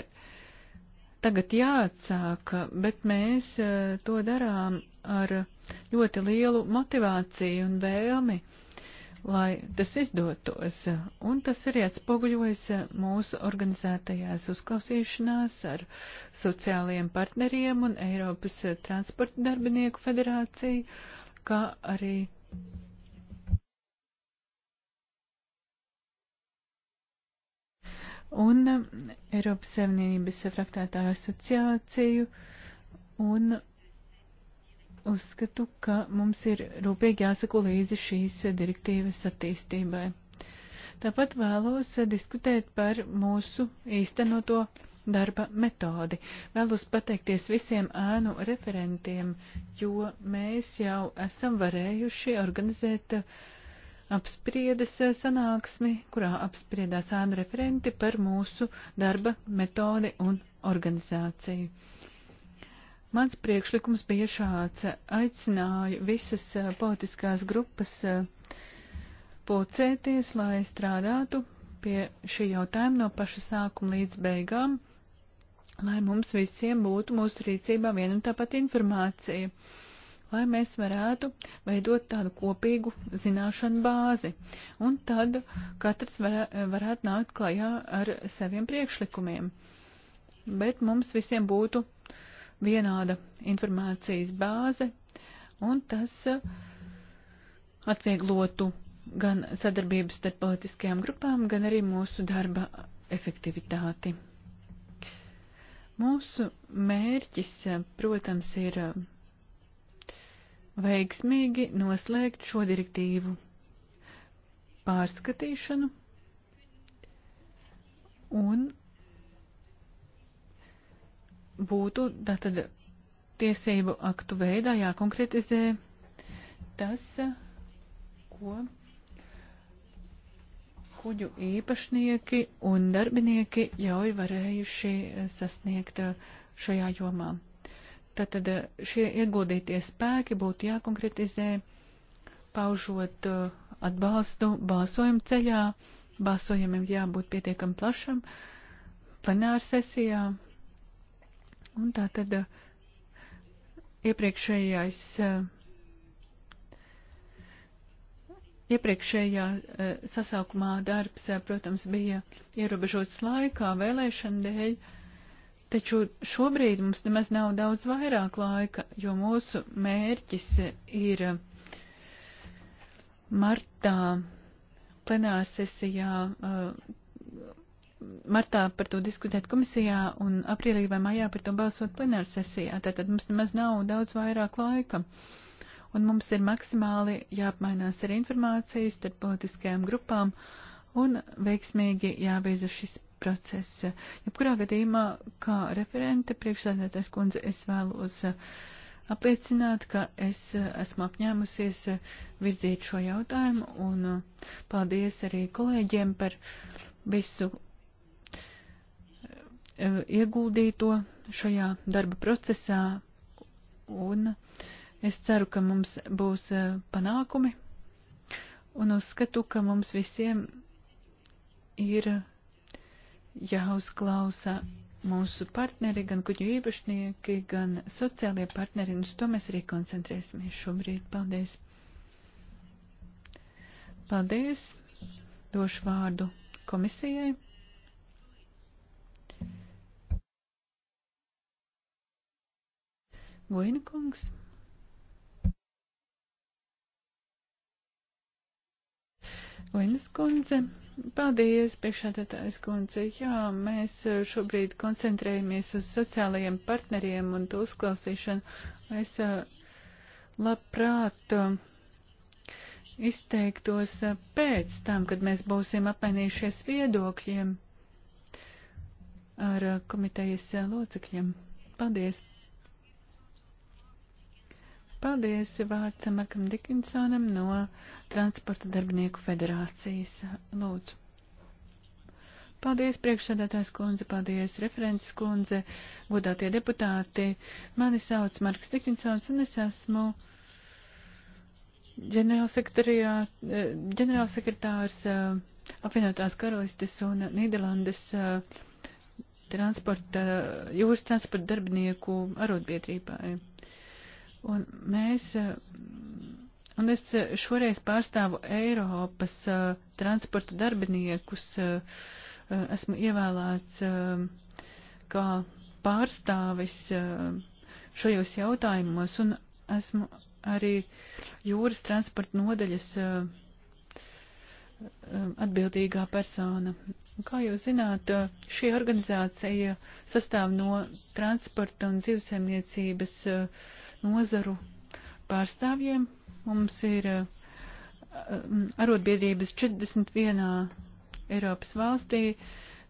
tagad jāatsāk, bet mēs eh, to darām ar ļoti lielu motivāciju un vēlmi, lai tas izdotos. Un tas arī atspoguļojas eh, mūsu organizētajās uzklausīšanās ar sociālajiem partneriem un Eiropas transporta darbinieku federāciju, kā arī un eh, Eiropas Savienības fraktātāju asociāciju un uzskatu, ka mums ir rūpīgi jāsako līdzi šīs direktīvas attīstībai. Tāpat vēlos eh, diskutēt par mūsu īstenoto darba metodi. Vēlos pateikties visiem ēnu referentiem, jo mēs jau esam varējuši organizēt uh, apspriedes eh, sanāksmi, kurā apspriedās ēnu referenti par mūsu darba metodi un organizāciju. Mans priekšlikums bija šāds. Aicināju visas eh, politiskās grupas eh, pulcēties, lai strādātu pie šī jautājuma no paša sākuma līdz beigām, lai mums visiem būtu mūsu rīcībā viena un tāpat informācija. Uh, lai mēs varētu veidot tādu kopīgu zināšanu bāzi. Un tad katrs varē, varētu nākt klajā ar saviem priekšlikumiem. Bet mums visiem būtu vienāda informācijas bāze, un tas atvieglotu gan sadarbības starp politiskajām grupām, gan arī mūsu darba efektivitāti. Mūsu mērķis, protams, ir veiksmīgi noslēgt šo direktīvu pārskatīšanu un būtu tātad tiesību aktu veidā jākonkretizē tas, ko kuģu īpašnieki un darbinieki jau ir varējuši sasniegt šajā jomā. Tātad eh, šie ieguldītie spēki būtu jākonkretizē, paužot eh, atbalstu balsojumu ceļā. Balsojumam jābūt pietiekam plašam, plenāra sesijā. Un tātad eh, iepriekšējais. Iepriekšējā sasaukumā darbs, protams, bija ierobežots laikā vēlēšana dēļ, uh, Taču šobrīd mums nemaz nav daudz vairāk laika, jo mūsu mērķis ir martā plenārsesijā, eh, martā par to diskutēt komisijā un aprīlī vai maijā par to balsot plenārsesijā. Tātad mums nemaz nav daudz vairāk laika. Un mums ir maksimāli jāapmainās ar informāciju starp politiskajām grupām un veiksmīgi jāveiza šis process. Jebkurā gadījumā, kā referente priekšsādātājs kundze, es vēlos uh, apliecināt, ka es uh, esmu apņēmusies uh, virzīt šo jautājumu un paldies arī kolēģiem par visu ieguldīto šajā darba procesā un es ceru, ka mums būs panākumi un uzskatu, ka mums visiem ir jāuzklausa mūsu partneri, gan kuģu īpašnieki, gan sociālie partneri, un uz to mēs arī koncentrēsimies šobrīd. Paldies! Paldies! Došu vārdu komisijai. Goina kungs. Goinas kundze. Paldies, priekšādātājs kundze. Jā, mēs eh, šobrīd koncentrējamies uz sociālajiem partneriem un to uzklausīšanu. Es eh, labprāt eh, izteiktos pēc tam, kad mēs būsim apmainījušies viedokļiem ar komitejas locekļiem. Paldies! Paldies vārds Markam Dikinsonam no Transporta darbinieku federācijas. Lūdzu. Paldies, priekšsēdētājs kundze, paldies, referents kundze, godātie deputāti. Mani sauc Marks Dikinsons un es esmu eh, ģenerālsekretārs eh, apvienotās karalistes un Nīderlandes eh, transporta, jūras transporta darbinieku arotbiedrībai. Un mēs, eh, un es eh, šoreiz pārstāvu Eiropas eh, transporta darbiniekus, esmu ievēlēts kā pārstāvis šajos jautājumos un esmu arī jūras transporta nodaļas atbildīgā persona. Kā jūs zināt, šī organizācija sastāv no transporta un zivsēmniecības uh, nozaru pārstāvjiem. Mums ir eh, eh, arotbiedrības 41. Eiropas valstī.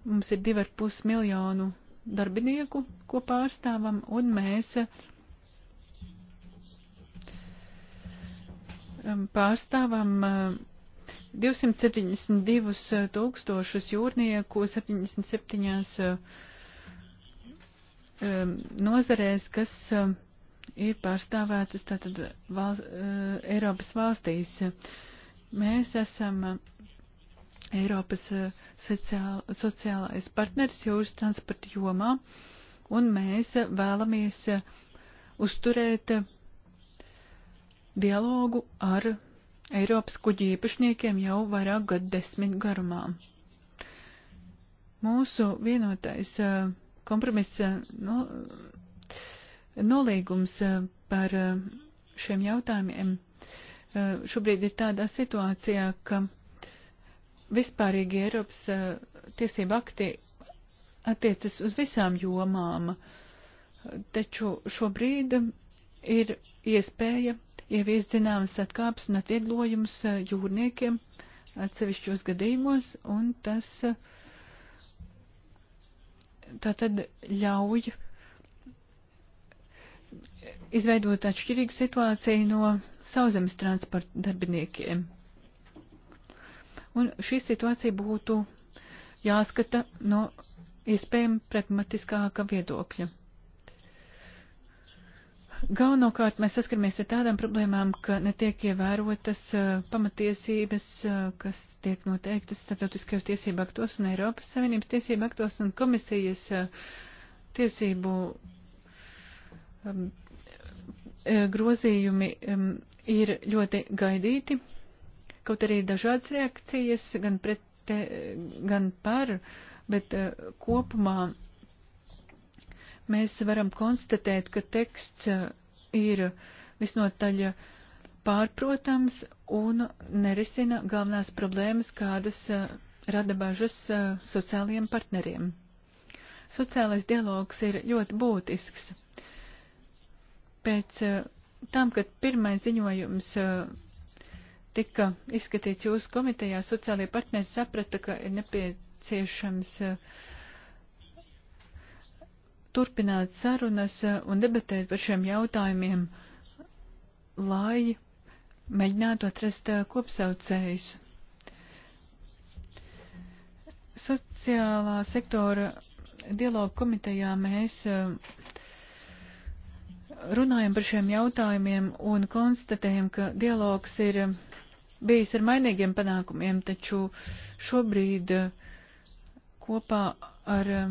Mums ir 2,5 miljonu darbinieku, ko pārstāvam, un mēs eh, pārstāvam 272 tūkstošus jūrnieku 77 nozarēs, kas ir pārstāvētas tātad valst, eh, Eiropas valstīs. Mēs esam eh, Eiropas eh, sociāla, sociālais partneris jūras transporta jomā, un mēs vēlamies uzturēt dialogu ar Eiropas kuģi īpašniekiem jau vairāk gadu desmit garumā. Mūsu vienotais kompromiss no, nolīgums eh, par eh, šiem jautājumiem eh, šobrīd ir tādā situācijā, ka vispārīgi Eiropas tiesība akti attiecas uz visām jomām, taču šobrīd ir iespēja ievies zināmas atkāpes un atvieglojumus jūrniekiem atsevišķos gadījumos, un tas tātad ļauj uh, izveidot atšķirīgu situāciju no sauzemes transporta darbiniekiem. Un šī situācija būtu jāskata no iespējami pragmatiskāka viedokļa. Galvenokārt mēs saskaramies ar tādām problēmām, ka netiek ievērotas uh, pamatiesības, uh, kas tiek noteiktas starptautiskajos tiesību aktos un Eiropas Savienības tiesību aktos un komisijas uh, tiesību Um, e, grozījumi um, ir ļoti gaidīti, kaut arī dažādas reakcijas gan pret, gan par, bet e, kopumā mēs varam konstatēt, ka teksts e, ir visnotaļ pārprotams un nerisina galvenās problēmas, kādas rada bažas sociālajiem partneriem. Sociālais dialogs ir ļoti būtisks Pēc eh, tam, kad pirmais ziņojums eh, tika izskatīts jūsu komitejā, sociālie partneri saprata, ka ir nepieciešams eh, turpināt sarunas un debatēt par šiem jautājumiem, lai mēģinātu atrast kopsaucējus. Sociālā sektora dialogu komitejā mēs uh, runājam par šiem jautājumiem un konstatējam, ka dialogs ir eh, bijis ar mainīgiem panākumiem, taču šobrīd eh, kopā ar eh,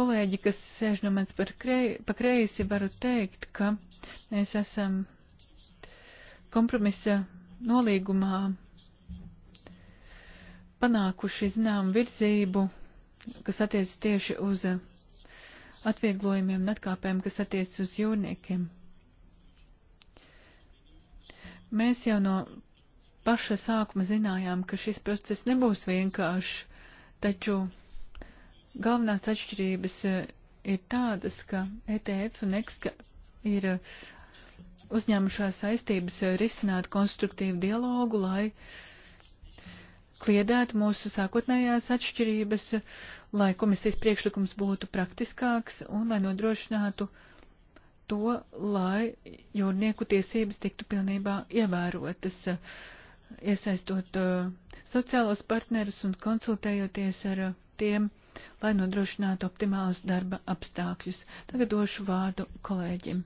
kolēģi, kas sēž no manis krei, pa kreisi, varu teikt, ka mēs esam kompromisa nolīgumā panākuši zinām virzību, kas attiec tieši uz atvieglojumiem un atkāpēm, kas attiec uz jūrniekiem. Mēs jau no paša sākuma zinājām, ka šis process nebūs vienkāršs, taču galvenās atšķirības e, ir tādas, ka ETF un EXKA ir e, uzņēmušās saistības e, risināt konstruktīvu dialogu, lai uh, kliedēt mūsu sākotnējās atšķirības, lai komisijas priekšlikums būtu praktiskāks un lai nodrošinātu to, lai jūrnieku tiesības tiktu pilnībā ievērotas, iesaistot uh, sociālos partnerus un konsultējoties ar uh, tiem, lai nodrošinātu optimālus darba apstākļus. Tagad došu vārdu kolēģim.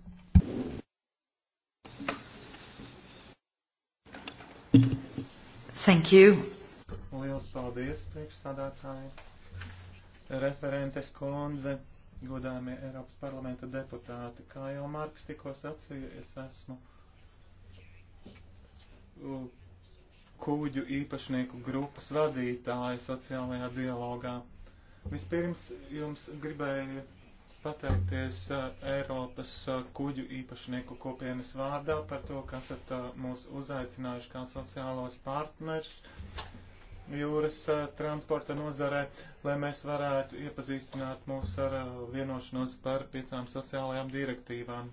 Thank you. Liels paldies, priekšsādātāji, referentes kundze, godāmie Eiropas parlamenta deputāti. Kā jau Marks tikko sacīja, es esmu kūģu īpašnieku grupas vadītāja sociālajā dialogā. Vispirms jums gribēju pateikties Eiropas kuģu īpašnieku kopienas vārdā par to, ka esat mūs uzaicinājuši kā sociālos partners jūras transporta nozarē, lai mēs varētu iepazīstināt mūs ar vienošanos par piecām sociālajām direktīvām.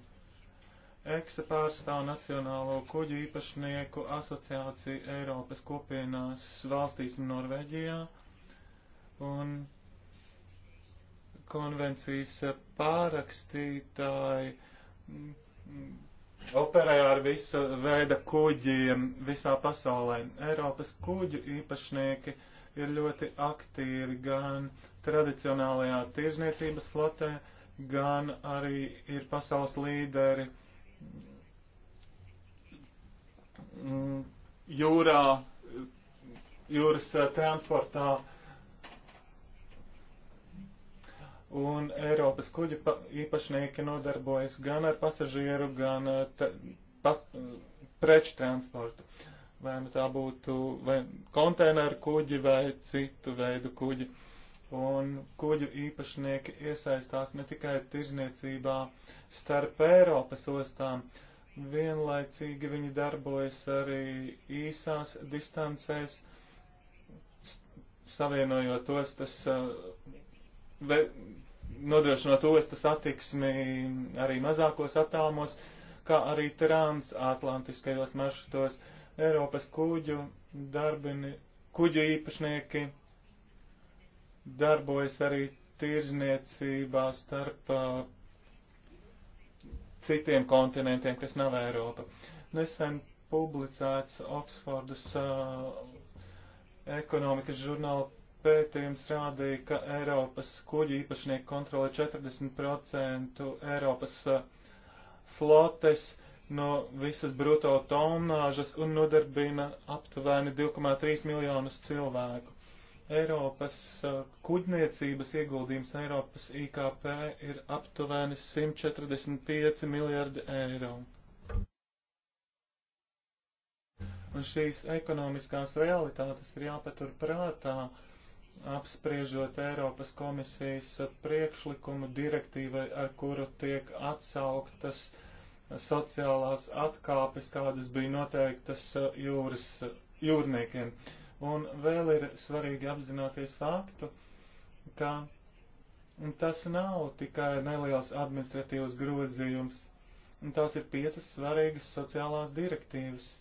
EXA pārstāv Nacionālo kuģu īpašnieku asociāciju Eiropas kopienās valstīs un Norvēģijā un konvencijas pārakstītāji operē ar visu veidu kuģiem visā pasaulē. Eiropas kuģu īpašnieki ir ļoti aktīvi gan tradicionālajā tirzniecības flotē, gan arī ir pasaules līderi mm, jūrā, jūras eh, transportā un Eiropas kuģu īpašnieki nodarbojas gan ar pasažieru, gan uh, pas, uh, preču transportu. Vai nu tā būtu vai konteineru kuģi vai citu veidu kuģi. Un kuģu īpašnieki iesaistās ne tikai tirzniecībā starp Eiropas ostām, vienlaicīgi viņi darbojas arī īsās distancēs, savienojot ostas uh, nodrošinot ostu satiksmi arī mazākos attālumos, kā arī transatlantiskajos maršrutos. Eiropas kuģu darbini, kuģu īpašnieki darbojas arī tirzniecībā starp uh, citiem kontinentiem, kas nav Eiropa. Nesen publicēts Oksfordas uh, ekonomikas žurnāla Pētījums rādīja, ka Eiropas kuģi īpašnieki kontrolē 40% Eiropas uh, flotes no visas brutto tonnāžas un nodarbina aptuveni 2,3 miljonus cilvēku. Eiropas uh, kuģniecības ieguldījums Eiropas IKP ir aptuveni 145 miljardi eiro. Un šīs ekonomiskās realitātes ir jāpatur prātā, uh, apspriežot Eiropas komisijas priekšlikumu direktīvai, ar kuru tiek atsauktas sociālās atkāpes, kādas bija noteiktas jūras, jūrniekiem. Un vēl ir svarīgi apzināties faktu, ka tas nav tikai neliels administratīvs grozījums. Tās ir piecas svarīgas sociālās direktīvas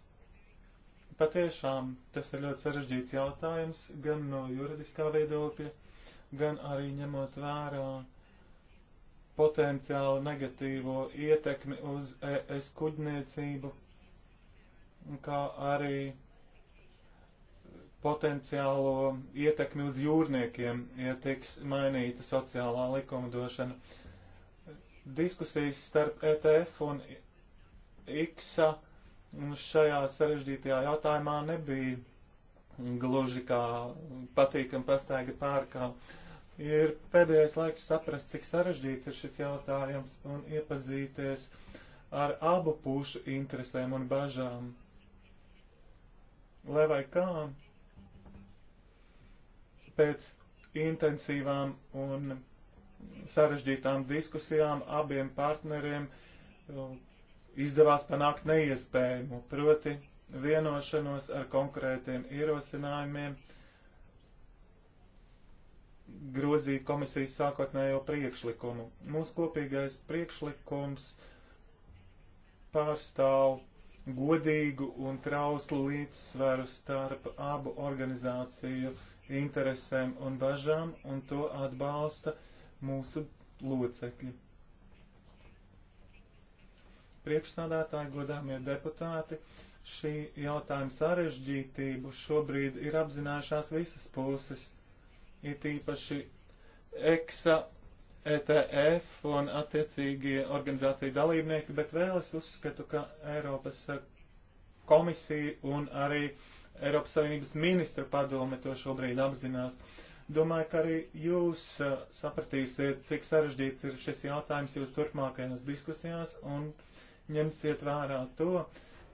Patiešām tas ir ļoti sarežģīts jautājums gan no juridiskā viedokļa, gan arī ņemot vērā potenciālu negatīvo ietekmi uz ES kuģniecību, kā arī potenciālo ietekmi uz jūrniekiem, ja tiks mainīta sociālā likumdošana. Diskusijas starp ETF un IKSA šajā sarežģītajā jautājumā nebija gluži kā patīkam pastaigi pārkā. Ir pēdējais laiks saprast, cik sarežģīts ir šis jautājums un iepazīties ar abu pušu interesēm un bažām. Lai vai kā, pēc intensīvām un sarežģītām diskusijām abiem partneriem izdevās panākt neiespējumu, proti vienošanos ar konkrētiem ierosinājumiem grozīt komisijas sākotnējo priekšlikumu. Mūsu kopīgais priekšlikums pārstāv godīgu un trauslu līdzsvaru starp abu organizāciju interesēm un bažām, un to atbalsta mūsu locekļi priekšstādātāji, godāmie deputāti. Šī jautājuma sarežģītību šobrīd ir apzinājušās visas puses, it īpaši EXA, ETF un attiecīgie organizācija dalībnieki, bet vēl es uzskatu, ka Eiropas e, komisija un arī Eiropas Savienības ministra padome to šobrīd apzinās. Domāju, ka arī jūs e, sapratīsiet, cik sarežģīts ir šis jautājums jūs turpmākajās diskusijās un diskusijās ņemsiet vērā to,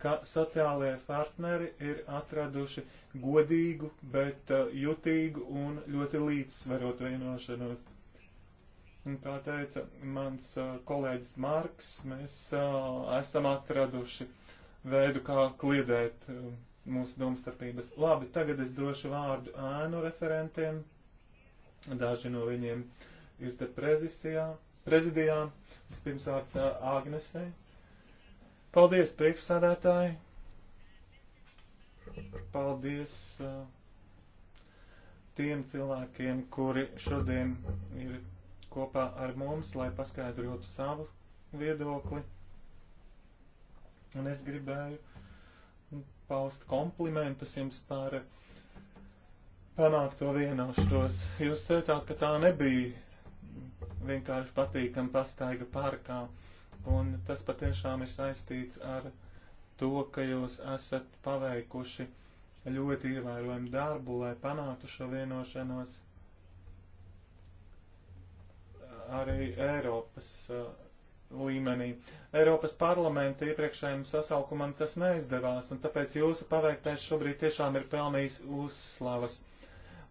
ka sociālie partneri ir atraduši godīgu, bet uh, jutīgu un ļoti līdzsvarotu vienošanos. Kā teica mans uh, kolēģis Marks, mēs uh, esam atraduši veidu, kā kliedēt mūsu domstarpības. Labi, tagad es došu vārdu ēnu referentiem. Daži no viņiem ir te prezidijā. Vispirms vārds Agnesei. Paldies, priekšsādātāji! Paldies uh, tiem cilvēkiem, kuri šodien ir kopā ar mums, lai paskaidrotu savu viedokli. Un es gribēju nu, paust komplimentus jums par panākto vienošanos. Jūs teicāt, ka tā nebija vienkārši patīkam pastaiga parkā. Uh, un tas patiešām ir saistīts ar to, ka jūs esat paveikuši ļoti ievērojumu darbu, lai panātu šo vienošanos arī Eiropas uh, līmenī. Eiropas parlamenta iepriekšējiem sasaukumam tas neizdevās, un tāpēc jūsu paveiktais šobrīd tiešām ir pelnījis uzslavas.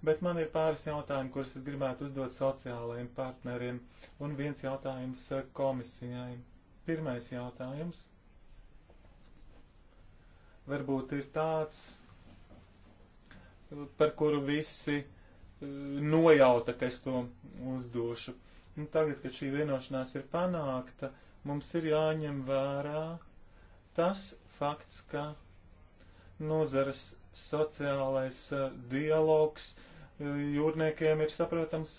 Bet man ir pāris jautājumi, kurus es gribētu uzdot sociālajiem partneriem, un viens jautājums uh, komisijai. Pirmais jautājums varbūt ir tāds, par kuru visi e, nojauta, ka es to uzdošu. Un nu, tagad, kad šī vienošanās ir panākta, mums ir jāņem vērā tas fakts, ka nozares sociālais e, dialogs e, jūrniekiem ir saprotams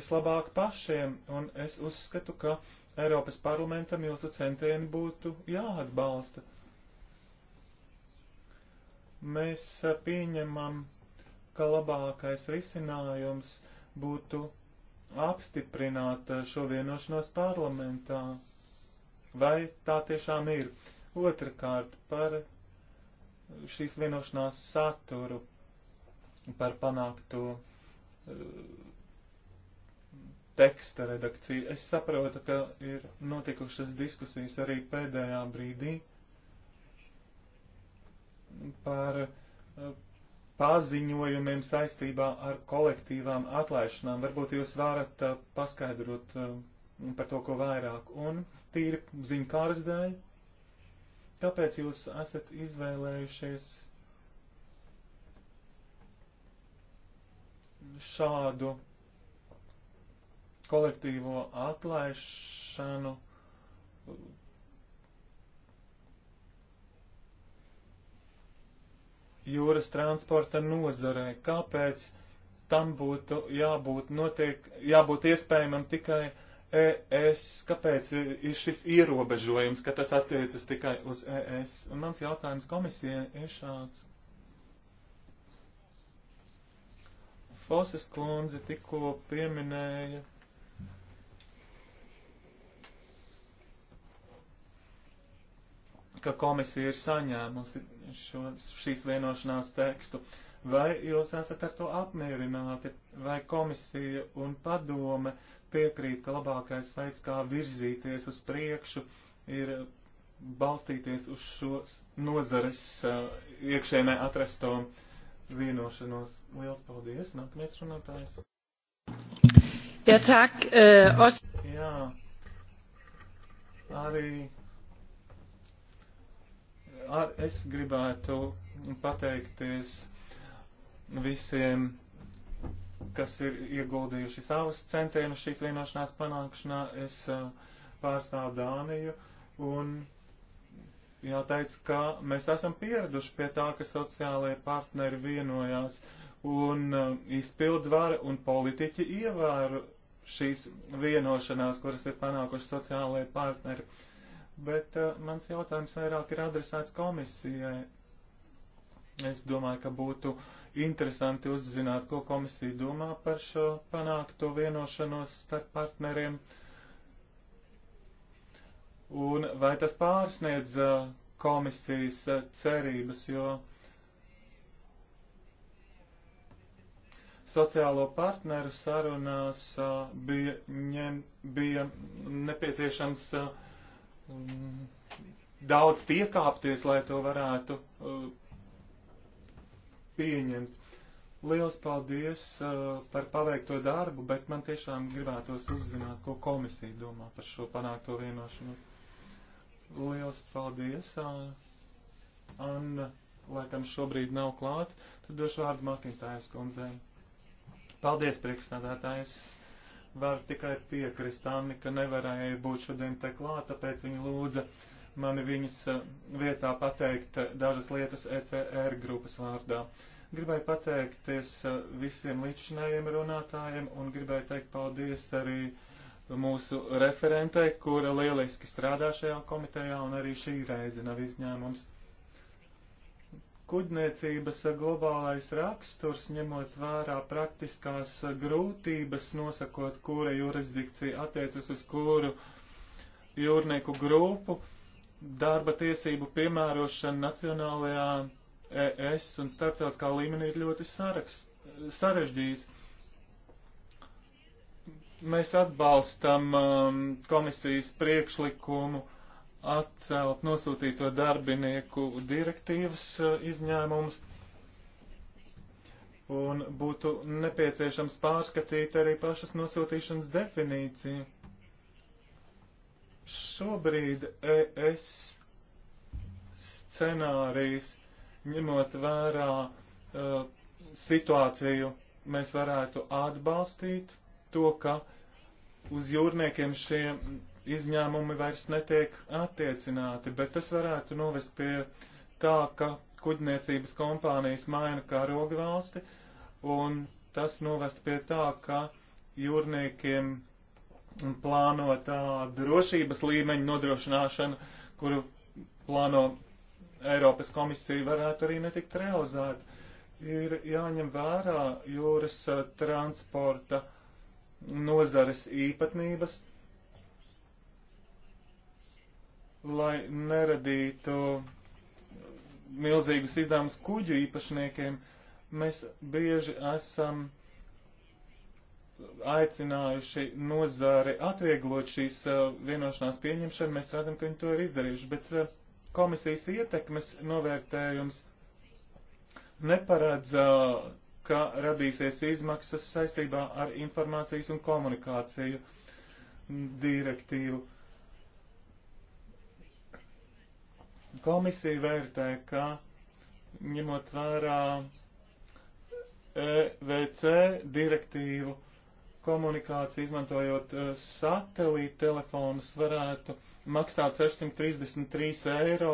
vislabāk pašiem, un es uzskatu, ka uh, Eiropas parlamentam jūsu centieni būtu jāatbalsta. Mēs pieņemam, ka labākais risinājums būtu apstiprināt šo vienošanos parlamentā. Vai tā tiešām ir? Otrakārt par šīs vienošanās saturu, par panākto teksta redakciju. Es saprotu, ka ir notikušas diskusijas arī pēdējā brīdī par eh, paziņojumiem saistībā ar kolektīvām atlaišanām. Varbūt jūs varat eh, paskaidrot eh, par to, ko vairāk. Un tīri ziņkāras dēļ, kāpēc jūs esat izvēlējušies šādu kolektīvo atlaišanu. Jūras transporta nozarē, kāpēc tam būtu jābūt, notiek, jābūt iespējamam tikai ES, kāpēc ir šis ierobežojums, ka tas attiecas tikai uz ES? Un mans jautājums komisijai ir šāds. Foses kundze tikko pieminēja ka komisija ir saņēmusi šo, šīs vienošanās tekstu. Vai jūs esat ar to apmierināti, vai komisija un padome piekrīt, ka labākais veids, kā virzīties uz priekšu, ir balstīties uz šo nozares uh, iekšēnē atrasto vienošanos. Liels paldies! Nākamais runātājs. Jā, tak, uh, os... Jā. Arī ar, es gribētu pateikties visiem, kas ir ieguldījuši savus centienus šīs vienošanās panākšanā. Es uh, pārstāvu Dāniju un jāteic, ka mēs esam pieraduši pie tā, ka sociālajie partneri vienojās un uh, izpildvara un politiķi ievēru šīs vienošanās, kuras ir panākuši sociālajie partneri. Uh, bet uh, mans jautājums vairāk ir adresēts komisijai. Es domāju, ka būtu interesanti uzzināt, ko komisija domā par šo panākto vienošanos starp partneriem. Un vai tas pārsniedz uh, komisijas uh, cerības, jo sociālo partneru sarunās uh, bija, ņem, bija nepieciešams uh, Mm. daudz piekāpties, lai to varētu uh, pieņemt. Liels paldies uh, par paveikto darbu, bet man tiešām gribētos uzzināt, ko komisija domā par šo panākto vienošanos. Liels paldies, uh, Anna, laikam šobrīd nav klāt, tad došu vārdu Matītājs kundzei. Paldies, priekšstādātājs var tikai piekrist Anni, ka nevarēja būt šodien te klāt, tāpēc viņa lūdza mani viņas eh, vietā pateikt eh, dažas lietas ECR grupas vārdā. Gribēju pateikties eh, visiem līdzšinējiem runātājiem un gribēju teikt paldies arī mūsu referentei, kura lieliski strādā šajā komitejā un arī šī reize nav izņēmums kuģniecības globālais raksturs, ņemot vērā praktiskās grūtības, nosakot, kura jurisdikcija attiecas uz kuru jūrnieku grupu, darba tiesību piemērošana nacionālajā ES un starptautiskā līmenī ir ļoti sarežģījis. Mēs atbalstam um, komisijas priekšlikumu uh, atcelt nosūtīto darbinieku direktīvas e, izņēmumus un būtu nepieciešams pārskatīt arī pašas nosūtīšanas definīciju. Šobrīd ES scenārijs, ņemot vērā uh, situāciju, mēs varētu atbalstīt to, ka uz jūrniekiem šie izņēmumi vairs netiek attiecināti, bet tas varētu novest pie tā, ka kuģniecības kompānijas maina karoga valsti, un tas novest pie tā, ka jūrniekiem plānotā drošības līmeņa nodrošināšana, kuru plāno Eiropas komisija, varētu arī netikt realizēta. Ir jāņem vērā jūras eh, transporta nozares īpatnības lai neradītu milzīgas izdevumus kuģu īpašniekiem, mēs bieži esam aicinājuši nozāri atvieglot šīs eh, vienošanās pieņemšanu, mēs redzam, ka viņi to ir izdarījuši, bet eh, komisijas ietekmes novērtējums neparedz, eh, ka radīsies izmaksas saistībā ar informācijas un komunikāciju direktīvu Komisija vērtē, ka ņemot vērā EVC direktīvu komunikāciju izmantojot e, satelīta telefonus varētu maksāt 633 eiro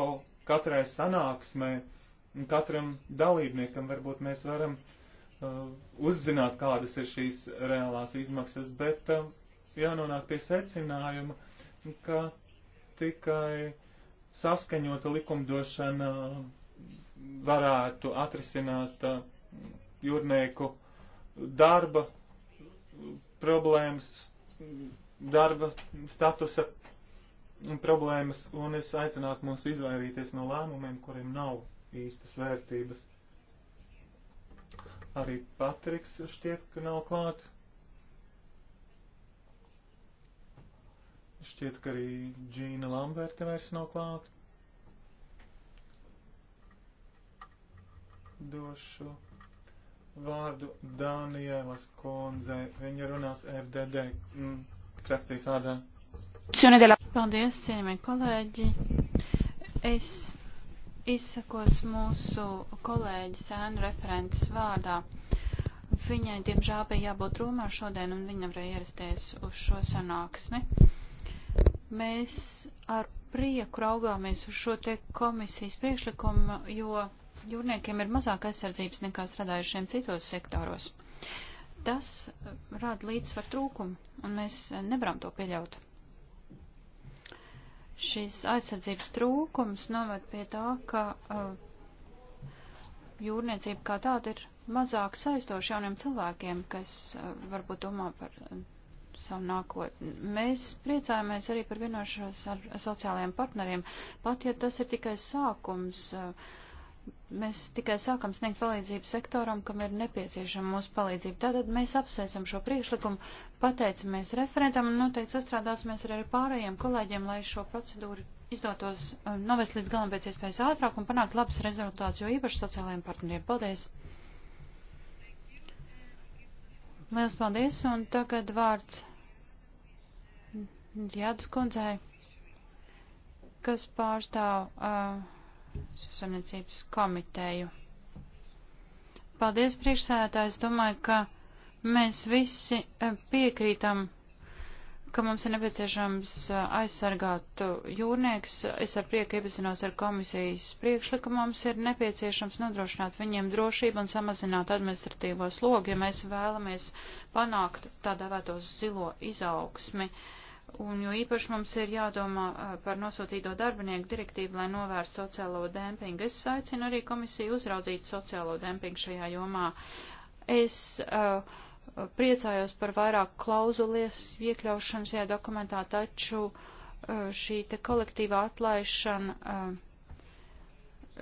katrai sanāksmē, katram dalībniekam varbūt mēs varam uh, uzzināt, kādas ir šīs reālās izmaksas, bet uh, jānonāk pie secinājuma, ka tikai uh, saskaņota likumdošana varētu atrisināt uh, jūrnieku darba problēmas, darba statusa problēmas, un es aicinātu mūs izvairīties no lēmumiem, kuriem nav īstas vērtības. Arī Patriks šķiet, ka nav klāts. Šķiet, ka arī Džīna Lamberta vairs nav klāt. Došu vārdu Dānielas kundze. Viņa runās FDD mm, frakcijas vārdā. Paldies, cienījamie kolēģi. Es izsakos mūsu kolēģi sēnu referentes vārdā. Viņai, diemžēl, bija jābūt Romā šodien, un viņa nevarēja ierasties uz šo sanāksmi. Mēs ar prieku raugāmies uz šo te komisijas priekšlikumu, jo jūrniekiem ir mazāk aizsardzības nekā strādājušiem citos sektoros. Tas rada līdzsvar trūkumu, un mēs nevaram to pieļaut. Šis aizsardzības trūkums noved pie tā, ka uh, jūrniecība kā tāda ir mazāk saistoša jauniem cilvēkiem, kas uh, varbūt domā par savu nākotni. Mēs priecājamies arī par vienošanos ar sociālajiem partneriem, pat ja tas ir tikai sākums. Eh, mēs tikai sākam sniegt palīdzību sektoram, kam ir nepieciešama mūsu palīdzība. Tātad mēs apsveicam šo priekšlikumu, pateicamies referentam un noteikti sastrādāsimies arī ar pārējiem kolēģiem, lai šo procedūru izdotos eh, novest līdz galam pēc iespējas ātrāk un panākt labus rezultātus, jo īpaši sociālajiem partneriem. Paldies! Liels paldies, un tagad vārds Jādas kundzei, kas pārstāv uh, sasamniecības komiteju. Paldies, priekšsēdētājs. Domāju, ka mēs visi piekrītam ka mums ir nepieciešams eh, aizsargāt eh, jūrnieks. Es ar prieku iepazinos ar komisijas priekšlikumu. Mums ir nepieciešams nodrošināt viņiem drošību un samazināt administratīvo slogu, ja mēs vēlamies panākt tādā vētos zilo izaugsmi. Un jo īpaši mums ir jādomā eh, par nosūtīto darbinieku direktīvu, lai novērstu sociālo dempingu. Es aicinu arī komisiju uzraudzīt sociālo dempingu šajā jomā. Es uh, priecājos par vairāk klauzulies iekļaušanu šajā dokumentā, taču e, šī te kolektīvā atlaišana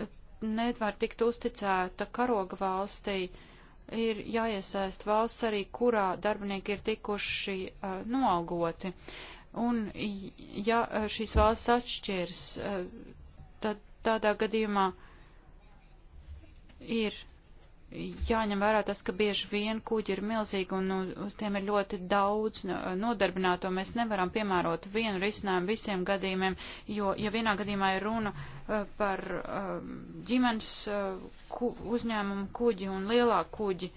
e, nevar tikt uzticēta karoga valstī. Ir jāiesaist valsts arī, kurā darbinieki ir tikuši e, noalgoti. Un ja šīs valsts atšķirs, tad tādā gadījumā ir jāņem vērā tas, ka bieži vien kuģi ir milzīgi un nu, uz tiem ir ļoti daudz nu, nodarbināto. Mēs nevaram piemērot vienu risinājumu visiem gadījumiem, jo, ja vienā gadījumā ir runa eh, par eh, ģimenes eh, ku, uzņēmumu kuģi un lielāku kuģi,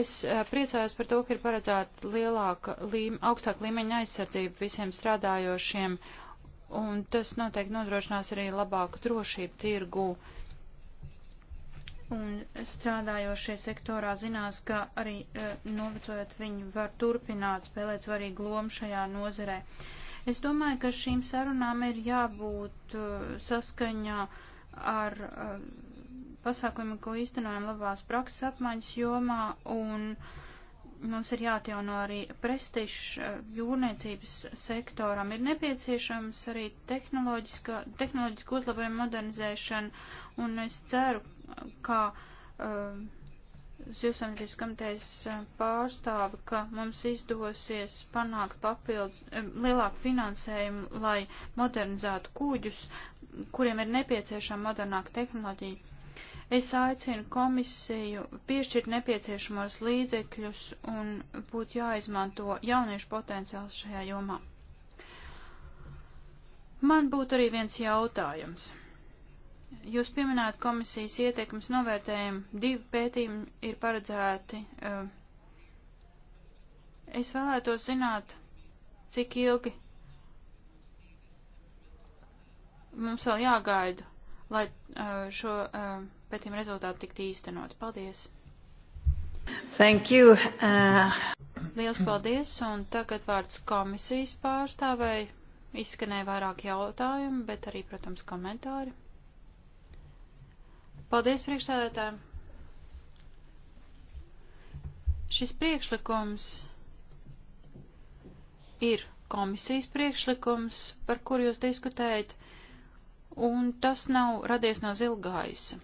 Es priecājos par to, ka ir paredzēta lielāka, līme, augstāka līmeņa aizsardzība visiem strādājošiem, un tas noteikti nodrošinās arī labāku drošību tirgū. Uh, un strādājošie sektorā zinās, ka arī e, novecojot viņi var turpināt spēlēt svarīgu lomu šajā nozerē. Es domāju, ka šīm sarunām ir jābūt e, saskaņā ar e, pasākumiem, ko īstenojam labās prakses apmaiņas jomā un uh, Mums ir jāatjauno arī prestižs eh, jūrniecības sektoram. Ir nepieciešams arī tehnoloģisku uzlabojumu modernizēšana, un es ceru, kā uh, eh, Zivsamības komitejas eh, pārstāvi, ka mums izdosies panākt papildus uh, lielāku finansējumu, lai modernizētu kūģus, kuriem ir nepieciešama modernāka tehnoloģija. Es aicinu komisiju piešķirt nepieciešamos līdzekļus un būtu jāizmanto jauniešu potenciāls šajā jomā. Man būtu arī viens jautājums. Jūs pieminējat komisijas ieteikums novērtējumu, divi pētījumi ir paredzēti. Eh, es vēlētos zināt, cik ilgi mums vēl jāgaida, lai eh, šo eh, pētījuma rezultāti tikt īstenot. Paldies! Thank you. Uh... Liels paldies, un tagad vārds komisijas pārstāvēji. Izskanēja vairāk jautājumu, bet arī, protams, komentāri. Paldies priekšsēdētājiem! Šis priekšlikums ir komisijas priekšlikums, par kur jūs diskutējat, un tas nav radies no zilgaisa.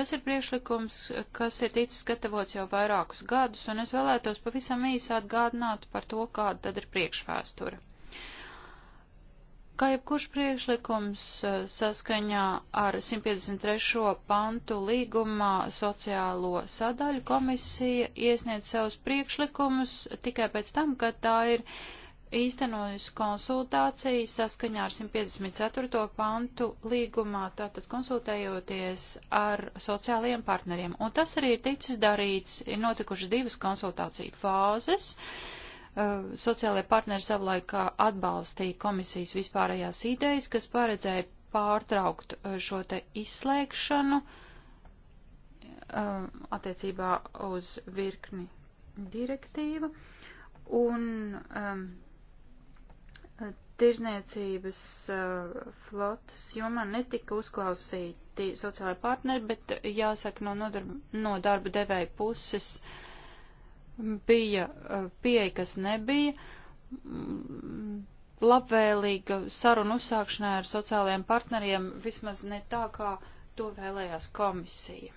Tas ir priekšlikums, kas ir ticis gatavots jau vairākus gadus, un es vēlētos pavisam īsi atgādināt par to, kāda tad ir priekšvēsture. Kā jebkurš priekšlikums eh, saskaņā ar 153. pantu līgumā sociālo sadaļu komisija iesniedz savus priekšlikumus tikai pēc tam, kad tā ir uh, īstenojusi konsultāciju saskaņā ar 154. pantu līgumā, tātad konsultējoties ar sociālajiem partneriem. Un tas arī ir ticis darīts, ir notikušas divas konsultāciju fāzes. Uh, sociālajie partneri savulaik uh, atbalstīja komisijas vispārējās idejas, kas paredzēja pārtraukt uh, šo te izslēgšanu attiecībā uz virkni direktīvu. Un um, tirzniecības uh, flotas jomā netika uzklausīti sociālai partneri, bet uh, jāsaka, no, nodarba, no darba devēja puses bija uh, pieeja, kas nebija mm, labvēlīga saruna uzsākšanai ar sociālajiem partneriem, vismaz ne tā, kā to vēlējās komisija.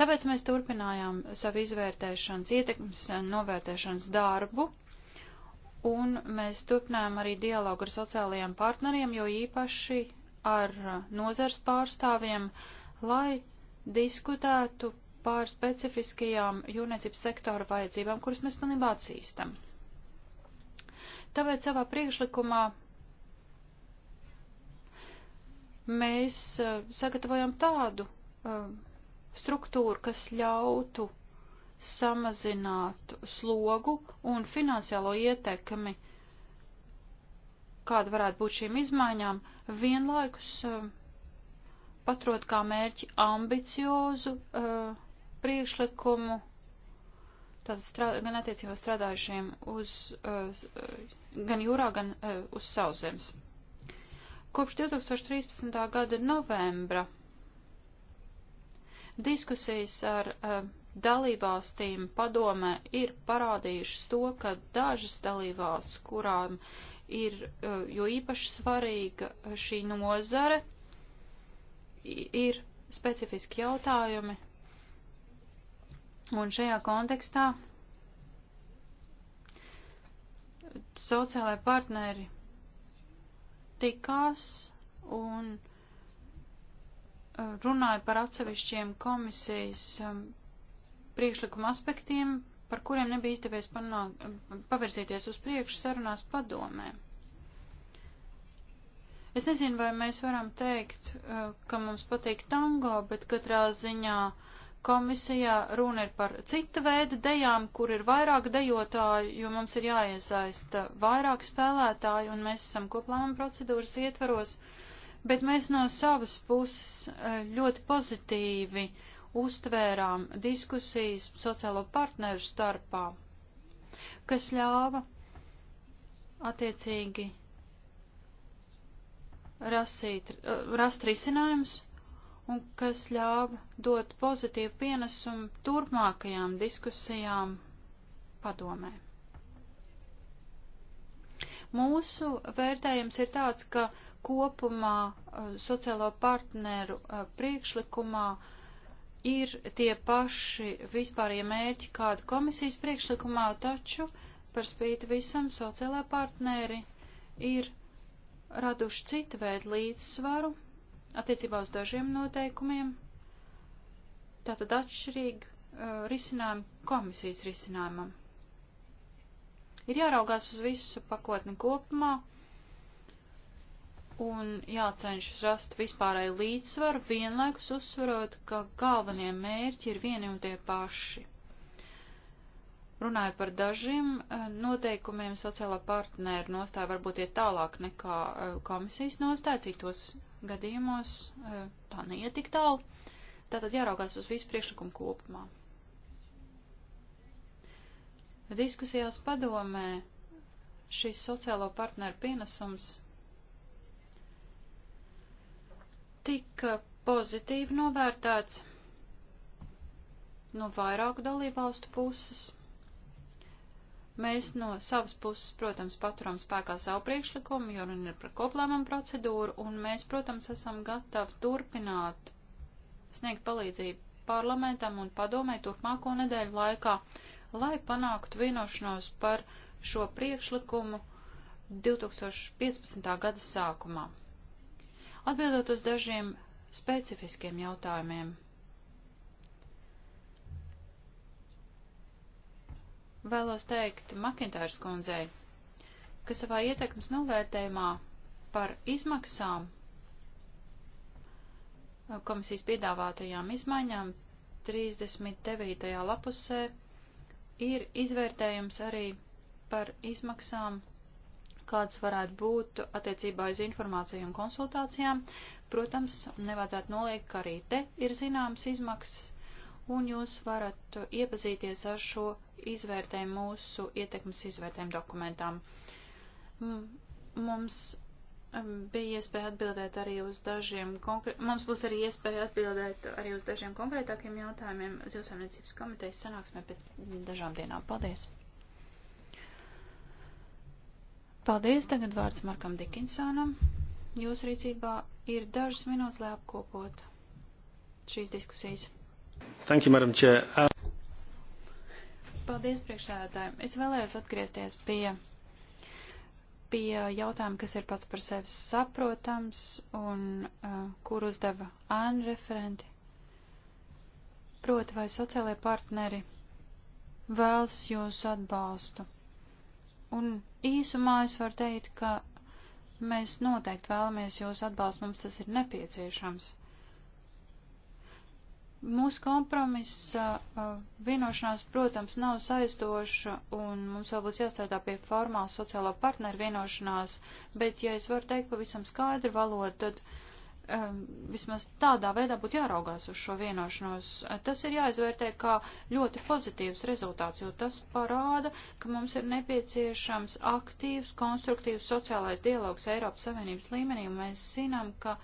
Tāpēc mēs turpinājām savu izvērtēšanas ietekmes novērtēšanas darbu un mēs turpinājām arī dialogu ar sociālajiem partneriem, jo īpaši ar nozars pārstāvjiem, lai diskutētu pār specifiskajām jūrniecības sektora vajadzībām, kuras mēs pilnībā atzīstam. Tāpēc savā priekšlikumā mēs eh, sagatavojam tādu eh, struktūru, kas ļautu samazināt slogu un finansiālo ietekmi, kāda varētu būt šīm izmaiņām, vienlaikus uh, eh, patrot kā mērķi ambiciozu uh, priekšlikumu, tātad strādā, gan attiecībā strādājušiem uz, uh, gan jūrā, gan uh, uz sauszemes. Kopš 2013. gada novembra diskusijas ar uh, dalībvalstīm padomē ir parādījušas to, ka dažas dalībvalsts, kurām ir e, jo īpaši svarīga šī nozare, ir specifiski jautājumi. Un šajā kontekstā sociālai partneri tikās un e, runāja par atsevišķiem komisijas priekšlikuma aspektiem, par kuriem nebija izdevies panākt, pavirzīties uz priekšu sarunās padomē. Es nezinu, vai mēs varam teikt, eh, ka mums patīk tango, bet katrā ziņā komisijā runa ir par cita veida dejām, kur ir vairāk dejotāju, jo mums ir jāiesaista vairāk spēlētāju, un mēs esam koplāma procedūras ietvaros, bet mēs no savas puses eh, ļoti pozitīvi uh, uztvērām diskusijas sociālo partneru starpā, kas ļāva attiecīgi rasīt, rast risinājums un kas ļāva dot pozitīvu pienesumu turpmākajām diskusijām padomē. Mūsu vērtējums ir tāds, ka kopumā eh, sociālo partneru eh, priekšlikumā uh, ir tie paši vispārējie mērķi kāda komisijas priekšlikumā, taču par spīti visam sociālā partneri ir raduši citu veidu līdzsvaru attiecībā uz dažiem noteikumiem. Tātad atšķirīgi uh, risinājumi komisijas risinājumam. Ir jāraugās uz visu pakotni kopumā un jācenšas rast vispārēju līdzsvaru, vienlaikus uzsverot, ka galvenie mērķi ir vieni un tie paši. Runājot par dažiem eh, noteikumiem, sociālā partneru nostāja varbūt iet tālāk nekā eh, komisijas nostāja, citos gadījumos eh, tā neiet tik tālu. Tātad jāraugās uz visu priekšlikumu kopumā. Diskusijās padomē šis sociālo partneru pienesums tika pozitīvi novērtēts no vairāku dalībvalstu puses. Mēs no savas puses, protams, paturam spēkā savu priekšlikumu, jo runa ir par koplēmumu procedūru, un mēs, protams, esam gatavi turpināt sniegt palīdzību parlamentam un padomē turpmāko nedēļu laikā, lai panāktu vienošanos par šo priekšlikumu 2015. gada sākumā. Atbildot uz dažiem specifiskiem jautājumiem. Vēlos teikt Makintārs kundzei, ka savā ietekmes novērtējumā par izmaksām komisijas piedāvātajām izmaiņām 39. lapusē ir izvērtējums arī par izmaksām kādas varētu būt attiecībā uz informāciju un konsultācijām. Protams, nevajadzētu noliegt, ka arī te ir zināmas izmaksas, un jūs varat iepazīties ar šo izvērtējumu mūsu ietekmes izvērtējumu dokumentām. Mums bija iespēja atbildēt arī uz dažiem, konkrē... mums būs arī iespēja atbildēt arī uz dažiem konkrētākiem jautājumiem zilsaimniecības komitejas sanāksmē pēc dažām dienām. Paldies! Paldies, tagad vārds Markam Dikinsonam. Jūsu rīcībā ir dažas minūtes, lai apkopotu šīs diskusijas. Thank you, Madam Chair. Uh... Paldies, priekšsēdētāji. Es vēlējos atgriezties pie, pie jautājuma, kas ir pats par sevi saprotams un uh, kur uzdeva ēnu referenti. Proti, vai sociālajie partneri vēlas jūsu atbalstu? Un īsumā es varu teikt, ka mēs noteikti vēlamies jūs atbalstu, mums tas ir nepieciešams. Mūsu kompromisa uh, vienošanās, protams, nav saistoša, un mums vēl būs jāstrādā pie formāla sociālo partneru vienošanās, bet, ja es varu teikt pavisam skaidru valodu, tad vismaz tādā veidā būtu jāraugās uz šo vienošanos. Tas ir jāizvērtē kā ļoti pozitīvs rezultāts, jo tas parāda, ka mums ir nepieciešams aktīvs, konstruktīvs sociālais dialogs Eiropas Savienības līmenī, un mēs zinām, ka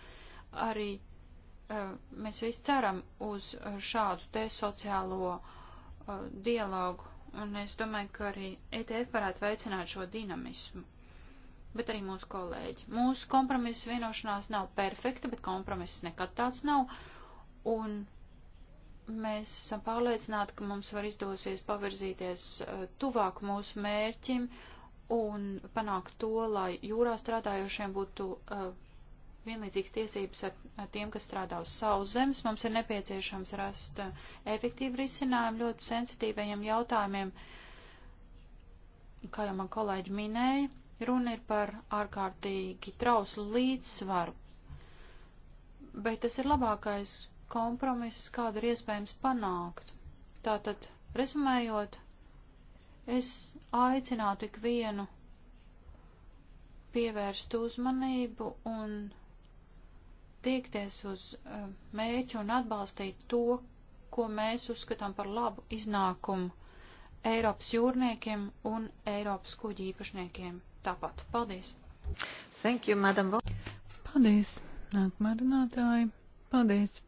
arī e, mēs visi ceram uz šādu te sociālo e, dialogu, un es domāju, ka arī ETF varētu veicināt šo dinamismu bet arī mūsu kolēģi. Mūsu kompromiss vienošanās nav perfekta, bet kompromiss nekad tāds nav. Un mēs esam pārliecināti, ka mums var izdosies pavirzīties eh, tuvāk mūsu mērķim un panākt to, lai jūrā strādājošiem būtu uh, vienlīdzīgas tiesības ar, ar tiem, kas strādā uz savu zemes. Mums ir nepieciešams rast uh, efektīvu risinājumu ļoti sensitīvajiem jautājumiem, kā jau man kolēģi minēja Runa ir par ārkārtīgi trauslu līdzsvaru, bet tas ir labākais kompromiss, kādu ir iespējams panākt. Tātad, resumējot, es aicinātu ikvienu pievērst uzmanību un tiekties uz eh, mērķu un atbalstīt to, ko mēs uzskatām par labu iznākumu Eiropas jūrniekiem un Eiropas kuģi īpašniekiem tāpat. Paldies! Thank you, madam. Paldies, nākamā runātāja. Paldies.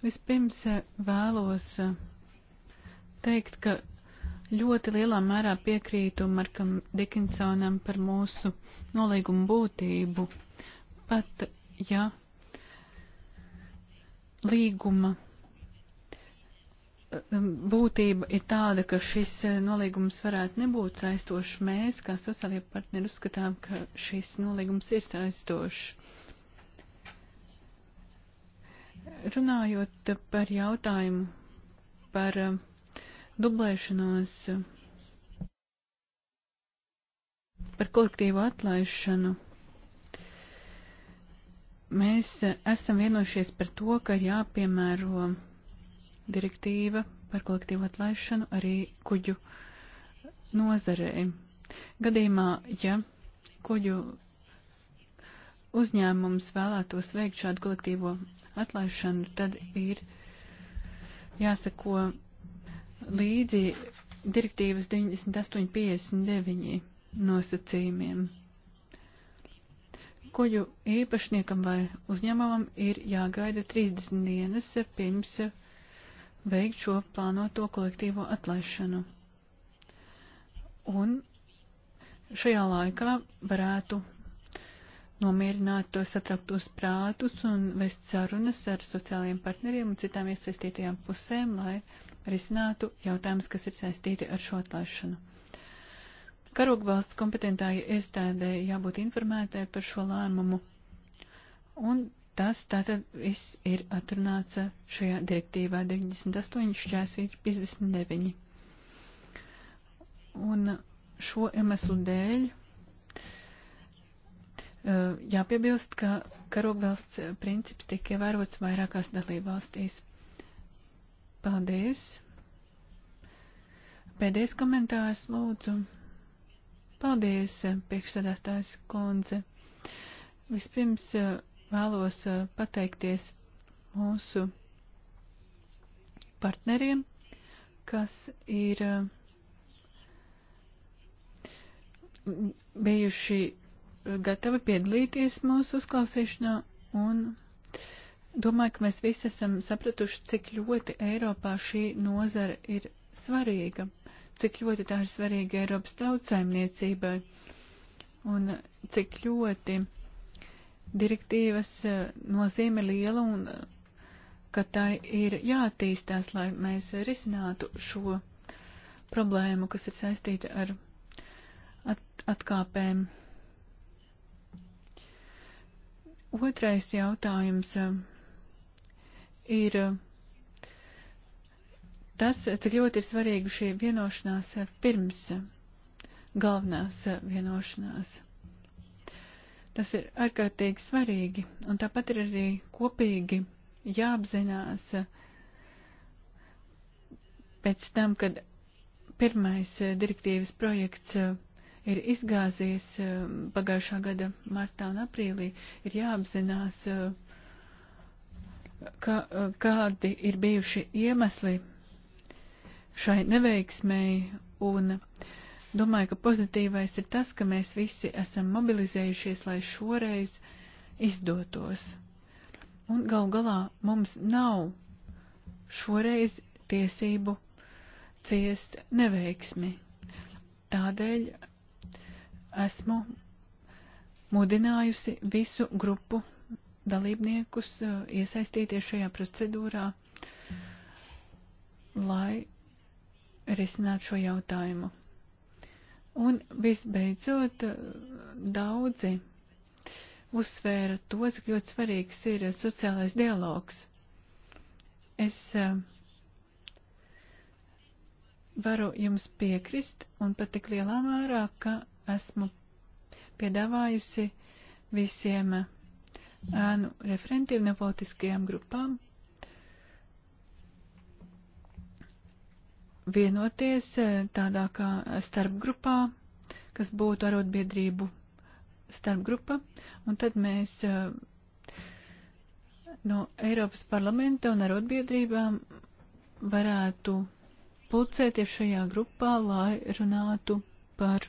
Vispirms eh, vēlos eh, teikt, ka ļoti lielā mērā piekrītu Markam Dikinsonam par mūsu nolīgumu būtību. Pat, ja līguma Ehm, būtība ir tāda, ka šis eh, nolīgums varētu nebūt saistošs. Mēs, kā sociālie partneri, uzskatām, ka šis nolīgums ir saistošs. Runājot par jautājumu par ehm, dublēšanos, ehm, par kolektīvu atlaišanu, mēs esam vienojušies par to, ka jāpiemēro direktīva par kolektīvu atlaišanu arī kuģu nozarei. Gadījumā, ja kuģu uzņēmums vēlētos veikt šādu kolektīvo atlaišanu, tad ir jāsako līdzi direktīvas 98.59 nosacījumiem. Koju īpašniekam vai uzņēmumam ir jāgaida 30 dienas pirms veikt šo plānoto kolektīvo atlaišanu. Un šajā laikā varētu nomierināt uh, satrauktos prātus un vest sarunas ar sociālajiem partneriem un citām iesaistītajām pusēm, lai risinātu jautājumus, kas ir saistīti ar šo atlaišanu. Karogvalsts kompetentāja iestādē jābūt informētai par šo lēmumu, un Tas tātad viss ir atrunāts šajā direktīvā 98 šķēsīt 59. Un šo iemeslu dēļ jāpiebilst, ka karogvalsts princips tiek ievērots vairākās dalībvalstīs. Paldies! Pēdējais komentārs, lūdzu. Paldies, priekšsēdētājs Konze. Vispirms vēlos eh, pateikties mūsu partneriem, kas ir eh, bijuši gatavi piedalīties mūsu uzklausīšanā un domāju, ka mēs visi esam sapratuši, cik ļoti Eiropā šī nozara ir svarīga, cik ļoti tā ir svarīga Eiropas tautsaimniecībai un cik ļoti uh, direktīvas eh, nozīme liela un eh, ka tai ir jātīstās, lai mēs risinātu šo problēmu, kas ir saistīta ar at atkāpēm. Otrais jautājums eh, ir tas, cik ļoti ir svarīga šī vienošanās pirms galvenās vienošanās. Tas ir ārkārtīgi svarīgi, un tāpat ir arī kopīgi jāapzinās pēc tam, kad pirmais eh, direktīvas projekts eh, ir izgāzies eh, pagājušā gada martā un aprīlī, ir jāapzinās, ka, kādi ir bijuši iemesli šai neveiksmēji un uh, Domāju, ka pozitīvais ir tas, ka mēs visi esam mobilizējušies, lai šoreiz izdotos. Un gal galā mums nav šoreiz tiesību ciest neveiksmi. Tādēļ esmu mudinājusi visu grupu dalībniekus uh, iesaistīties šajā procedūrā, lai risinātu šo jautājumu. Un visbeidzot, daudzi uzsvēra to, cik ļoti svarīgs ir sociālais dialogs. Es eh, varu jums piekrist un pat tik lielā mērā, ka esmu piedāvājusi visiem eh, ēnu referentiem no politiskajām grupām vienoties eh, tādā kā starpgrupā, kas būtu arotbiedrību starpgrupa, un tad mēs eh, no Eiropas parlamenta un arotbiedrībām varētu pulcēties šajā grupā, lai runātu par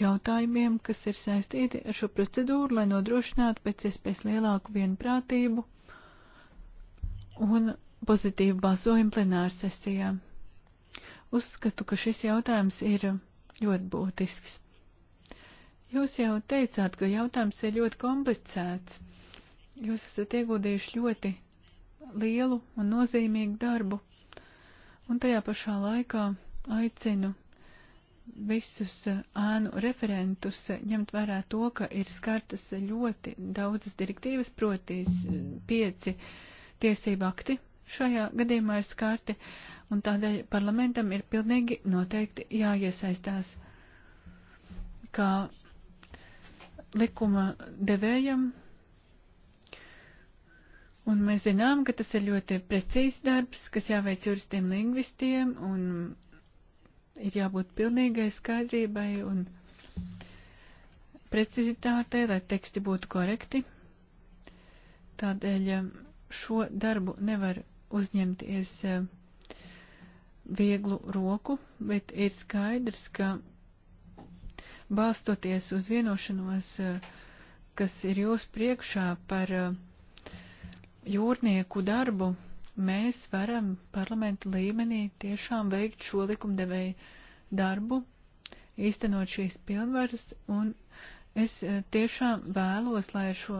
jautājumiem, kas ir saistīti ar šo procedūru, lai nodrošinātu pēc iespējas lielāku vienprātību un pozitīvu balsojumu plenārsesijām. Uzskatu, ka šis jautājums ir ļoti būtisks. Jūs jau teicāt, ka jautājums ir ļoti komplicēts. Jūs esat ieguldījuši ļoti lielu un nozīmīgu darbu, un tajā pašā laikā aicinu visus ēnu referentus ņemt vērā to, ka ir skartas ļoti daudzas direktīvas, protīs pieci tiesību akti, šajā gadījumā ir skarti, un tādēļ parlamentam ir pilnīgi noteikti jāiesaistās kā likuma devējam. Un mēs zinām, ka tas ir ļoti precīzs darbs, kas jāveic juristiem, lingvistiem, un ir jābūt pilnīgai skaidrībai un precizitātei, lai teksti būtu korekti. Tādēļ šo darbu nevar uzņemties eh, vieglu roku, bet ir skaidrs, ka balstoties uz vienošanos, eh, kas ir jūs priekšā par eh, jūrnieku darbu, mēs varam parlamenta līmenī tiešām veikt šo likumdevēju darbu, īstenot šīs pilnvaras, un es tiešām vēlos, lai ar šo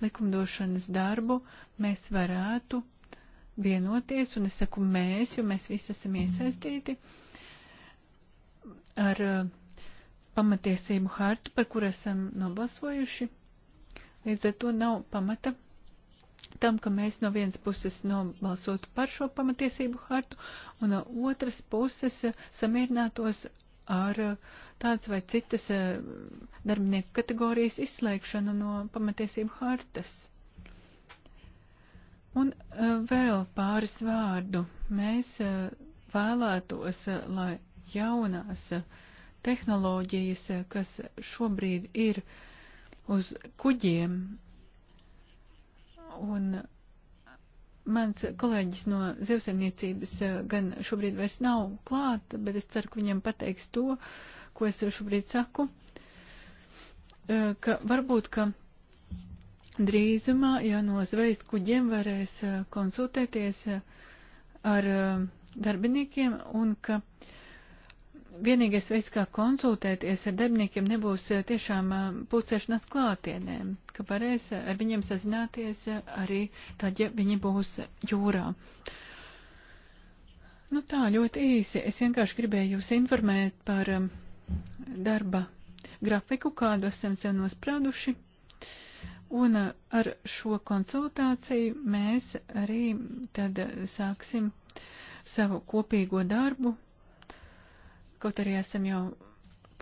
likumdošanas darbu mēs varētu vienoties, un es saku mēs, jo mēs visi esam iesaistīti ar uh, pamatiesību hartu, par kur esam nobalsojuši. Līdz ar to nav pamata tam, ka mēs no vienas puses nobalsotu par šo pamatiesību hartu, un no otras puses uh, samierinātos ar uh, tādas vai citas darbinieku kategorijas izslēgšanu no pamatiesību hartas. Un eh, vēl pāris vārdu. Mēs eh, vēlētos, eh, lai jaunās tehnoloģijas, kas šobrīd ir uz kuģiem, un mans kolēģis no zivsaimniecības gan šobrīd vairs nav klāt, bet es ceru, ka viņam pateiks to, ko es šobrīd saku, ka varbūt, ka Drīzumā, ja no zvejas kuģiem varēs eh, konsultēties eh, ar eh, darbiniekiem un ka vienīgais veids, kā konsultēties ar darbiniekiem, nebūs tiešām pulcēšanās klātienēm, ka varēs ar viņiem sazināties arī tad, ja viņi būs jūrā. Nu tā, ļoti īsi. Es vienkārši gribēju jūs informēt par darba grafiku, kādu esam sev nosprāduši. Un uh, ar šo konsultāciju mēs arī tad uh, sāksim savu kopīgo darbu, kaut arī esam jau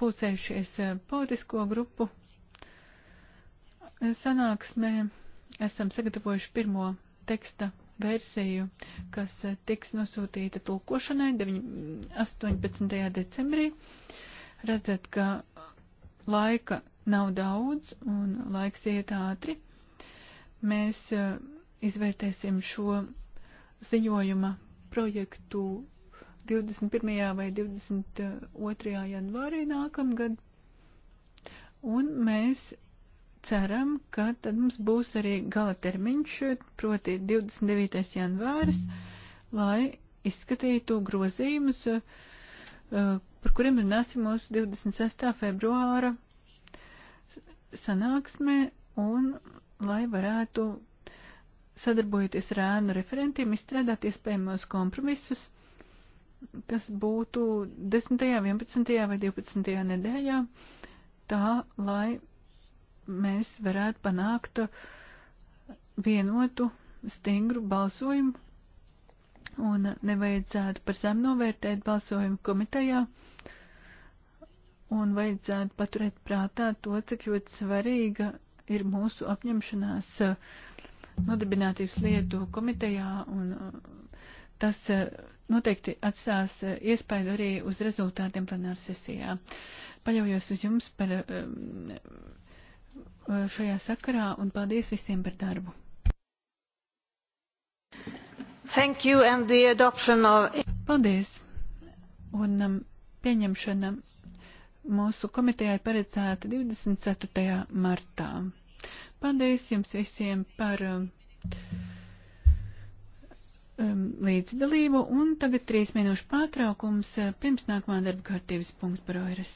pulcējušies uh, politisko grupu sanāksmē, esam sagatavojuši pirmo teksta versiju, kas tiks nosūtīta tulkošanai 18. decembrī. Redzat, ka laika nav daudz un laiks iet ātri. Mēs e, izvērtēsim šo ziņojuma projektu 21. vai 22. janvārī nākamgad. Un mēs ceram, ka tad mums būs arī gala termiņš, proti 29. janvāris, lai izskatītu grozījumus, e, par kuriem runāsim mūsu 26. februāra sanāksmē un lai varētu sadarbojoties ar ēnu referentiem, izstrādāt iespējamos kompromisus, kas būtu 10., 11. vai 12. nedēļā, tā lai mēs varētu panākt vienotu, stingru balsojumu un nevajadzētu par zem novērtēt balsojumu komitejā. Uh, un vajadzētu paturēt prātā to, cik ļoti svarīga ir mūsu apņemšanās uh, nodarbinātības lietu komitejā, un uh, tas uh, noteikti atstās iespēju arī uz rezultātiem plenāra sesijā. Paļaujos uz jums par um, šajā sakarā, un paldies visiem par darbu. Thank you and the adoption of... Paldies. Un um, pieņemšana mūsu komitejai paredzēta 24. martā. Paldies jums visiem par um, līdzdalību un tagad trīs minūšu pārtraukums uh, pirms nākamā darba kārtības punkta par oiras.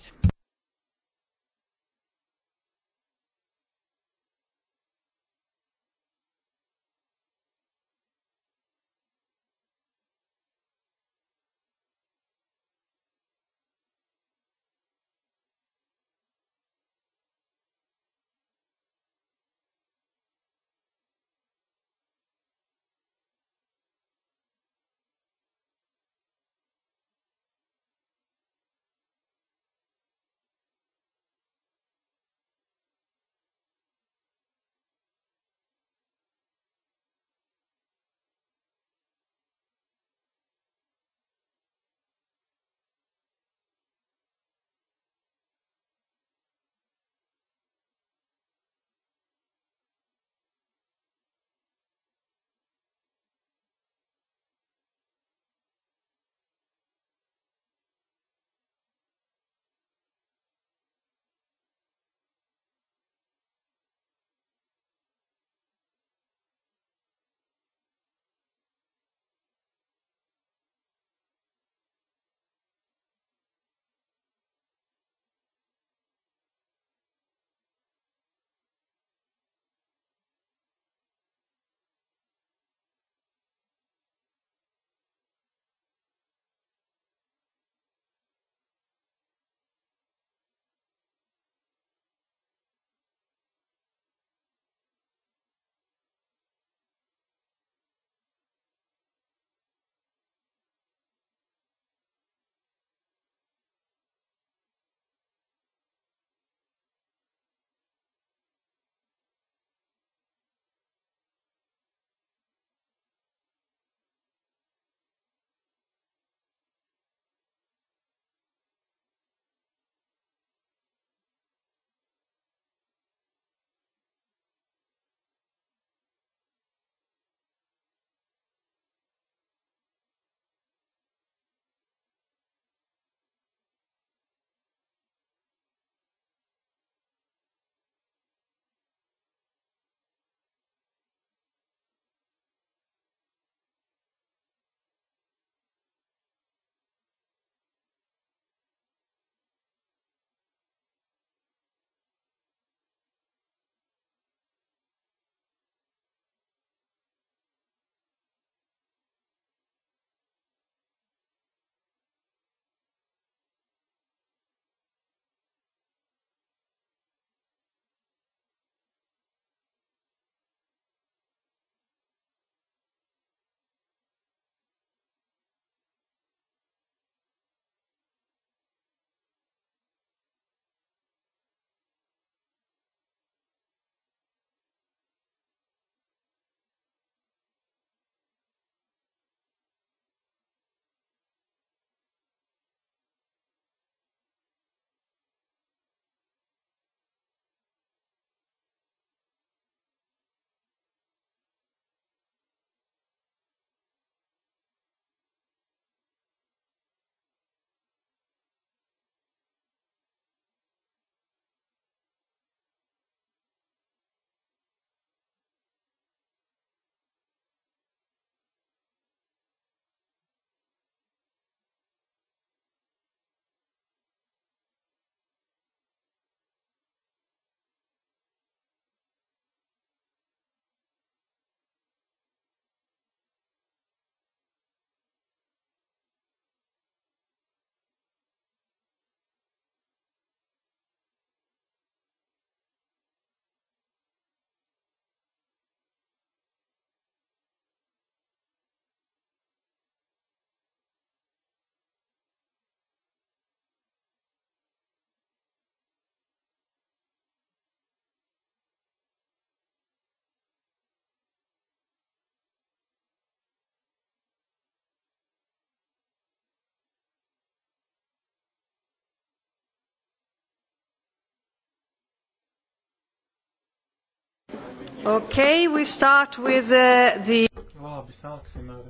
Okay, we start with uh, the. Labi, sāksim ar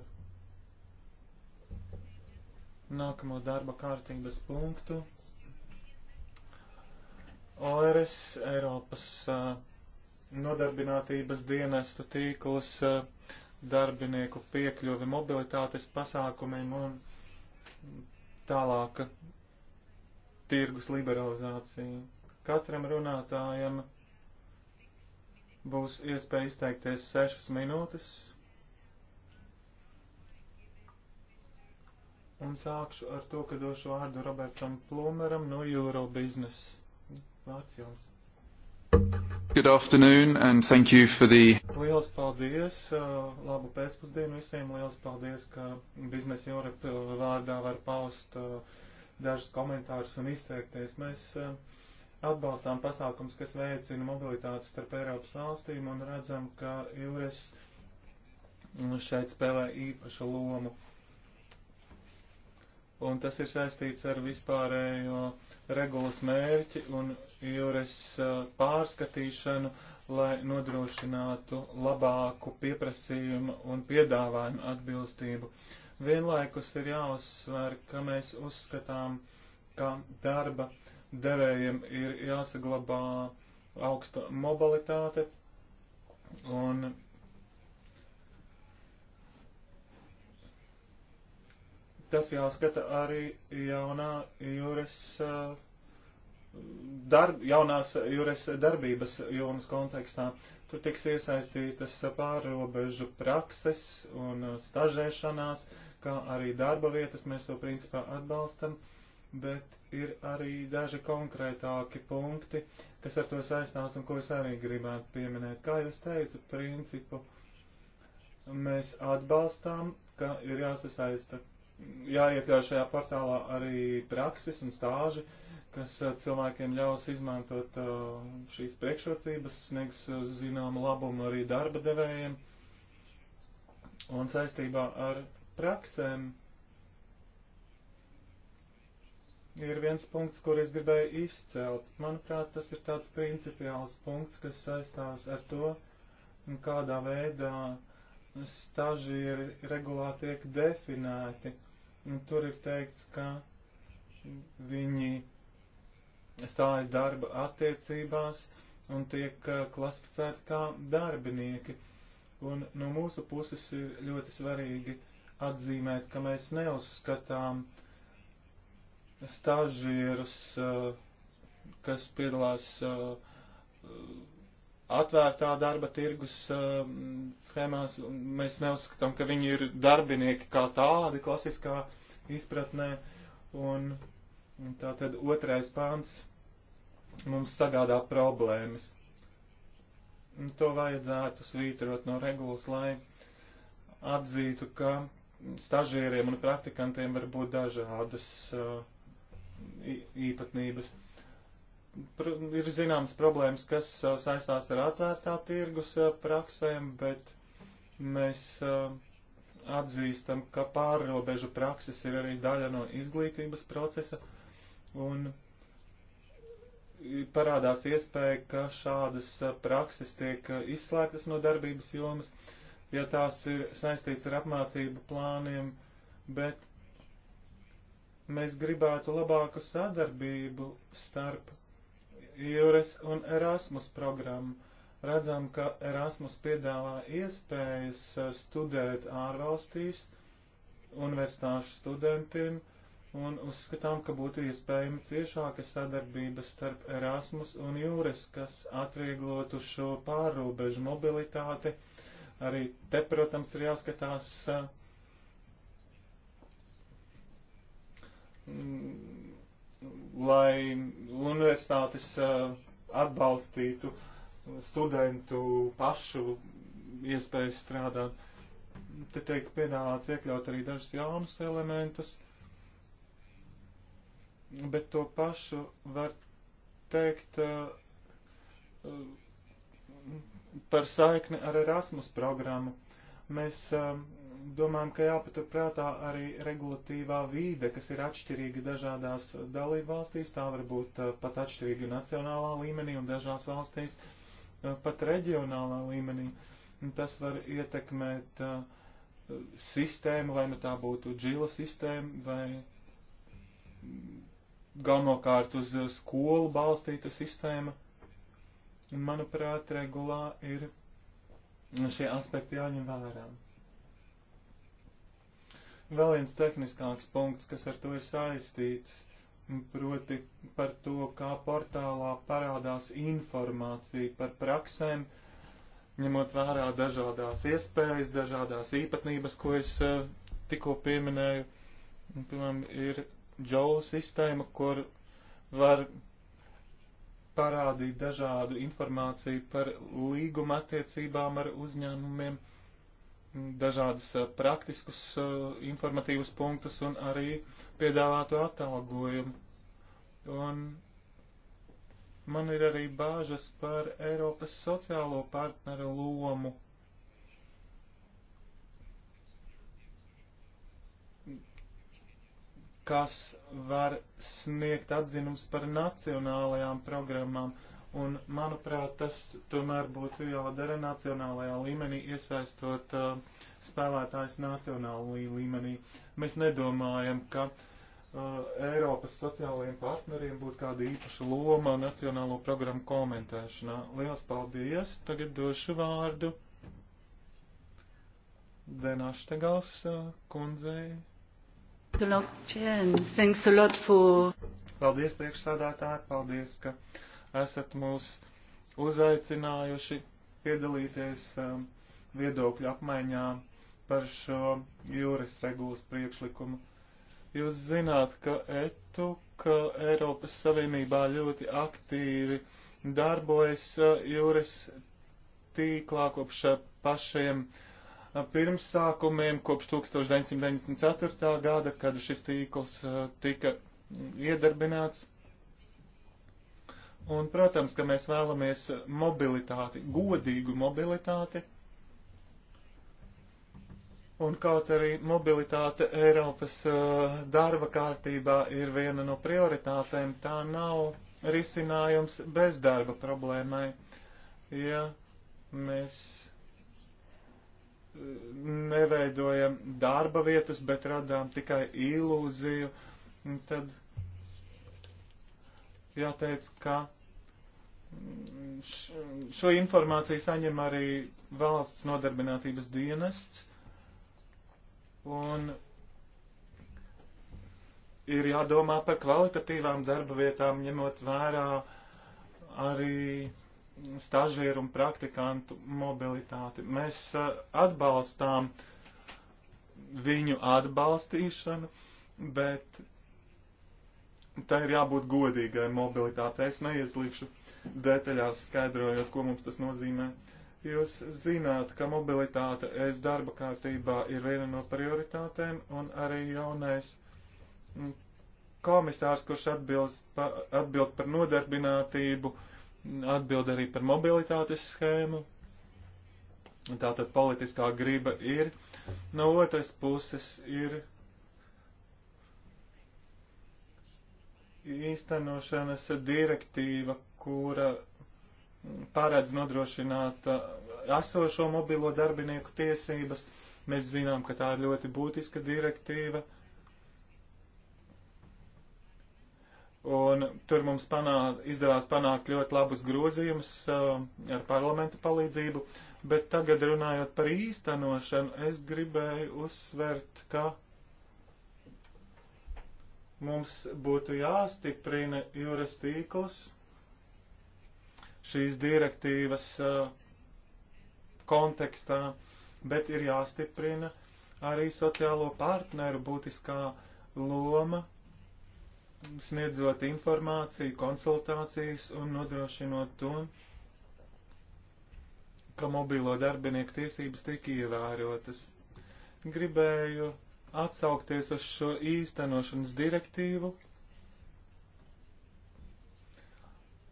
nākamo darba kārtības punktu. ORS Eiropas uh, nodarbinātības dienestu tīkls uh, darbinieku piekļuvi mobilitātes pasākumiem un tālāka tirgus liberalizācija. Katram runātājam būs iespēja izteikties sešas minūtes. Un sākšu ar to, ka došu vārdu Robertam Plūmeram no Euro Business. Vārds jums. Good afternoon and thank you for the. Liels paldies, uh, labu pēcpusdienu visiem, liels paldies, ka Business Europe uh, vārdā var paust uh, dažus komentārus un izteikties. Mēs uh, atbalstām pasākums, kas veicina mobilitāti starp Eiropas valstīm un redzam, ka Jūres mm, šeit spēlē īpašu lomu. Un tas ir saistīts ar vispārējo regulas mērķi un jūres pārskatīšanu, lai nodrošinātu labāku pieprasījumu un piedāvājumu atbilstību. Vienlaikus ir jāuzsver, ka mēs uzskatām, ka darba uh, devējiem ir jāsaglabā augsta mobilitāte un tas jāskata arī jaunā jūras uh, darb, jaunās jūras darbības jomas kontekstā. Tur tiks iesaistītas pārrobežu prakses un uh, stažēšanās, kā arī darba vietas. Mēs to principā atbalstam. Uh, bet ir arī daži konkrētāki punkti, kas ar to saistās un ko es arī gribētu pieminēt. Kā jau es teicu, principu mēs atbalstām, ka ir jāsasaista, jāiekļauj šajā portālā arī prakses un stāži, kas uh, cilvēkiem ļaus izmantot uh, šīs priekšrocības, sniegs uh, zināmu labumu arī darba devējiem un saistībā ar praksēm ir viens punkts, kur es gribēju izcelt. Manuprāt, tas ir tāds principiāls punkts, kas saistās ar to, kādā veidā stažieri regulā tiek definēti. Un tur ir teikts, ka viņi stājas darba attiecībās un tiek eh, klasificēti kā darbinieki. Un no mūsu puses ir ļoti svarīgi atzīmēt, ka mēs neuzskatām, uh, stažierus, eh, kas piedalās eh, atvērtā darba tirgus eh, schēmās. Mēs neuzskatām, ka viņi ir darbinieki kā tādi klasiskā izpratnē. Un, un tā tad otrais pāns mums sagādā problēmas. Un to vajadzētu svītrot no regulas, lai atzītu, ka stažieriem un praktikantiem var būt dažādas uh, īpatnības. Pr ir zināmas problēmas, kas uh, saistās ar atvērtā tirgus uh, praksēm, bet mēs uh, atzīstam, ka pārrobežu prakses ir arī daļa no izglītības procesa un parādās iespēja, ka šādas prakses tiek izslēgtas no darbības jomas, ja tās ir saistīts ar apmācību plāniem, bet Mēs gribētu labāku sadarbību starp Jūras un Erasmus programmu. Redzam, ka Erasmus piedāvā iespējas studēt ārvalstīs universitāšu studentiem un uzskatām, ka būtu iespējama ciešāka sadarbība starp Erasmus un Jūras, kas atvieglotu šo pārrobežu mobilitāti. Arī te, protams, ir jāskatās uh, Mm, lai universitātes uh, atbalstītu studentu pašu iespējas strādāt. Te tiek piedāvāts iekļaut arī dažus jaunus elementus, bet to pašu var teikt uh, uh, par saikni ar Erasmus programmu. Mēs um, domājam, ka jāpaturprātā arī regulatīvā vīde, kas ir atšķirīga dažādās dalību valstīs, tā var būt uh, pat atšķirīga nacionālā līmenī un dažās valstīs uh, pat reģionālā līmenī. Tas var ietekmēt uh, sistēmu, vai nu tā būtu džila sistēma, vai mm, galvenokārt uz skolu balstīta sistēma. Un, manuprāt, regulā ir mm, šie aspekti jāņem vērā. Vēl viens tehniskāks punkts, kas ar to ir saistīts, proti par to, kā portālā parādās informācija par praksēm, ņemot vērā dažādās iespējas, dažādās īpatnības, ko es uh, tikko pieminēju. Piemēram, ir džola sistēma, kur var parādīt dažādu informāciju par līguma attiecībām ar uzņēmumiem. Uh, dažādus eh, praktiskus eh, informatīvus punktus un arī piedāvātu atalgojumu. Un man ir arī bāžas par Eiropas sociālo partneru lomu. kas var sniegt atzinums par nacionālajām programmām. Uh, Un, manuprāt, tas tomēr būtu jādara nacionālajā līmenī, iesaistot uh, spēlētājs nacionālajā līmenī. Mēs nedomājam, ka uh, Eiropas sociālajiem partneriem būtu kāda īpaša loma nacionālo programmu komentēšanā. Lielas paldies! Tagad došu vārdu Denaštegals uh, kundzei. Thanks a lot for. Paldies, priekšstādātāji, paldies, ka esat mūs uzaicinājuši piedalīties um, viedokļu apmaiņā par šo jūras regulas priekšlikumu. Jūs zināt, ka ETU, ka Eiropas Savienībā ļoti aktīvi darbojas uh, jūras tīklā kopš uh, pašiem uh, pirmsākumiem, kopš 1994. gada, kad šis tīkls tika mm, iedarbināts Un, protams, ka mēs vēlamies mobilitāti, godīgu mobilitāti. Un kaut arī mobilitāte Eiropas uh, darba kārtībā ir viena no prioritātēm, tā nav risinājums bezdarba problēmai. Ja mēs uh, neveidojam darba vietas, bet radām tikai ilūziju, tad jāteic, ka šo informāciju saņem arī valsts nodarbinātības dienests. Un ir jādomā par kvalitatīvām darba vietām, ņemot vērā arī stažieru un praktikantu mobilitāti. Mēs atbalstām viņu atbalstīšanu, bet tā ir jābūt godīgai mobilitātei. Es neieslīgšu detaļās skaidrojot, ko mums tas nozīmē. Jūs zināt, ka mobilitāte es darba kārtībā ir viena no prioritātēm un arī jaunais komisārs, kurš atbilst, pa, atbild par nodarbinātību, atbild arī par mobilitātes schēmu. Tātad politiskā griba ir. No otras puses ir īstenošanas direktīva kura mm, paredz nodrošināt uh, esošo mobilo darbinieku tiesības. Mēs zinām, ka tā ir ļoti būtiska direktīva. Un tur mums panā, izdevās panākt ļoti labus grozījumus uh, ar parlamenta palīdzību, bet tagad runājot par īstenošanu, es gribēju uzsvert, ka mums būtu jāstiprina jūras tīkls šīs direktīvas uh, kontekstā, bet ir jāstiprina arī sociālo partneru būtiskā loma, sniedzot informāciju, konsultācijas un nodrošinot to, ka mobīlo darbinieku tiesības tika ievērotas. Gribēju atsaukties uz šo īstenošanas direktīvu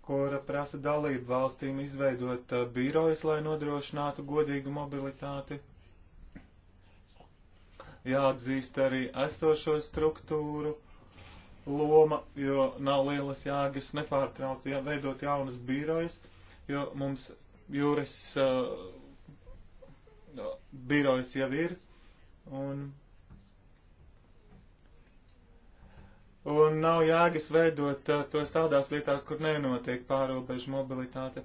kura prasa dalību valstīm izveidot uh, birojas, lai nodrošinātu godīgu mobilitāti. Jāatzīst arī esošo struktūru loma, jo nav lielas jēgas nepārtraukti ja veidot jaunas birojas, jo mums jūras uh, birojas jau ir. Un un nav jēgas veidot uh, tos tādās vietās, kur nenotiek pārobežu mobilitāte.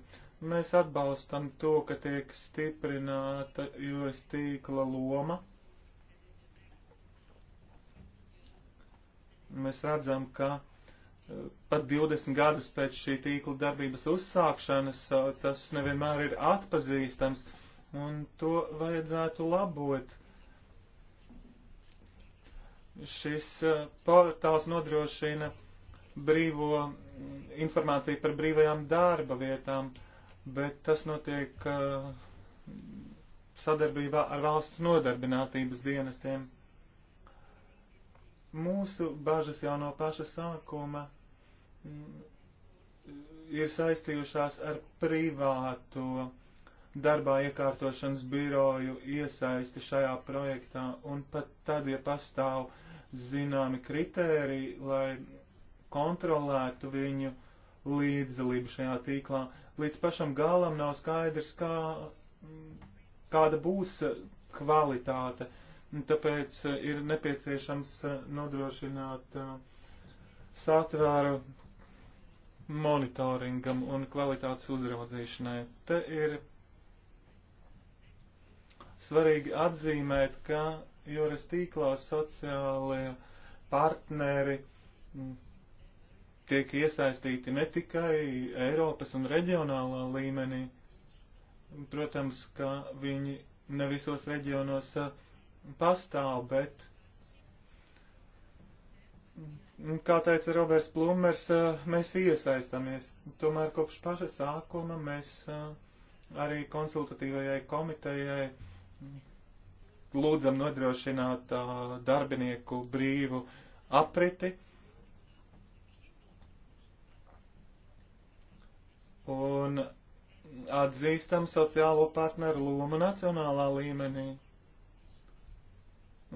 Mēs atbalstam to, ka tiek stiprināta jūras tīkla loma. Mēs redzam, ka uh, pat 20 gadus pēc šī tīkla darbības uzsākšanas uh, tas nevienmēr ir atpazīstams, un to vajadzētu labot Šis eh, portāls nodrošina brīvo mm, informāciju par brīvajām darba vietām, bet tas notiek eh, sadarbībā ar valsts nodarbinātības dienestiem. Mūsu bažas jau no paša sākuma mm, ir saistījušās ar privāto darbā iekārtošanas biroju iesaisti šajā projektā, un pat tad, ja pastāv zināmi kritēriji, lai kontrolētu viņu līdzdalību šajā tīklā, līdz pašam galam nav skaidrs, kā, kāda būs kvalitāte. Tāpēc ir nepieciešams nodrošināt uh, satvēru monitoringam un kvalitātes uzraudzīšanai. Te ir Svarīgi atzīmēt, ka jūras tīklā sociālie partneri mm, tiek iesaistīti ne tikai Eiropas un reģionālā līmenī. Protams, ka viņi ne visos reģionos mm, pastāv, bet, mm, kā teica Roberts Plumers, mēs iesaistamies. Tomēr kopš paša sākuma mēs arī konsultatīvajai komitejai lūdzam nodrošināt uh, darbinieku brīvu apriti. Un atzīstam sociālo partneru lomu nacionālā līmenī.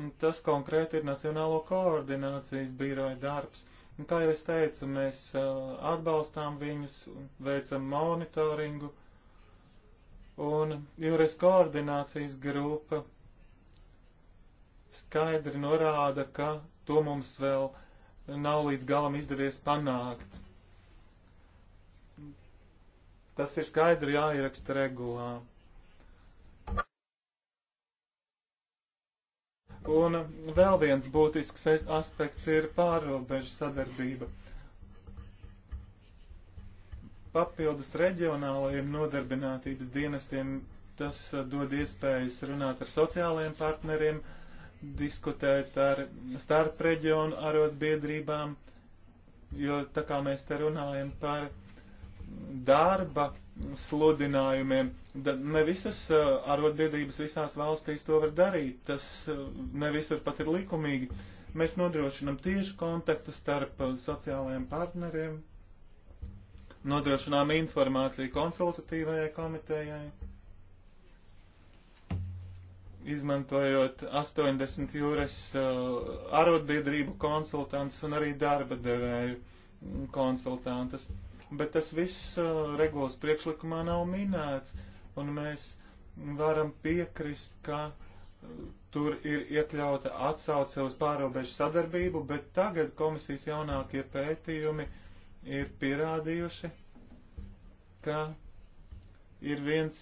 Un tas konkrēti ir Nacionālo koordinācijas biroja darbs. Un, kā jau es teicu, mēs uh, atbalstām viņus, veicam monitoringu. Uh, Un jūras koordinācijas grupa skaidri norāda, ka to mums vēl nav līdz galam izdevies panākt. Tas ir skaidri jāieraksta regulā. Un vēl viens būtisks aspekts ir pārobežu sadarbība papildus reģionālajiem nodarbinātības dienestiem tas uh, dod iespējas runāt ar sociālajiem partneriem, diskutēt ar starp reģionu arotbiedrībām, jo tā kā mēs te runājam par darba sludinājumiem, ne visas uh, arotbiedrības visās valstīs to var darīt, tas uh, ne visur pat ir likumīgi. Mēs nodrošinam tieši kontaktu starp sociālajiem partneriem, nodrošinām informāciju konsultatīvajai komitejai, izmantojot 80 jūras uh, arotbiedrību konsultants un arī darba devēju mm, konsultantas. Bet tas viss uh, regulas priekšlikumā nav minēts, un mēs varam piekrist, ka uh, tur ir iekļauta atsauce uz pārobežu sadarbību, bet tagad komisijas jaunākie pētījumi uh, ir pierādījuši, ka ir viens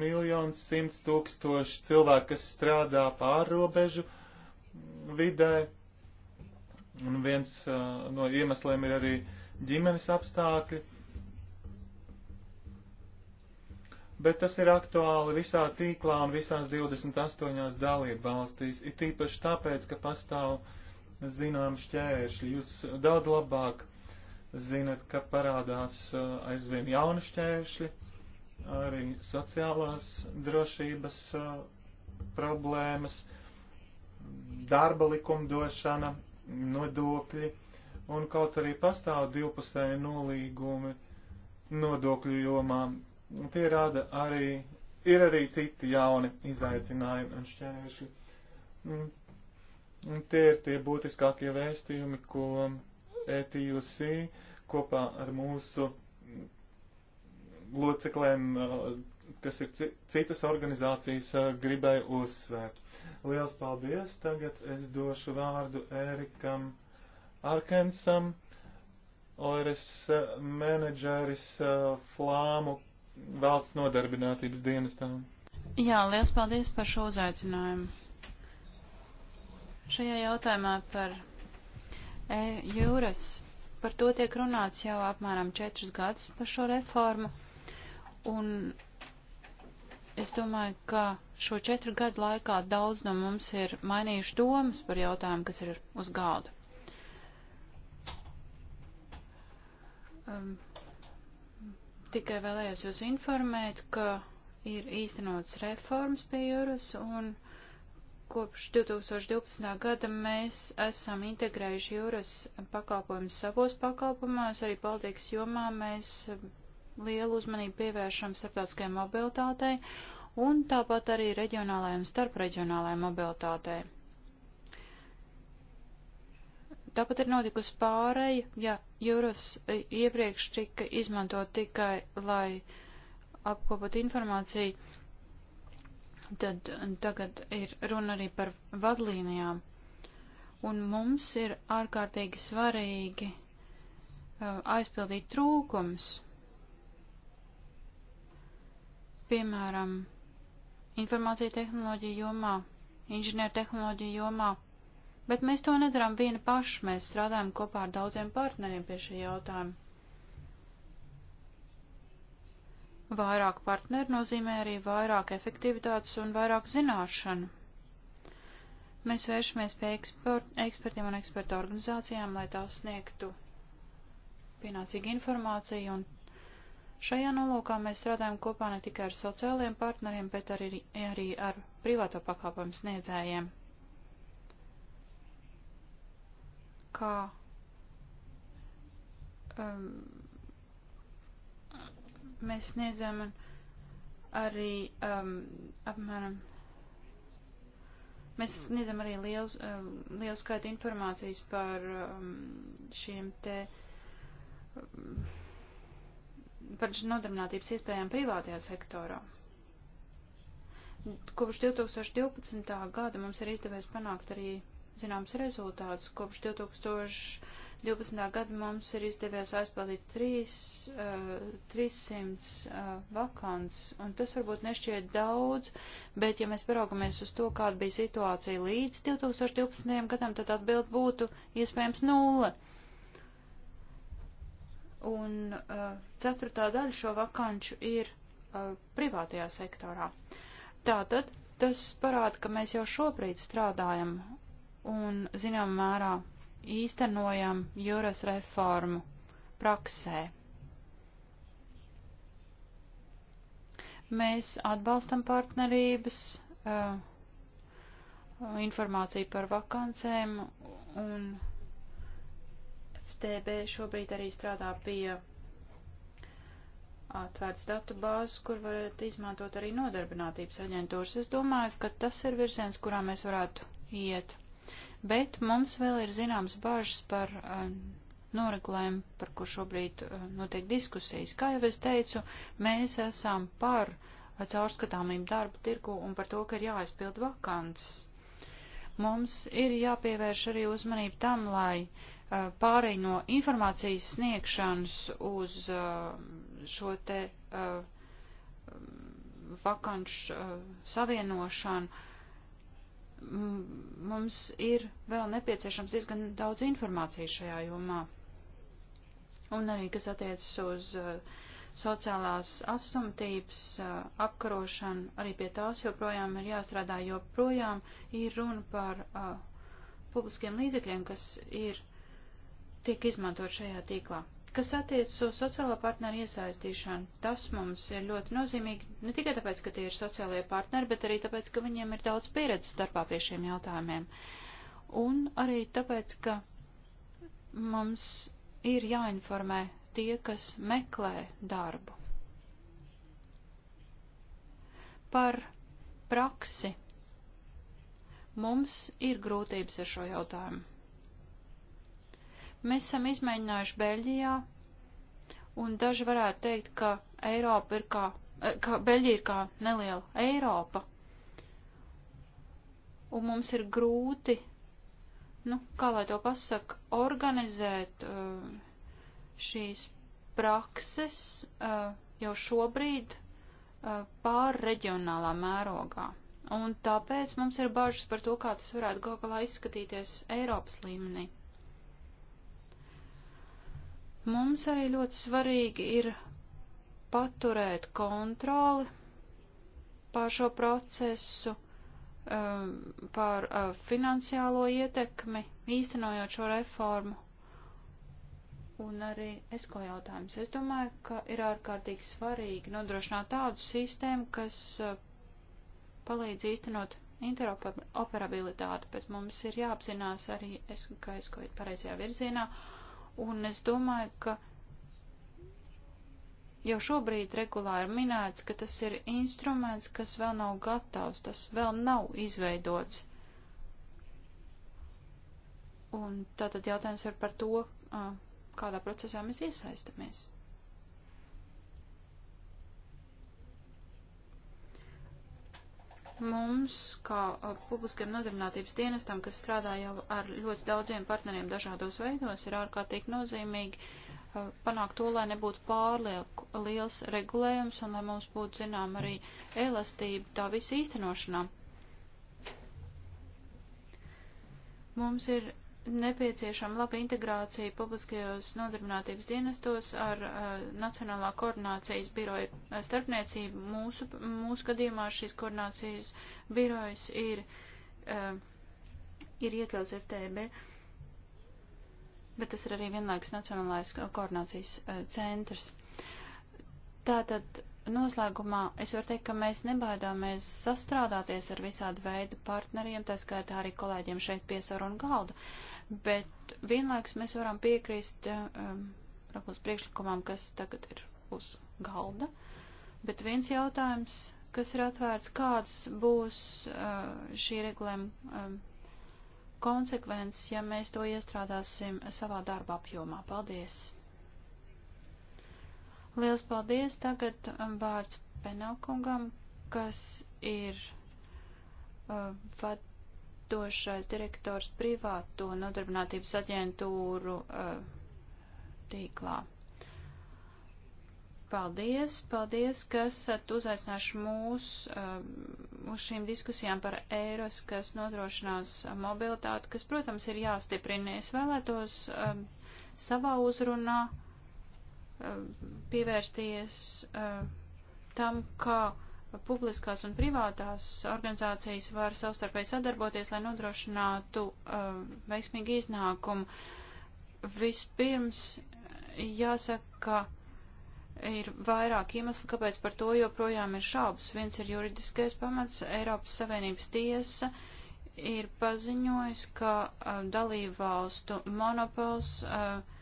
miljons simts tūkstoši cilvēku, kas strādā pārrobežu vidē, un viens uh, no iemesliem ir arī ģimenes apstākļi. Bet tas ir aktuāli visā tīklā un visās 28 dalību valstīs, it īpaši tāpēc, ka pastāv zinām šķēršļi. Jūs daudz labāk zinat, ka parādās uh, aizvien jauni šķēršļi, arī sociālās drošības uh, problēmas, darba likumdošana, nodokļi, un kaut arī pastāv divpusēji nolīgumi nodokļu jomā, tie rada arī, ir arī citi jauni izaicinājumi un šķēršļi. Un tie ir tie būtiskākie vēstījumi, ko ETUC kopā ar mūsu locekliem, kas ir citas organizācijas, gribēja uzsvērt. Liels paldies! Tagad es došu vārdu Ērikam Arkensam, Oires menedžeris Flāmu valsts nodarbinātības dienestām. Jā, liels paldies par šo uzaicinājumu. Šajā jautājumā par e, jūras. Par to tiek runāts jau apmēram četrus gadus par šo reformu. Un es domāju, ka šo četru gadu laikā daudz no mums ir mainījuši domas par jautājumu, kas ir uz galda. Um, tikai vēlējos jūs informēt, ka ir īstenots reformas pie jūras un. Uh, Kopš 2012. gada mēs esam integrējuši jūras pakalpojumus savos pakalpojumos, arī politikas jomā mēs lielu uzmanību pievēršam starptautiskajai mobilitātei un tāpat arī reģionālajai un starpreģionālajai mobilitātei. Tāpat ir notikusi pārēja, ja jūras iepriekš tika izmantot tikai, lai apkopot informāciju, Tad eh, tagad ir runa arī par vadlīnijām. Un mums ir ārkārtīgi svarīgi uh, aizpildīt trūkums. Piemēram, informācija tehnoloģija jomā, inženiertehnoloģija jomā, bet mēs to nedarām viena paša, mēs strādājam kopā ar daudziem partneriem pie šī jautājuma. Vairāk partneri nozīmē arī vairāk efektivitātes un vairāk zināšanu. Mēs vēršamies pie ekspert, ekspertiem un eksperta organizācijām, lai tās sniegtu pienācīgu informāciju, un šajā nolūkā mēs strādājam kopā ne tikai ar sociālajiem partneriem, bet arī, arī ar privāto pakāpojumu sniedzējiem. Kā um, Mēs sniedzam arī um, apmēram. Mēs sniedzam arī lielu, um, lielu skaitu informācijas par um, šiem te. Um, par nodarbinātības iespējām privātajā sektorā. Kopš 2012. gada mums ir izdevies panākt arī zināms rezultāts. Kopš 2012. gada mums ir izdevies aizpildīt 3, uh, 300 uh, vakants, un tas varbūt nešķiet daudz, bet ja mēs paraugamies uz to, kāda bija situācija līdz 2012. gadam, tad atbild būtu iespējams nulle. Un uh, ceturtā daļa šo vakanču ir uh, privātajā sektorā. Tātad tas parāda, ka mēs jau šobrīd strādājam un, zinām, mērā īstenojam jūras reformu praksē. Mēs atbalstam partnerības, uh, informāciju par vakancēm un FTB šobrīd arī strādā pie atvērts datu bāzes, kur varētu izmantot arī nodarbinātības aģentūras. Es domāju, ka tas ir virziens, kurā mēs varētu iet bet mums vēl ir zināms bažas par eh, noregulējumu, par ko šobrīd eh, notiek diskusijas. Kā jau es teicu, mēs esam par eh, caurskatāmību darba tirgu un par to, ka ir jāaizpild vakants. Mums ir jāpievērš arī uzmanību tam, lai uh, pārēj no informācijas sniegšanas uz uh, šo te uh, vakanšu savienošanu mums ir vēl nepieciešams diezgan daudz informācijas šajā jomā. Un arī, kas attiecas uz uh, sociālās atstumtības uh, apkarošanu, arī pie tās joprojām ir jāstrādā, jo projām ir runa par uh, publiskiem līdzekļiem, kas ir tiek izmantot šajā tīklā. Kas attiecas uz sociālo partneru iesaistīšanu, tas mums ir ļoti nozīmīgi ne tikai tāpēc, ka tie ir sociālie partneri, bet arī tāpēc, ka viņiem ir daudz pieredzes darbā pie šiem jautājumiem. Un arī tāpēc, ka mums ir jāinformē tie, kas meklē darbu. Par praksi mums ir grūtības ar šo jautājumu. Mēs esam izmēģinājuši Beļģijā, un daži varētu teikt, ka Eiropa ir kā, eh, ka Beļģija ir kā neliela Eiropa, un mums ir grūti, nu, kā lai to pasaka, organizēt eh, šīs prakses eh, jau šobrīd pār reģionālā mērogā. Un tāpēc mums ir bažas par to, kā tas varētu gal galā izskatīties Eiropas līmenī. Mums arī ļoti svarīgi ir paturēt kontroli pār šo procesu, um, pār uh, finansiālo ietekmi, īstenojot šo reformu. Un arī esko jautājums. Es domāju, ka ir ārkārtīgi svarīgi nodrošināt tādu sistēmu, kas uh, palīdz īstenot interoperabilitāti, bet mums ir jāapzinās arī, es, ka es ko ir pareizajā virzienā, uh, Un es domāju, ka jau šobrīd regulāri minēts, ka tas ir instruments, kas vēl nav gatavs, tas vēl nav izveidots. Un tātad jautājums ir par to, kādā procesā mēs iesaistamies. mums, kā publiskiem nodarbinātības dienestam, kas strādā jau ar ļoti daudziem partneriem dažādos veidos, ir ārkārtīgi nozīmīgi panākt to, lai nebūtu pārlieku liels regulējums un lai mums būtu, zinām, arī elastība tā visa īstenošanā. Mums ir nepieciešama laba integrācija publiskajos nodarbinātības dienestos ar uh, Nacionālā koordinācijas biroja eh, starpniecību. Mūsu, mūsu gadījumā šīs koordinācijas birojas ir, uh, ir iekļauts FTB, bet tas ir arī vienlaikus Nacionālais koordinācijas uh, centrs. Tātad noslēgumā es varu teikt, ka mēs nebaidāmies sastrādāties ar visādu veidu partneriem, tā skaitā arī kolēģiem šeit piesarunu galdu. Uh, bet vienlaiks mēs varam piekrist um, Rakulas priekšlikumam, kas tagad ir uz galda. Bet viens jautājums, kas ir atvērts, kāds būs uh, šī regulējuma um, konsekvences, ja mēs to iestrādāsim savā darba apjomā. Paldies! Liels paldies! Tagad um, vārds Penelkungam, kas ir uh, vad, vadošais direktors privāto nodarbinātības aģentūru uh, tīklā. Paldies, paldies, ka esat uzaicinājuši mūs uh, uz šīm diskusijām par eiros, kas nodrošinās mobilitāti, kas, protams, ir jāstiprina. Es vēlētos uh, savā uzrunā uh, pievērsties tam, kā. Ka publiskās un privātās organizācijas var savstarpēji sadarboties, lai nodrošinātu uh, veiksmīgu iznākumu. Vispirms eh, jāsaka, ka ir vairāk iemesli, kāpēc par to joprojām ir šaubas. Viens ir juridiskais pamats. Eiropas Savienības tiesa ir paziņojis, ka uh, eh, dalībvalstu monopols uh,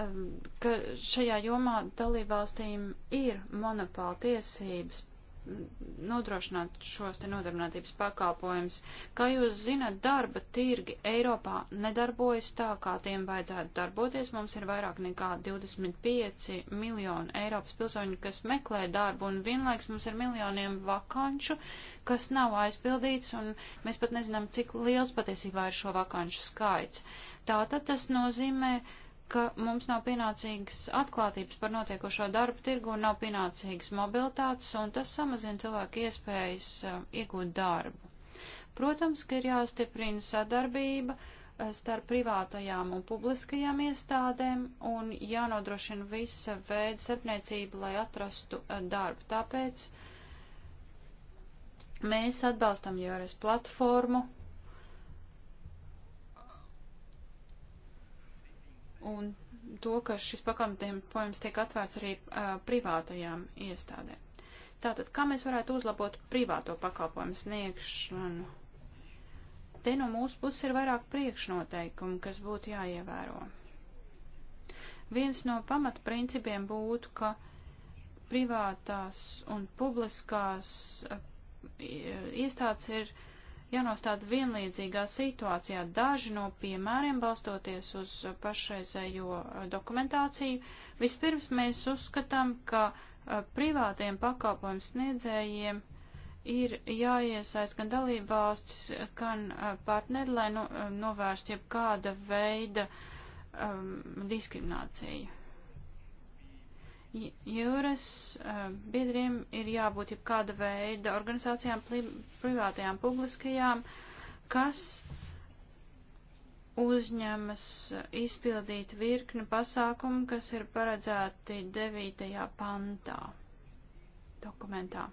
Um, ka šajā jomā dalībvalstīm ir monopāla tiesības nodrošināt šos te nodarbinātības pakalpojumus. Kā jūs zinat, darba tirgi Eiropā nedarbojas tā, kā tiem vajadzētu darboties. Mums ir vairāk nekā 25 miljoni Eiropas pilsoņu, kas meklē darbu, un vienlaiks mums ir miljoniem vakanču, kas nav aizpildīts, un mēs pat nezinām, cik liels patiesībā ir šo vakanču skaits. Tātad tas nozīmē, uh, ka mums nav pienācīgas atklātības par notiekošo darbu tirgu un nav pienācīgas mobilitātes, un tas samazina cilvēku iespējas uh, iegūt darbu. Protams, ka ir jāstiprina sadarbība uh, starp privātajām un publiskajām iestādēm un jānodrošina visa veida starpniecība, lai atrastu uh, darbu. Tāpēc mēs atbalstam JRS platformu, un to, ka šis pakalpojums tiek atvērts arī uh, privātajām iestādēm. Tātad, kā mēs varētu uzlabot privāto pakalpojumu sniegšanu? Te no mūsu puses ir vairāk priekšnoteikumu, kas būtu jāievēro. Viens no pamatprincipiem būtu, ka privātās un publiskās iestādes ir uh, jānostāda vienlīdzīgā situācijā. Daži no piemēriem balstoties uz pašreizējo eh, dokumentāciju. Vispirms mēs uzskatām, ka eh, privātiem pakalpojumu sniedzējiem ir jāiesaist gan dalībvalstis, gan eh, partneri, lai no, novērst jebkāda veida um, diskrimināciju jūras biedriem ir jābūt jau kāda veida organizācijām, privātajām, publiskajām, kas uzņemas izpildīt virkni pasākumu, kas ir paredzēti 9. pantā dokumentā.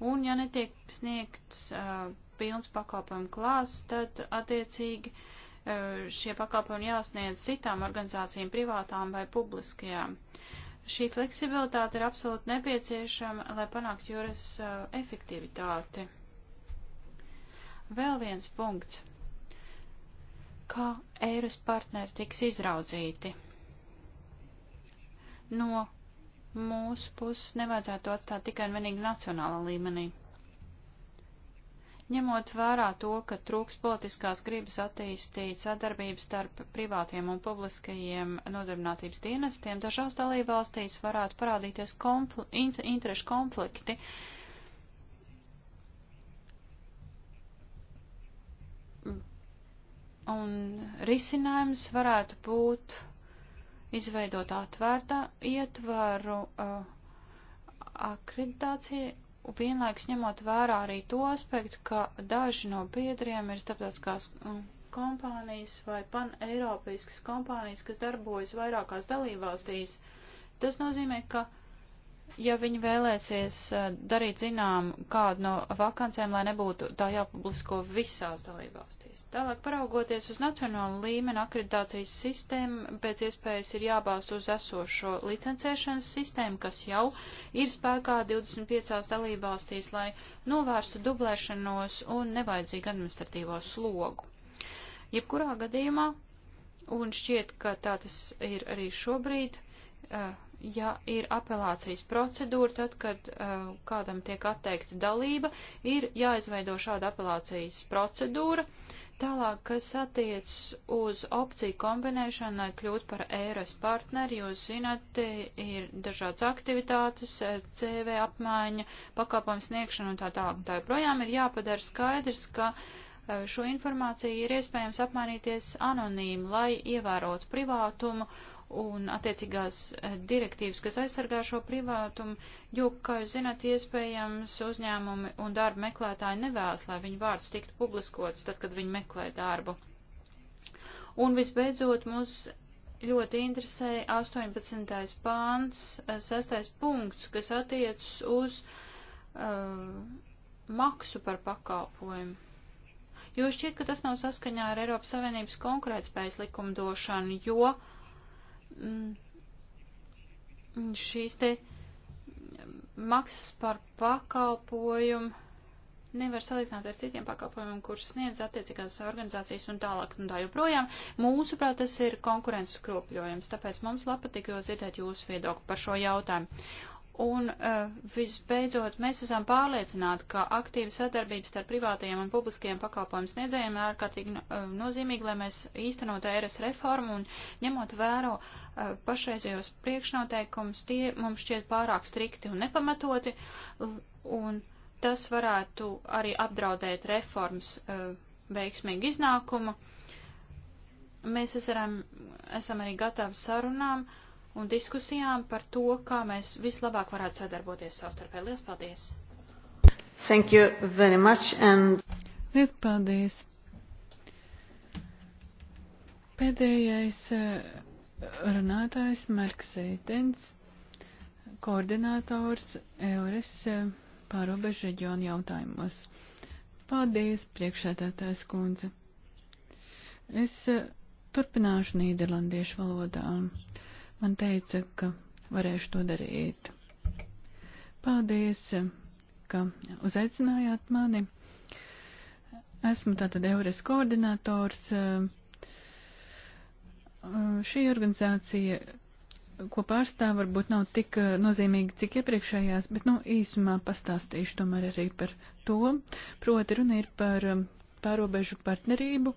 Un, ja netiek sniegts uh, pilns pakalpojumu klāsts, tad attiecīgi uh, šie pakalpojumi jāsniedz citām organizācijām, privātām vai publiskajām. Šī fleksibilitāte ir absolūti nepieciešama, lai panāktu jūras uh, efektivitāti. Vēl viens punkts. Kā eiras partneri tiks izraudzīti? No mūsu puses nevajadzētu atstāt tikai un vienīgi nacionālā līmenī. Ņemot vērā to, ka trūks politiskās gribas attīstīt sadarbību starp privātiem un publiskajiem nodarbinātības dienestiem, dažās dalībvalstīs varētu parādīties konfl int interešu konflikti. Un risinājums varētu būt izveidot atvērta ietvaru uh, akreditācija vienlaikus ņemot vērā arī to aspektu, ka daži no biedriem ir starptautiskās mm, kompānijas vai paneiropeiskas kompānijas, kas darbojas vairākās dalībvalstīs. Tas nozīmē, ka uh, Ja viņi vēlēsies eh, darīt zinām kādu no vakancēm, lai nebūtu tā jāpublisko visās dalībvalstīs. Tālāk paraugoties uz nacionālu līmeni akreditācijas sistēmu, pēc iespējas ir jābāst uz esošo licencēšanas sistēmu, kas jau ir spēkā 25 dalībvalstīs, lai novērstu dublēšanos un nevajadzīgu administratīvo slogu. Jebkurā gadījumā, un šķiet, ka tā tas ir arī šobrīd, uh, ja ir apelācijas procedūra, tad, kad uh, kādam tiek atteikta dalība, ir jāizveido šāda apelācijas procedūra. Tālāk, kas attiec uz opciju kombinēšanu, lai kļūtu par ERS partneri, jūs zināt, ir dažādas aktivitātes, eh, CV apmaiņa, pakāpojums sniegšana un tā tālāk. Tā joprojām ir jāpadara skaidrs, ka uh, šo informāciju ir iespējams apmainīties anonīmi, lai ievērotu privātumu un attiecīgās eh, direktīvas, kas aizsargā šo privātumu, jo, kā jūs zināt, iespējams uzņēmumi un darba meklētāji nevēlas, lai viņu vārds tiktu publiskots tad, kad viņi meklē darbu. Un visbeidzot, mums ļoti interesē 18. pāns, 6. Eh, punkts, kas attiecas uz uh, maksu par pakalpojumu. Jo šķiet, ka tas nav saskaņā ar Eiropas Savienības konkrētspējas likumdošanu, jo uh, Mm, šīs te maksas par pakalpojumu nevar salīdzināt ar citiem pakalpojumiem, kurus sniedz attiecīgās organizācijas un tālāk un tā joprojām. Mūsuprāt, tas ir konkurences skropļojums, tāpēc mums labpatīk jau dzirdēt jūsu viedokli par šo jautājumu. Un uh, visbeidzot, mēs esam pārliecināti, ka aktīva sadarbības starp privātajiem un publiskajiem pakalpojumu sniedzējiem ir ārkārtīgi uh, nozīmīga, lai mēs īstenotu ERS reformu un ņemot vēro uh, pašreizējos priekšnoteikumus, tie mums šķiet pārāk strikti un nepamatoti, un tas varētu arī apdraudēt reformas uh, veiksmīgu iznākumu. Mēs esam, esam arī gatavi sarunām. Uh, un diskusijām par to, kā mēs vislabāk varētu sadarboties savstarpēji. Lielas paldies! Thank you very much and... Lielas paldies! Pēdējais eh, runātājs Marks Eitens, koordinātors Eures eh, pārobežu reģionu jautājumos. Paldies, priekšsēdētājs kundze. Es eh, turpināšu nīderlandiešu valodā. Uh, man teica, ka varēšu to darīt. Paldies, ka uzaicinājāt mani. Esmu tātad Eures koordinators. Šī organizācija, ko pārstāv, varbūt nav tik nozīmīga, cik iepriekšējās, bet, nu, īsumā pastāstīšu tomēr arī par to. Proti runa ir par pārobežu partnerību,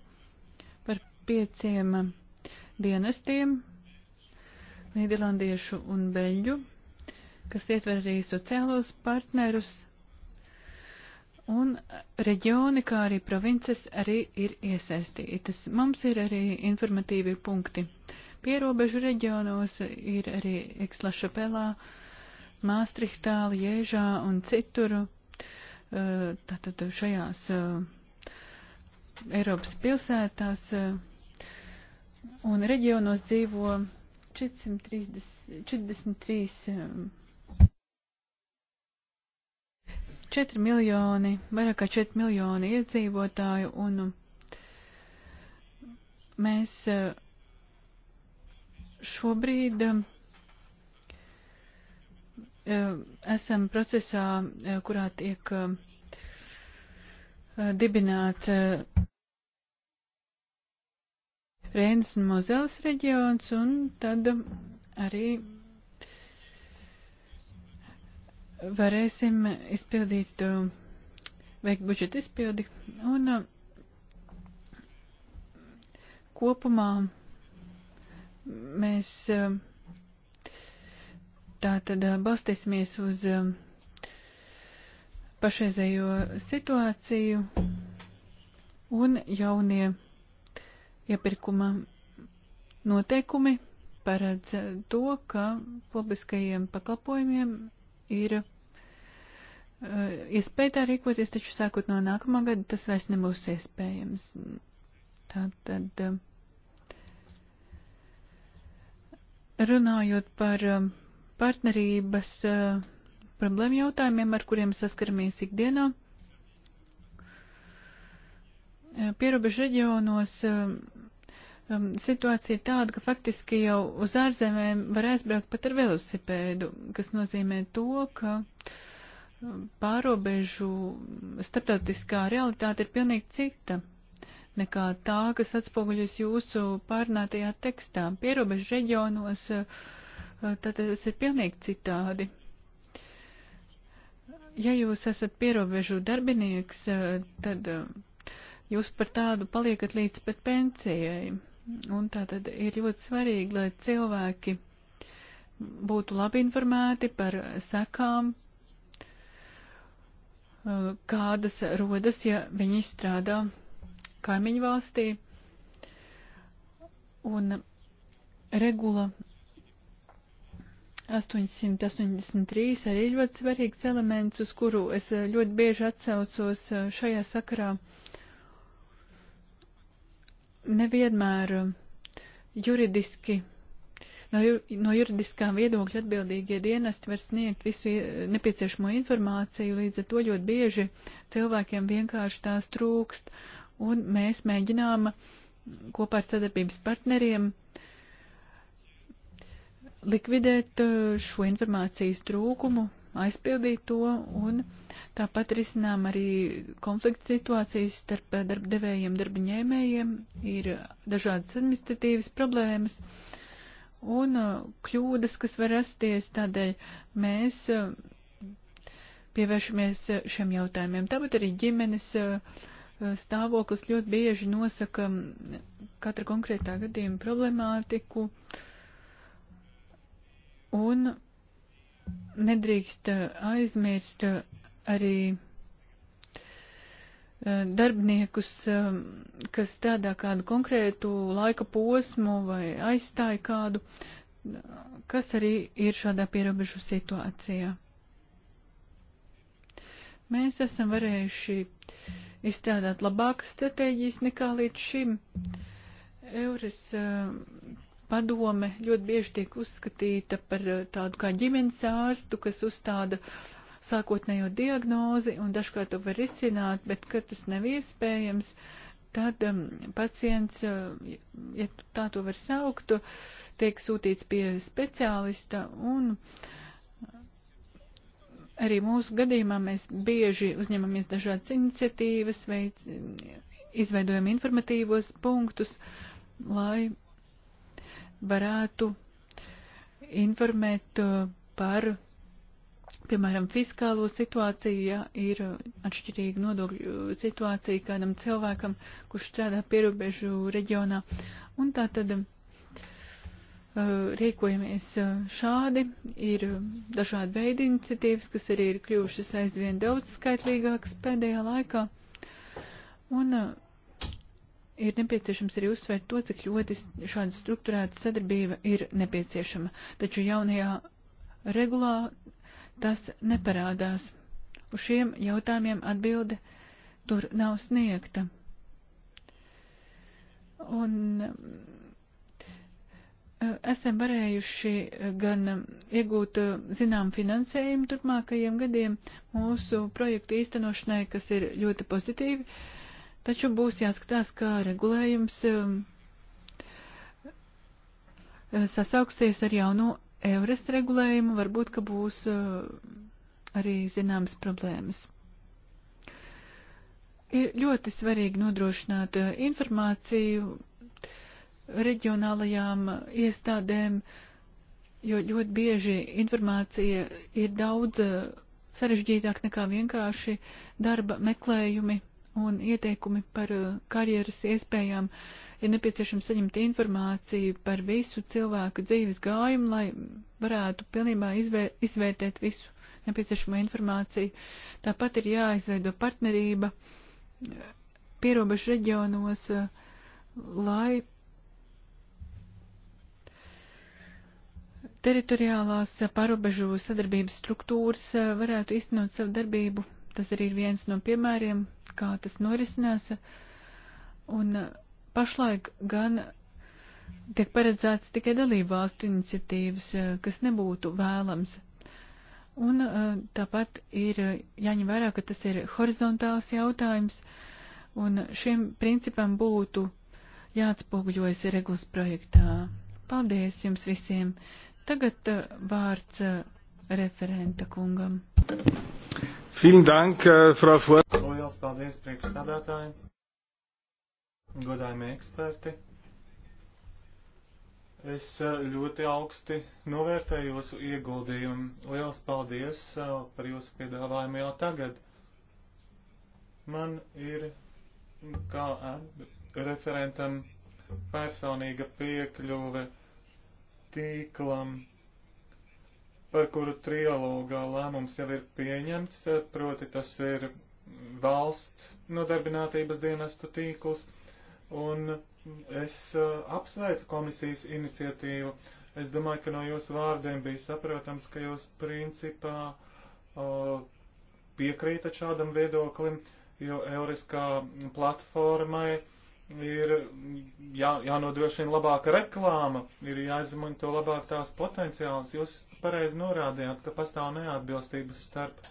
par pieciem dienestiem, nīderlandiešu un beļģu, kas ietver arī sociālos partnerus, un reģioni, kā arī provinces arī ir iesaistītas. Mums ir arī informatīvi punkti. Pierobežu reģionos ir arī Ekslašapelā, Māstrihtā, Liežā un citur, eh, tātad šajās eh, Eiropas pilsētās eh, un reģionos dzīvo 433 4 um, miljoni, vairāk kā 4 miljoni iedzīvotāju, un um, mēs uh, šobrīd um, uh, esam procesā, uh, kurā tiek dibināts Rēnas un Mozeles reģions, un tad arī varēsim izpildīt, veikt budžeta izpildi. Un kopumā mēs tā tad balstīsimies uz pašreizējo situāciju un jaunie Iepirkuma noteikumi paredz to, ka publiskajiem pakalpojumiem ir eh, iespēja tā rīkoties, taču sākot no nākamā gada tas vairs nebūs iespējams. Tātad, eh, runājot par eh, partnerības problēmu jautājumiem, ar kuriem saskaramies ikdienā, Eh, pierobežu reģionos eh, situācija ir tāda, ka faktiski jau uz ārzemēm var aizbraukt pat ar velosipēdu, kas nozīmē to, ka eh, pārobežu starptautiskā realitāte ir pilnīgi cita nekā tā, kas atspoguļas jūsu pārnātajā tekstā. Pierobežu reģionos tad tas ir pilnīgi citādi. Ja jūs esat pierobežu darbinieks, tad jūs par tādu paliekat līdz pat pensijai. Un tā tad ir ļoti svarīgi, lai cilvēki būtu labi informēti par sekām, eh, kādas rodas, ja viņi strādā kaimiņu valstī. Un regula 883 arī ļoti svarīgs elements, uz kuru es eh, ļoti bieži atsaucos eh, šajā sakarā. Uh, nevienmēr um, juridiski, no, no juridiskā viedokļa atbildīgie dienesti var sniegt visu nepieciešamo informāciju, līdz ar to ļoti bieži cilvēkiem vienkārši tās trūkst, un mēs mēģinām kopā ar sadarbības partneriem likvidēt uh, šo informācijas trūkumu aizpildīt to un tāpat risinām arī konflikta situācijas starp darbdevējiem, darba ņēmējiem, ir dažādas administratīvas problēmas un uh, kļūdas, kas var rasties, tādēļ mēs uh, pievēršamies uh, šiem jautājumiem. Tāpat arī ģimenes stāvoklis ļoti bieži nosaka mm, katra konkrētā gadījuma problemātiku. Un nedrīkst eh, aizmirst eh, arī eh, darbiniekus, kas strādā kādu konkrētu laika posmu vai aizstāja kādu, kas arī ir šādā pierobežu situācijā. Mēs esam varējuši izstrādāt labākas stratēģijas nekā līdz šim. Eures padome ļoti bieži tiek uzskatīta par eh, tādu kā ģimenes ārstu, kas uzstāda sākotnējo diagnozi un dažkārt to var izcināt, bet, kad tas nav iespējams, tad um, pacients, eh, ja tā to var saukt, tiek sūtīts pie speciālista un eh, arī mūsu gadījumā mēs bieži uzņemamies dažādas iniciatīvas, veic, izveidojam informatīvos punktus, lai varētu informēt uh, par, piemēram, fiskālo situāciju, ja ir atšķirīga nodokļu situācija kādam cilvēkam, kurš strādā pierobežu reģionā. Un tā tad uh, rīkojamies uh, šādi. Ir dažādi veidi iniciatīvas, kas arī ir kļuvušas aizvien daudz skaitlīgākas pēdējā laikā. Un uh, ir nepieciešams arī uzsvērt to, cik ļoti šāda struktūrēta sadarbība ir nepieciešama. Taču jaunajā regulā tas neparādās. Uz šiem jautājumiem atbilde tur nav sniegta. Un e, esam varējuši gan iegūt e, zinām finansējumu turpmākajiem gadiem mūsu projektu īstenošanai, kas ir ļoti pozitīvi. Uh, Taču būs jāskatās, kā regulējums um, sasauksies ar jauno Eures regulējumu, varbūt, ka būs uh, arī zināmas problēmas. Ir ļoti svarīgi nodrošināt uh, informāciju reģionālajām iestādēm, jo ļoti bieži informācija ir daudz uh, sarežģītāk nekā vienkārši darba meklējumi un ieteikumi par uh, karjeras iespējām ir nepieciešams saņemt informāciju par visu cilvēku dzīves gājumu, lai varētu pilnībā izvē, izvērtēt visu nepieciešamo informāciju. Tāpat ir jāizveido partnerība uh, pierobežu reģionos, uh, lai teritoriālās pārobežu sadarbības struktūras varētu iztenot savu darbību. Tas arī ir viens no piemēriem, kā tas norisinās. Un uh, pašlaik gan tiek paredzēts tikai dalībvalstu iniciatīvas, uh, kas nebūtu vēlams. Un uh, tāpat ir jāņem vērā, ka tas ir horizontāls jautājums, un šim principam būtu jāatspūgļojas regulas projektā. Paldies jums visiem! Tagad vārds referenta kungam. Vielen Dank, Frau Vorsitzende. Liels paldies priekšstādātāji, godājumie eksperti. Es eh, ļoti augsti novērtēju jūsu ieguldījumu. Liels paldies eh, par jūsu piedāvājumu jau tagad. Man ir kā eh, referentam personīga piekļuve tīklam, par kuru trialogā lēmums jau ir pieņemts, proti tas ir valsts nodarbinātības dienestu tīklus, un es uh, apsveicu komisijas iniciatīvu. Es domāju, ka no jūsu vārdiem bija saprotams, ka jūs principā uh, piekrītat šādam viedoklim, jo Eures kā platformai ir jā, jānodrošina labāka reklāma, ir jāizmanto labāk tās potenciāls. Jūs pareizi norādījāt, ka pastāv neatbilstības starp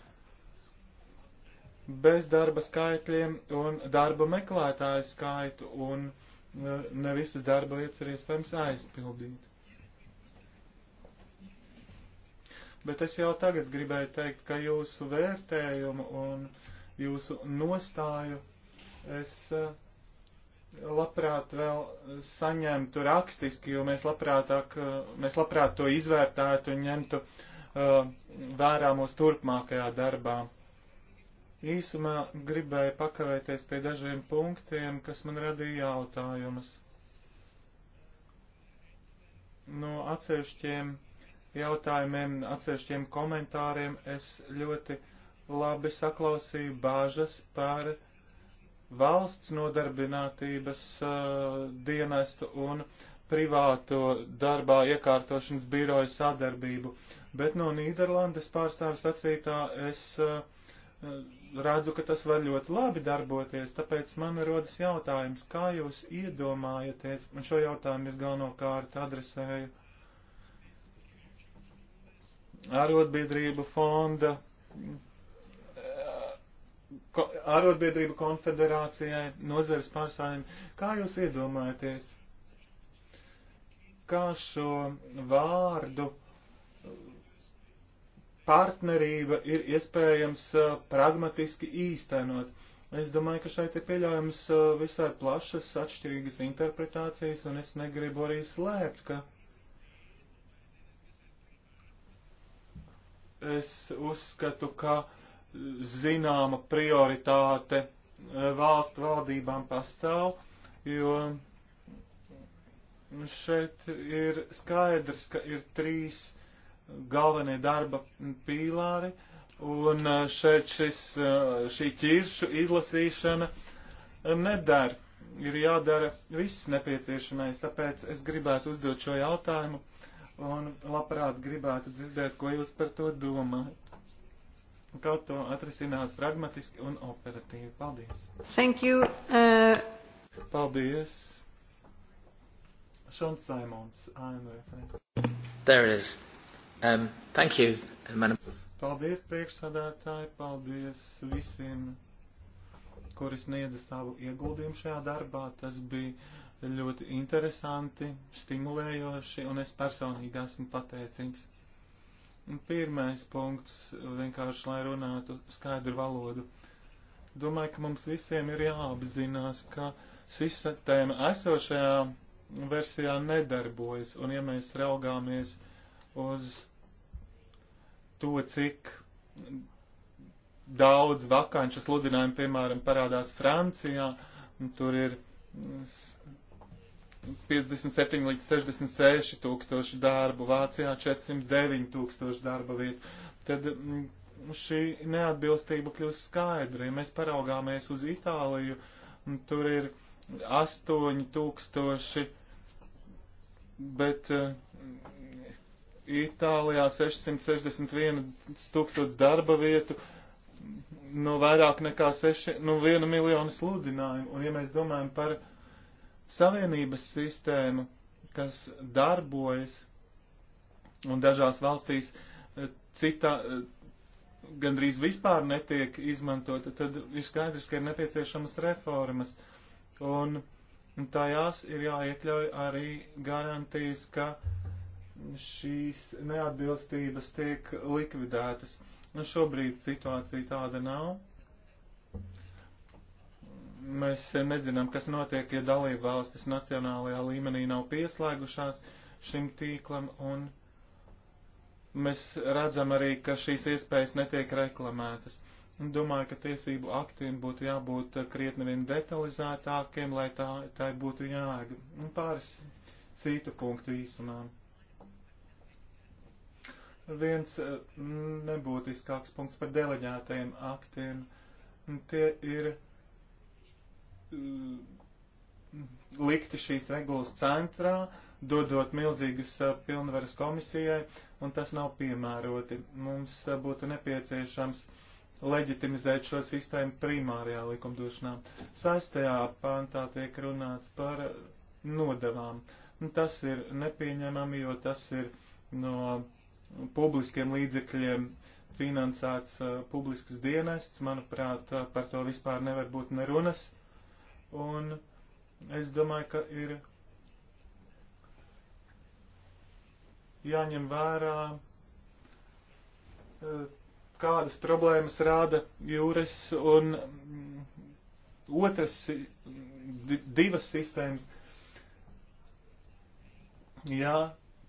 bezdarba skaitļiem un darba meklētāju skaitu, un e, ne visas darba vietas ir iespējams aizpildīt. Bet es jau tagad gribēju teikt, ka jūsu vērtējumu un jūsu nostāju es e, labprāt vēl saņemtu rakstiski, jo mēs, labprātāk, e, mēs labprāt to izvērtētu un ņemtu uh, vērā mūsu turpmākajā darbā. Īsumā gribēju pakavēties pie dažiem punktiem, kas man radīja jautājumus. No atsevišķiem jautājumiem, atsevišķiem komentāriem es ļoti labi saklausīju bāžas par valsts nodarbinātības uh, dienestu un privāto darbā iekārtošanas biroju sadarbību, bet no Nīderlandes pārstāvis sacītā es uh, Eh, redzu, ka tas var ļoti labi darboties, tāpēc man rodas jautājums, kā jūs iedomājaties, un šo jautājumu es galvenokārt adresēju arotbiedrību fonda, eh, ko, arotbiedrību konfederācijai, nozares pārstāvjiem. Kā jūs iedomājaties, kā šo vārdu partnerība ir iespējams uh, pragmatiski īstenot. Es domāju, ka šeit ir pieļaujams uh, visai plašas atšķirīgas interpretācijas, un es negribu arī slēpt, ka es uzskatu, ka zināma prioritāte uh, valstu valdībām pastāv, jo šeit ir skaidrs, ka ir trīs galvenie darba pīlāri, un e, šeit šis, e, šī ķiršu izlasīšana e, nedara. Ir jādara viss nepieciešamais, tāpēc es gribētu uzdot šo jautājumu un labprāt gribētu dzirdēt, ko jūs par to domājat. Kā to atrisināt pragmatiski un operatīvi? Paldies! Thank you! Uh... Paldies! Šons Simons, ANV. There it is. Um, thank you, madam. Paldies, priekšsādātāji, paldies visiem, kuri sniedza savu ieguldījumu šajā darbā. Tas bija ļoti interesanti, stimulējoši, un es personīgi esmu pateicīgs. Pirmais punkts, vienkārši lai runātu skaidru valodu. Domāju, ka mums visiem ir jāapzinās, ka sistēma esošajā versijā nedarbojas, un ja mēs raugāmies uz to, cik daudz vakanšu sludinājumu, piemēram, parādās Francijā, un tur ir 57 līdz 66 tūkstoši darbu, Vācijā 409 tūkstoši darba vietu, tad mm, šī neatbilstība kļūst skaidra. Ja mēs paraugāmies uz Itāliju, mm, tur ir 8 tūkstoši, bet mm, Itālijā 661 tūkstots darba vietu, no nu, vairāk nekā 6, no 1 miljonu sludinājumu. Un ja mēs domājam par savienības sistēmu, kas darbojas, un dažās valstīs eh, cita eh, gandrīz vispār netiek izmantota, tad ir skaidrs, ka ir nepieciešamas reformas. Un tajās ir jāiekļauj arī garantijas, ka uh, šīs neatbilstības tiek likvidētas. Nu, šobrīd situācija tāda nav. Mēs nezinām, kas notiek, ja dalība valstis nacionālajā līmenī nav pieslēgušās šim tīklam, un mēs redzam arī, ka šīs iespējas netiek reklamētas. Domāju, ka tiesību aktiem būtu jābūt krietni vien detalizētākiem, lai tā, tā būtu jāga. Pāris citu punktu īsumām. Viens eh, nebūtiskāks punkts par deleģētajiem aktiem. Tie ir eh, likti šīs regulas centrā, dodot milzīgas eh, pilnvaras komisijai, un tas nav piemēroti. Mums būtu nepieciešams leģitimizēt šo sistēmu primārajā likumdošanā. Sastajā pāntā tiek runāts par nodevām. Nu, tas ir nepieņemami, jo tas ir no publiskiem līdzekļiem finansēts eh, publisks dienests. Manuprāt, eh, par to vispār nevar būt nerunas. Un es domāju, ka ir jāņem vērā, eh, kādas problēmas rāda jūras un mm, otras divas sistēmas. Jā,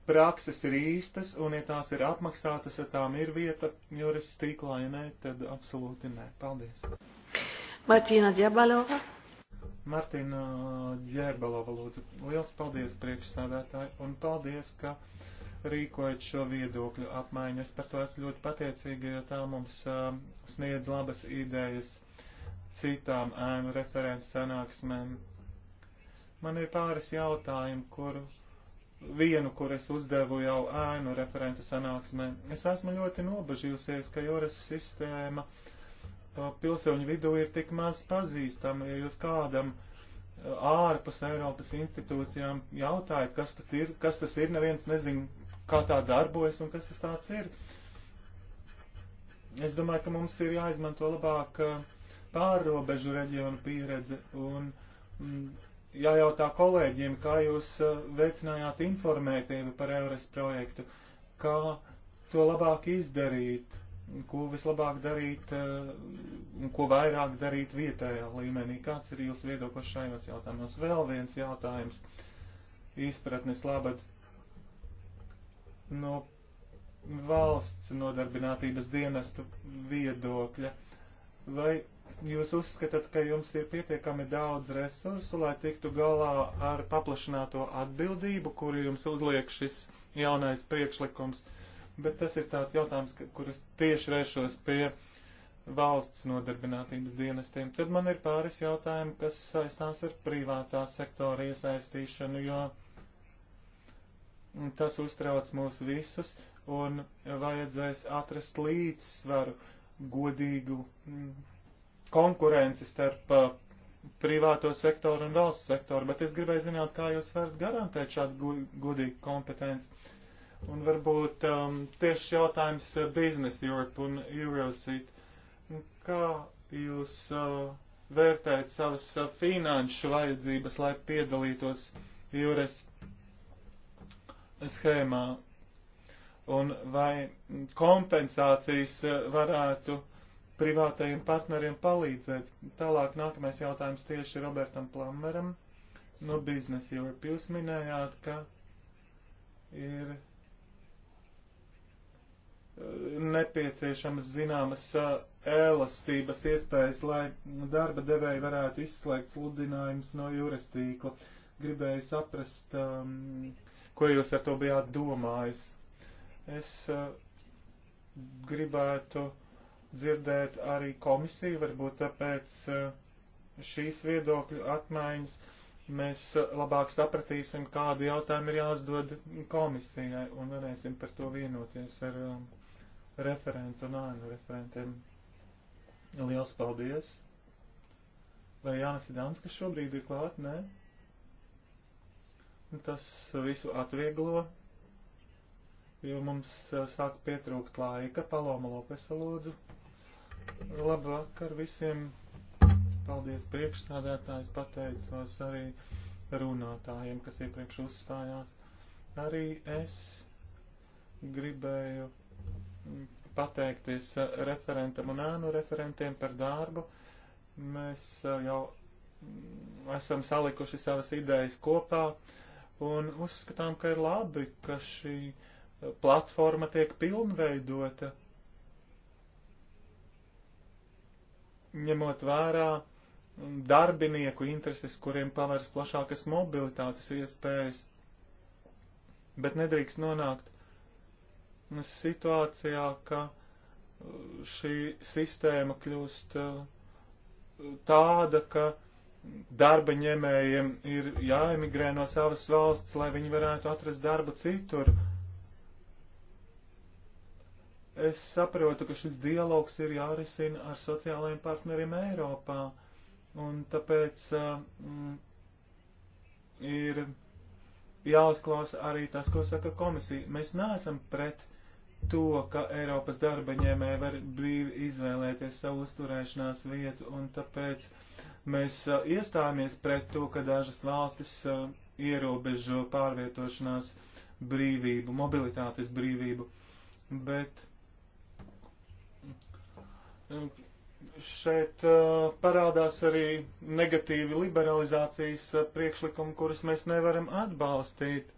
prakses ir īstas, un ja tās ir apmaksātas, ja tām ir vieta jūras tīklā, ja nē, tad absolūti nē. Paldies. Martīna Džabalova. Martīna Džabalova, lūdzu. Liels paldies priekšsādātāji, un paldies, ka rīkojat šo viedokļu apmaiņu. Es par to esmu ļoti pateicīgi, jo tā mums uh, sniedz labas idejas citām ēnu referents sanāksmēm. Man ir pāris jautājumu, kuru vienu, kur es uzdevu jau ēnu referenta sanāksmē. Es esmu ļoti nobažījusies, ka jūras sistēma uh, pilsoņu vidū ir tik maz pazīstama, ja jūs kādam uh, ārpus Eiropas institūcijām jautājat, kas, ir, kas tas ir, neviens nezin, kā tā darbojas un kas tas tāds ir. Es domāju, ka mums ir jāizmanto labāk uh, pārrobežu reģionu pieredze un mm, jājautā kolēģiem, kā jūs eh, veicinājāt informētību par Eures projektu, kā to labāk izdarīt, ko vislabāk darīt eh, un ko vairāk darīt vietējā līmenī. Kāds ir jūsu viedoklis šajos jautājumos? Vēl viens jautājums izpratnes labad no valsts nodarbinātības dienestu viedokļa. Vai jūs uzskatāt, ka jums ir pietiekami daudz resursu, lai tiktu galā ar paplašināto atbildību, kuru jums uzliek šis jaunais priekšlikums. Bet tas ir tāds jautājums, kuras tieši vēršos pie valsts nodarbinātības dienestiem. Tad man ir pāris jautājumi, kas saistās ar privātā sektora iesaistīšanu, jo tas uztrauc mūs visus un vajadzēs atrast līdzsvaru godīgu mm, konkurenci starp uh, privāto sektoru un valsts sektoru, bet es gribēju zināt, kā jūs varat garantēt šādu godīgu kompetenci. Un varbūt um, tieši jautājums uh, Business Europe un Eurosit. Nu, kā jūs uh, vērtējat savas uh, finanšu vajadzības, lai piedalītos jūras schēmā? Un vai kompensācijas uh, varētu privātajiem partneriem palīdzēt. Tālāk nākamais jautājums tieši Robertam Plammeram no biznesa, jo jūs minējāt, ka ir eh, nepieciešamas zināmas elastības eh, iespējas, lai darba devēji varētu izslēgt sludinājumus no jūras tīkla. Gribēju saprast, um, ko jūs ar to bijāt domājis. Es uh, gribētu uh, dzirdēt arī komisiju, varbūt tāpēc eh, šīs viedokļu apmaiņas mēs eh, labāk sapratīsim, kādu jautājumu ir jāuzdod komisijai un varēsim par to vienoties ar um, referentu un ānu referentiem. Liels paldies! Vai Jānis Danska šobrīd ir klāt? Nē? Nu, tas visu atvieglo, jo mums eh, sāk pietrūkt laika. Paloma Lopesa lūdzu. Labvakar visiem. Paldies priekšstādētājs, pateicos arī runātājiem, kas iepriekš uzstājās. Arī es gribēju pateikties referentam un ēnu referentiem par darbu. Mēs uh, jau esam salikuši savas idejas kopā un uzskatām, ka ir labi, ka šī uh, platforma tiek pilnveidota ņemot vērā darbinieku intereses, kuriem pavērs plašākas mobilitātes iespējas, bet nedrīkst nonākt situācijā, ka uh, šī sistēma kļūst uh, tāda, ka darba ņēmējiem ir jāemigrē no savas valsts, lai viņi varētu atrast darbu citur. Es saprotu, ka šis dialogs ir jārisina ar sociālajiem partneriem Eiropā, un tāpēc uh, mm, ir jāuzklausa arī tas, ko saka komisija. Mēs neesam pret to, ka Eiropas darba ņēmēji var brīvi izvēlēties savu uzturēšanās vietu, un tāpēc mēs a, uh, iestājāmies pret to, ka dažas valstis a, uh, ierobežo pārvietošanās brīvību, mobilitātes brīvību. Bet Šeit uh, parādās arī negatīvi liberalizācijas uh, priekšlikumi, kurus mēs nevaram atbalstīt.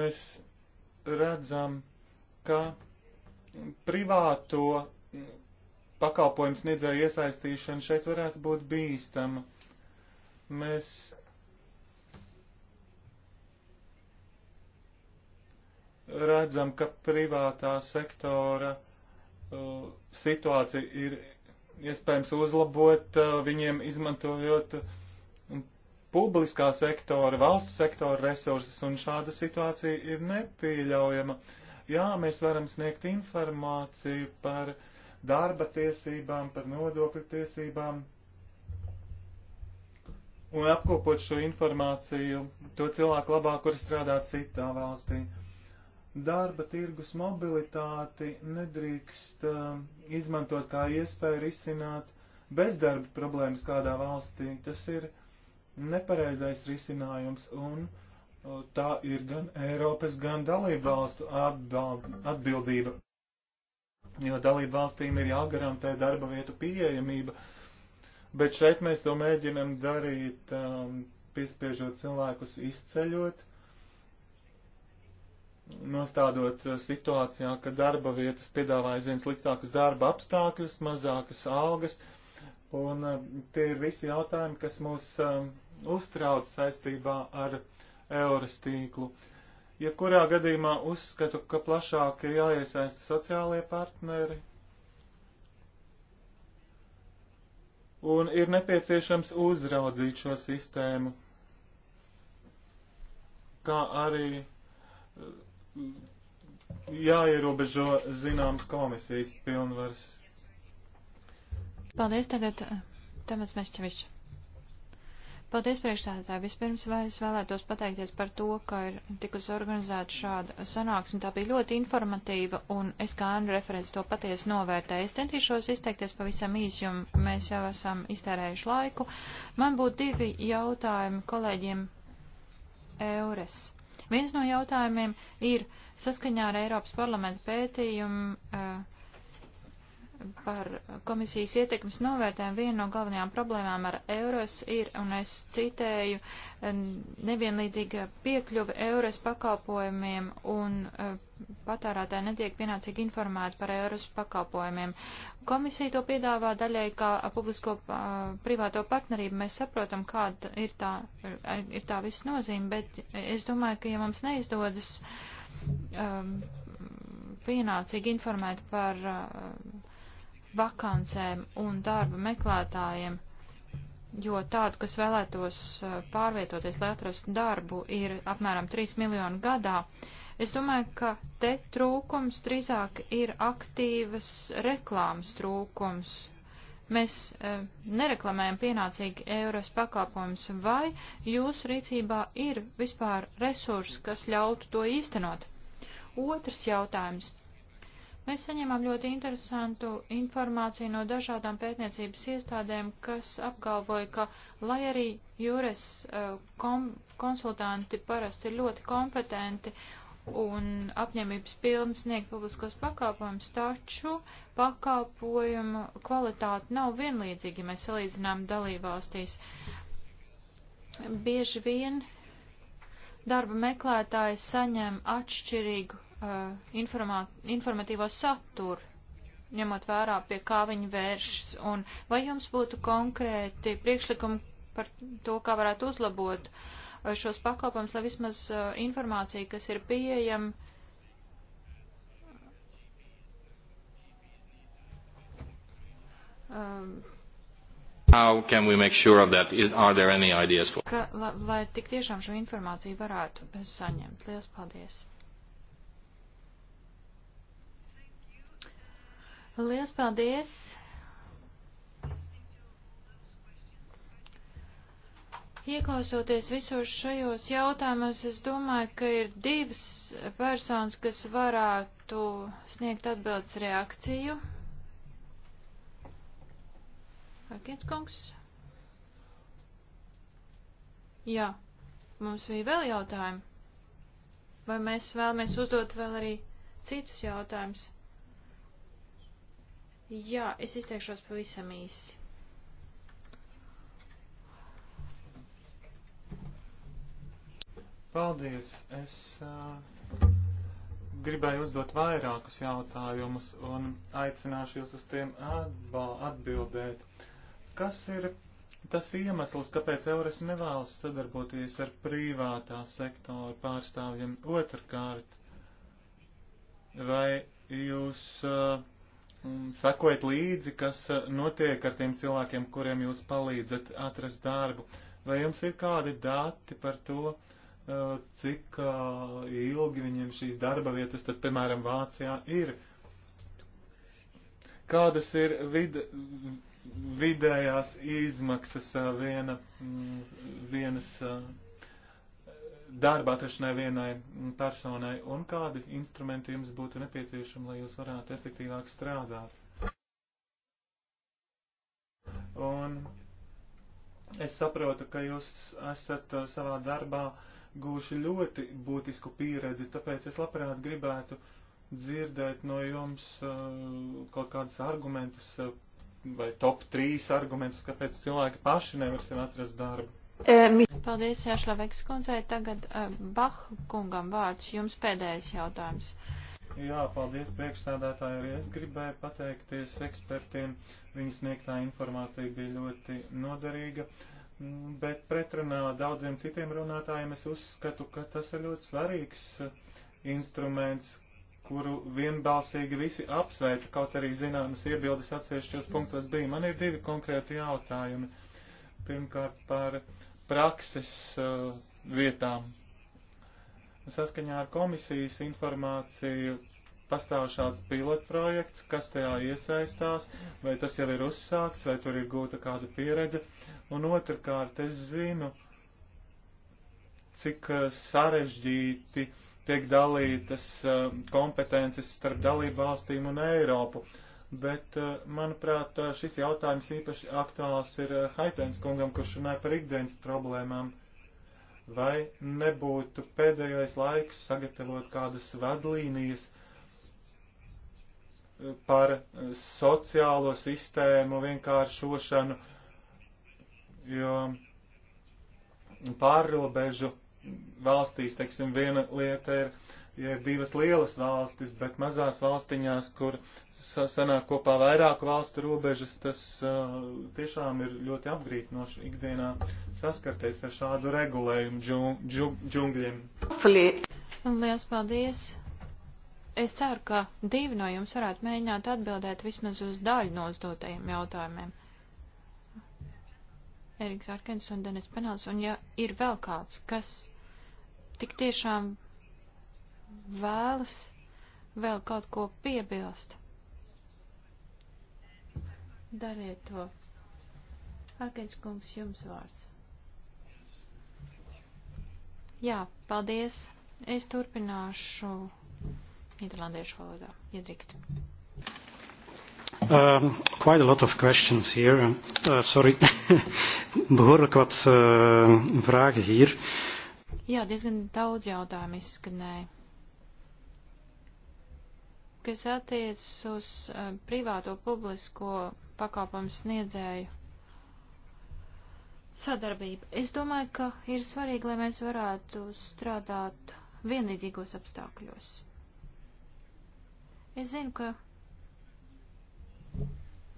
Mēs redzam, ka privāto pakalpojumu sniedzēju iesaistīšana šeit varētu būt bīstama. Mēs redzam, ka privātā sektora uh, situācija ir iespējams uzlabot uh, viņiem izmantojot publiskā sektora, valsts sektora resursus, un šāda situācija ir nepieļaujama. Jā, mēs varam sniegt informāciju par darba tiesībām, par nodokļu tiesībām, un apkopot šo informāciju to cilvēku labā, kur strādā citā valstī. Uh, darba tirgus mobilitāti nedrīkst uh, izmantot kā iespēju risināt bezdarba problēmas kādā valstī. Tas ir nepareizais risinājums un uh, tā ir gan Eiropas, gan dalību valstu atbildība, jo dalību valstīm ir jāgarantē darba vietu pieejamība, bet šeit mēs to mēģinam darīt, um, piespiežot cilvēkus izceļot nostādot eh, situācijā, ka darba vietas piedāvā aizvien sliktākus darba apstākļus, mazākas algas, un eh, tie ir visi jautājumi, kas mūs um, uztrauc saistībā ar Eures tīklu. Jebkurā ja gadījumā uzskatu, ka plašāk ir jāiesaista sociālie partneri, un ir nepieciešams uzraudzīt šo sistēmu, kā arī jāierobežo zināms komisijas pilnvaras. Paldies tagad, eh, Tamas Meščevičs. Paldies priekšsēdētāji. Vispirms vai es vēlētos pateikties par to, ka ir tikusi organizēta šāda sanāksme. Tā bija ļoti informatīva un es kā Anna referents to patiesi novērtēju. Es centīšos izteikties pavisam īsi, jo mēs jau esam iztērējuši laiku. Man būtu divi jautājumi kolēģiem Eures. Viens no jautājumiem ir saskaņā ar Eiropas parlamenta pētījumu. Uh, par komisijas ietekmes novērtējumu viena no galvenajām problēmām ar euros ir, un es citēju, nevienlīdzīga piekļuve euros pakalpojumiem un eh, patērētāji netiek pienācīgi informēti par euros pakalpojumiem. Komisija to piedāvā daļai kā publisko eh, privāto partnerību. Mēs saprotam, kāda ir tā, eh, ir tā viss nozīme, bet es domāju, ka ja mums neizdodas um, pienācīgi informēt par uh, vakancēm un darba meklētājiem, jo tādu, kas vēlētos eh, pārvietoties, lai atrastu darbu, ir apmēram 3 miljoni gadā. Es domāju, ka te trūkums drīzāk ir aktīvas reklāmas trūkums. Mēs e, nereklamējam pienācīgi eiros pakalpojumus, vai jūsu rīcībā ir vispār resursi, kas ļautu to īstenot. Otrs jautājums Mēs saņemam ļoti interesantu informāciju no dažādām pētniecības iestādēm, kas apgalvoja, ka, lai arī jūras eh, kom, konsultanti parasti ir ļoti kompetenti un apņemības pilni sniegt publiskos pakāpojumus, taču pakāpojumu kvalitāte nav vienlīdzīga, ja mēs salīdzinām dalībvalstīs. Bieži vien darba meklētāji saņem atšķirīgu Uh, informā, informatīvo saturu, ņemot vērā, pie kā viņi vēršas, un vai jums būtu konkrēti priekšlikumi par to, kā varētu uzlabot uh, šos pakalpojumus, lai vismaz uh, informācija, kas ir pieejama, um, How can we make sure of that? Is, are there any ideas for? Ka, la, lai tik tiešām šo informāciju varētu saņemt. Lielas paldies! Liels paldies! Ieklausoties visos šajos jautājumos, es domāju, ka ir divas personas, kas varētu sniegt atbildes reakciju. Akins kungs? Jā, mums bija vēl jautājumi. Vai mēs vēlamies uzdot vēl arī citus jautājumus? Jā, es izteikšos pavisam īsi. Paldies. Es uh, gribēju uzdot vairākus jautājumus un aicināšu jūs uz tiem atbildēt. Kas ir tas iemesls, kāpēc Eures nevēlas sadarboties ar privātā sektora pārstāvjiem otrkārt? Vai jūs uh, Sakojiet līdzi, kas eh, notiek ar tiem cilvēkiem, kuriem jūs palīdzat atrast darbu. Vai jums ir kādi dati par to, eh, cik eh, ilgi viņiem šīs darba vietas, tad, piemēram, Vācijā ir? Kādas ir vid vidējās izmaksas viena, mm, vienas darba atrašanai vienai personai un kādi instrumenti jums būtu nepieciešami, lai jūs varētu efektīvāk strādāt. Un es saprotu, ka jūs esat uh, savā darbā gūši ļoti būtisku pieredzi, tāpēc es labprāt gribētu dzirdēt no jums uh, kaut kādus argumentus uh, vai top 3 argumentus, kāpēc cilvēki paši nevar sev atrast darbu. Paldies, Jāšlaveks kundzei. Tagad Bach kungam vārds. Jums pēdējais jautājums. Jā, paldies priekšstādātāji. Arī es gribēju pateikties ekspertiem. Viņu sniegtā informācija bija ļoti noderīga. Mm, bet pretrunā daudziem citiem runātājiem es uzskatu, ka tas ir ļoti svarīgs instruments, kuru vienbalsīgi visi apsveica, kaut arī zināmas iebildes atsevišķos punktos bija. Man ir divi konkrēti jautājumi. Pirmkārt par prakses uh, vietām. Saskaņā ar komisijas informāciju pastāv šāds pilotprojekts, kas tajā iesaistās, vai tas jau ir uzsākts, vai tur ir gūta kāda pieredze. Un otrkārt, es zinu, cik uh, sarežģīti tiek dalītas uh, kompetences starp dalību valstīm un Eiropu. Uh, bet, eh, manuprāt, eh, šis jautājums īpaši aktuāls ir eh, Haitēns kungam, kurš runāja par ikdienas problēmām. Vai nebūtu pēdējais laiks sagatavot kādas vadlīnijas par sociālo sistēmu vienkāršošanu, jo pārrobežu valstīs, teiksim, viena lieta ir ja ir divas lielas valstis, bet mazās valstiņās, kur sanāk kopā vairāku valstu robežas, tas uh, tiešām ir ļoti apgrītnoši ikdienā saskarties ar šādu regulējumu džung, džung, džungļiem. Lielas paldies! Es ceru, ka divi no jums varētu mēģināt atbildēt vismaz uz daļu no uzdotajiem jautājumiem. Eriks Arkens un Denis Penels, un ja ir vēl kāds, kas tik tiešām vēlas vēl kaut ko piebilst, dariet to. Arkēns kungs, jums vārds. Jā, paldies. Es turpināšu Nīderlandiešu valodā, ja drīkst. Um, quite a lot of questions here. Uh, sorry, behoorlijk wat uh, vragen hier. Jā, diezgan daudz jautājumu izskanēja kas attiecas uz eh, privāto publisko pakalpojumu sniedzēju sadarbību. Es domāju, ka ir svarīgi, lai mēs varētu strādāt vienlīdzīgos apstākļos. Es zinu, ka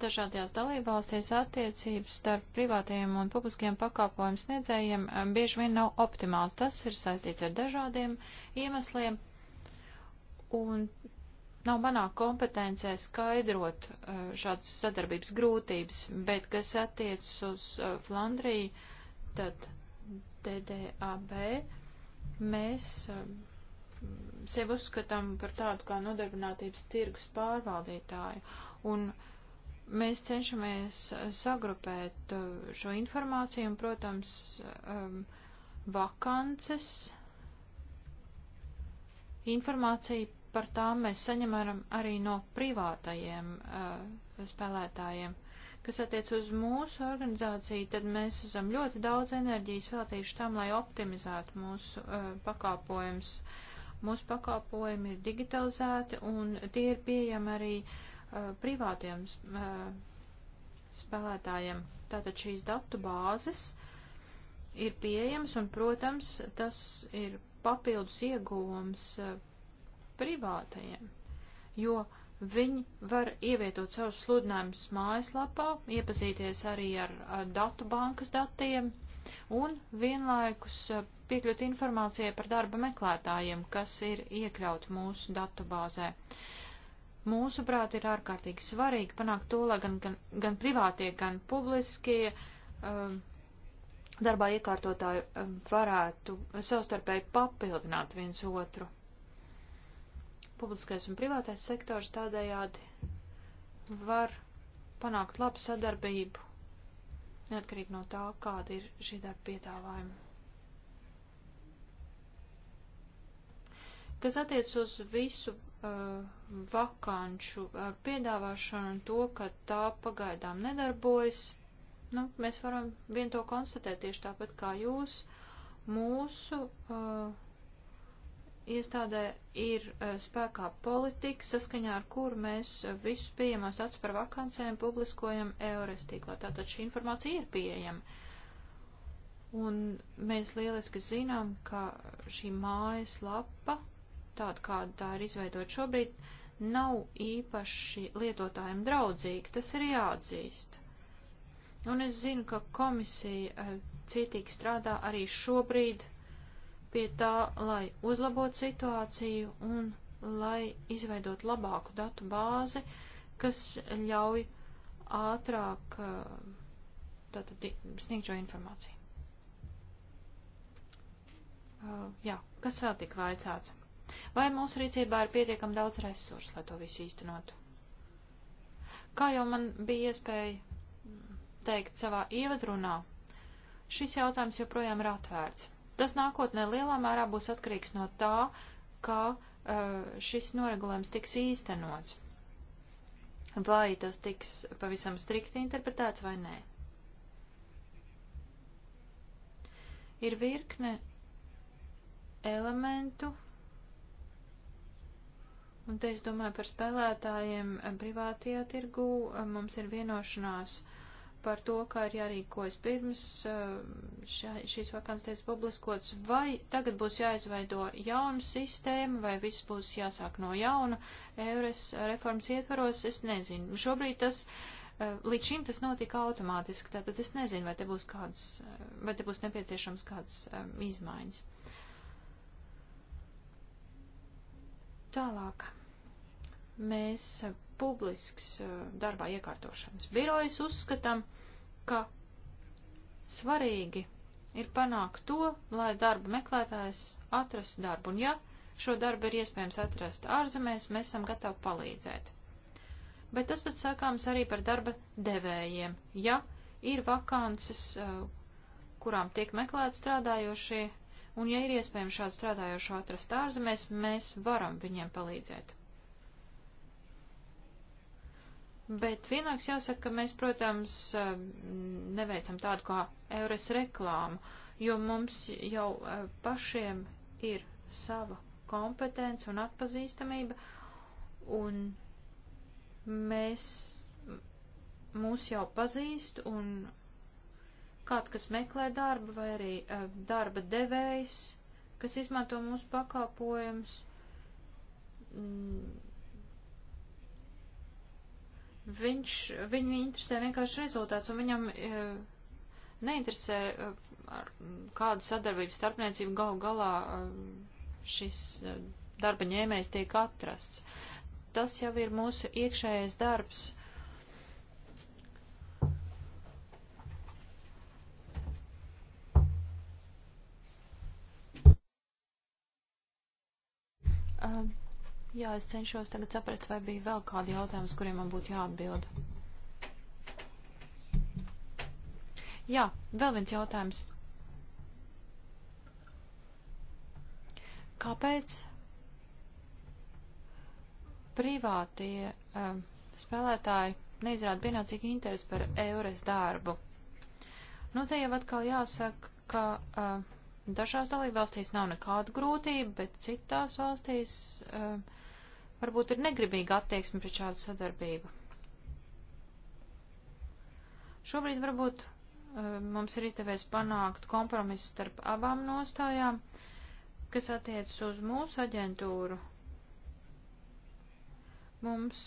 dažādajās dalībvalstīs attiecības starp privātajiem un publiskajiem pakalpojumu sniedzējiem eh, bieži vien nav optimāls. Tas ir saistīts ar dažādiem iemesliem, un nav manā kompetencē skaidrot eh, šādas sadarbības grūtības, bet kas attiec uz eh, Flandriju, tad DDAB mēs eh, sevi uzskatām par tādu kā nodarbinātības tirgus pārvaldītāju. Un mēs cenšamies sagrupēt šo informāciju un, protams, vakances, informāciju par tām mēs saņemam arī no privātajiem uh, spēlētājiem. Kas attiec uz mūsu organizāciju, tad mēs esam ļoti daudz enerģijas veltījuši tam, lai optimizētu mūsu uh, eh, pakāpojumus. Mūsu pakāpojumi ir digitalizēti un tie ir pieejami arī uh, privātiem uh, spēlētājiem. Tātad šīs datu bāzes ir pieejams un, protams, tas ir papildus ieguvums. Uh, privātajiem, jo viņi var ievietot savus sludinājumus mājaslapā, iepazīties arī ar, ar datu bankas datiem un vienlaikus eh, piekļūt informācijai par darba meklētājiem, kas ir iekļaut mūsu datubāzē. Mūsuprāt, ir ārkārtīgi svarīgi panākt to, lai gan, gan, gan privātie, gan publiskie um, darbā iekārtotāji eh, varētu savstarpēji papildināt viens otru publiskais un privātais sektors tādējādi var panākt labu sadarbību, neatkarīgi no tā, kāda ir šī darba piedāvājuma. Kas attiec uz visu uh, vakanču uh, piedāvāšanu un to, ka tā pagaidām nedarbojas, nu, mēs varam vien to konstatēt tieši tāpat kā jūs. Mūsu uh, iestādē ir eh, spēkā politika, saskaņā ar kuru mēs eh, visus pieejamos datus par vakancēm publiskojam EORES tīklā. Tātad šī informācija ir pieejama. Un mēs lieliski zinām, ka šī mājas lapa, tāda kāda tā ir izveidot šobrīd, nav īpaši lietotājiem draudzīga. Tas ir jāatzīst. Un es zinu, ka komisija eh, cītīgi strādā arī šobrīd pie tā, lai uzlabotu situāciju un lai izveidot labāku datu bāzi, kas ļauj ātrāk eh, tātad, sniegt šo informāciju. Eh, jā, kas vēl tik vaicāts? Vai mūsu rīcībā ir pietiekam daudz resursu, lai to visu īstenotu? Kā jau man bija iespēja mm, teikt savā ievadrunā, šis jautājums joprojām ir atvērts. Tas nākotnē lielā mērā būs atkarīgs no tā, kā uh, šis noregulējums tiks īstenots. Vai tas tiks pavisam strikti interpretēts vai nē. Ir virkne elementu, un te es domāju par spēlētājiem privātajā tirgu, mums ir vienošanās uh, par to, kā ir jārīkojas pirms eh, šā, šīs vakants tiek publiskots, vai tagad būs jāizveido jauna sistēma, vai viss būs jāsāk no jauna eures reformas ietvaros, es nezinu. Šobrīd tas, eh, līdz šim tas notika automātiski, tātad es nezinu, vai te būs kāds, eh, vai te būs nepieciešams kāds um, izmaiņas. Tālāk mēs publisks eh, darbā iekārtošanas birojas uzskatām, ka svarīgi ir panākt to, lai darba meklētājs atrastu darbu, un ja šo darbu ir iespējams atrast ārzemēs, mēs esam gatavi palīdzēt. Bet tas pat sakāms arī par darba devējiem. Ja ir vakances, eh, kurām tiek meklēti strādājošie, un ja ir iespējams šādu strādājošo atrast ārzemēs, mēs varam viņiem palīdzēt. Bet vienlaiks jāsaka, ka mēs, protams, eh, neveicam tādu kā eures reklāmu, jo mums jau eh, pašiem ir sava kompetence un atpazīstamība, un mēs mūs jau pazīst, un kāds, kas meklē darbu, vai arī uh, darba devējs, kas izmanto mūsu pakāpojumus, mm, Viņš, viņu interesē vienkārši rezultāts, un viņam e, neinteresē, e, ar, kāda sadarbība starpniecība gal galā e, šis e, darba ņēmējs tiek atrasts. Tas jau ir mūsu iekšējais darbs. Um. Jā, es cenšos tagad saprast, vai bija vēl kādi jautājumi, uz kuriem man būtu jāatbild. Jā, vēl viens jautājums. Kāpēc privātie uh, spēlētāji neizrāda pienācīgi interesi par eures darbu? Nu, te jau atkal jāsaka, ka. Uh, Dažās dalībvalstīs nav nekādu grūtību, bet citās valstīs uh, varbūt ir negribīga attieksme pret šādu sadarbību. Šobrīd varbūt eh, mums ir izdevies panākt kompromisu starp abām nostājām, kas attiecas uz mūsu aģentūru. Mums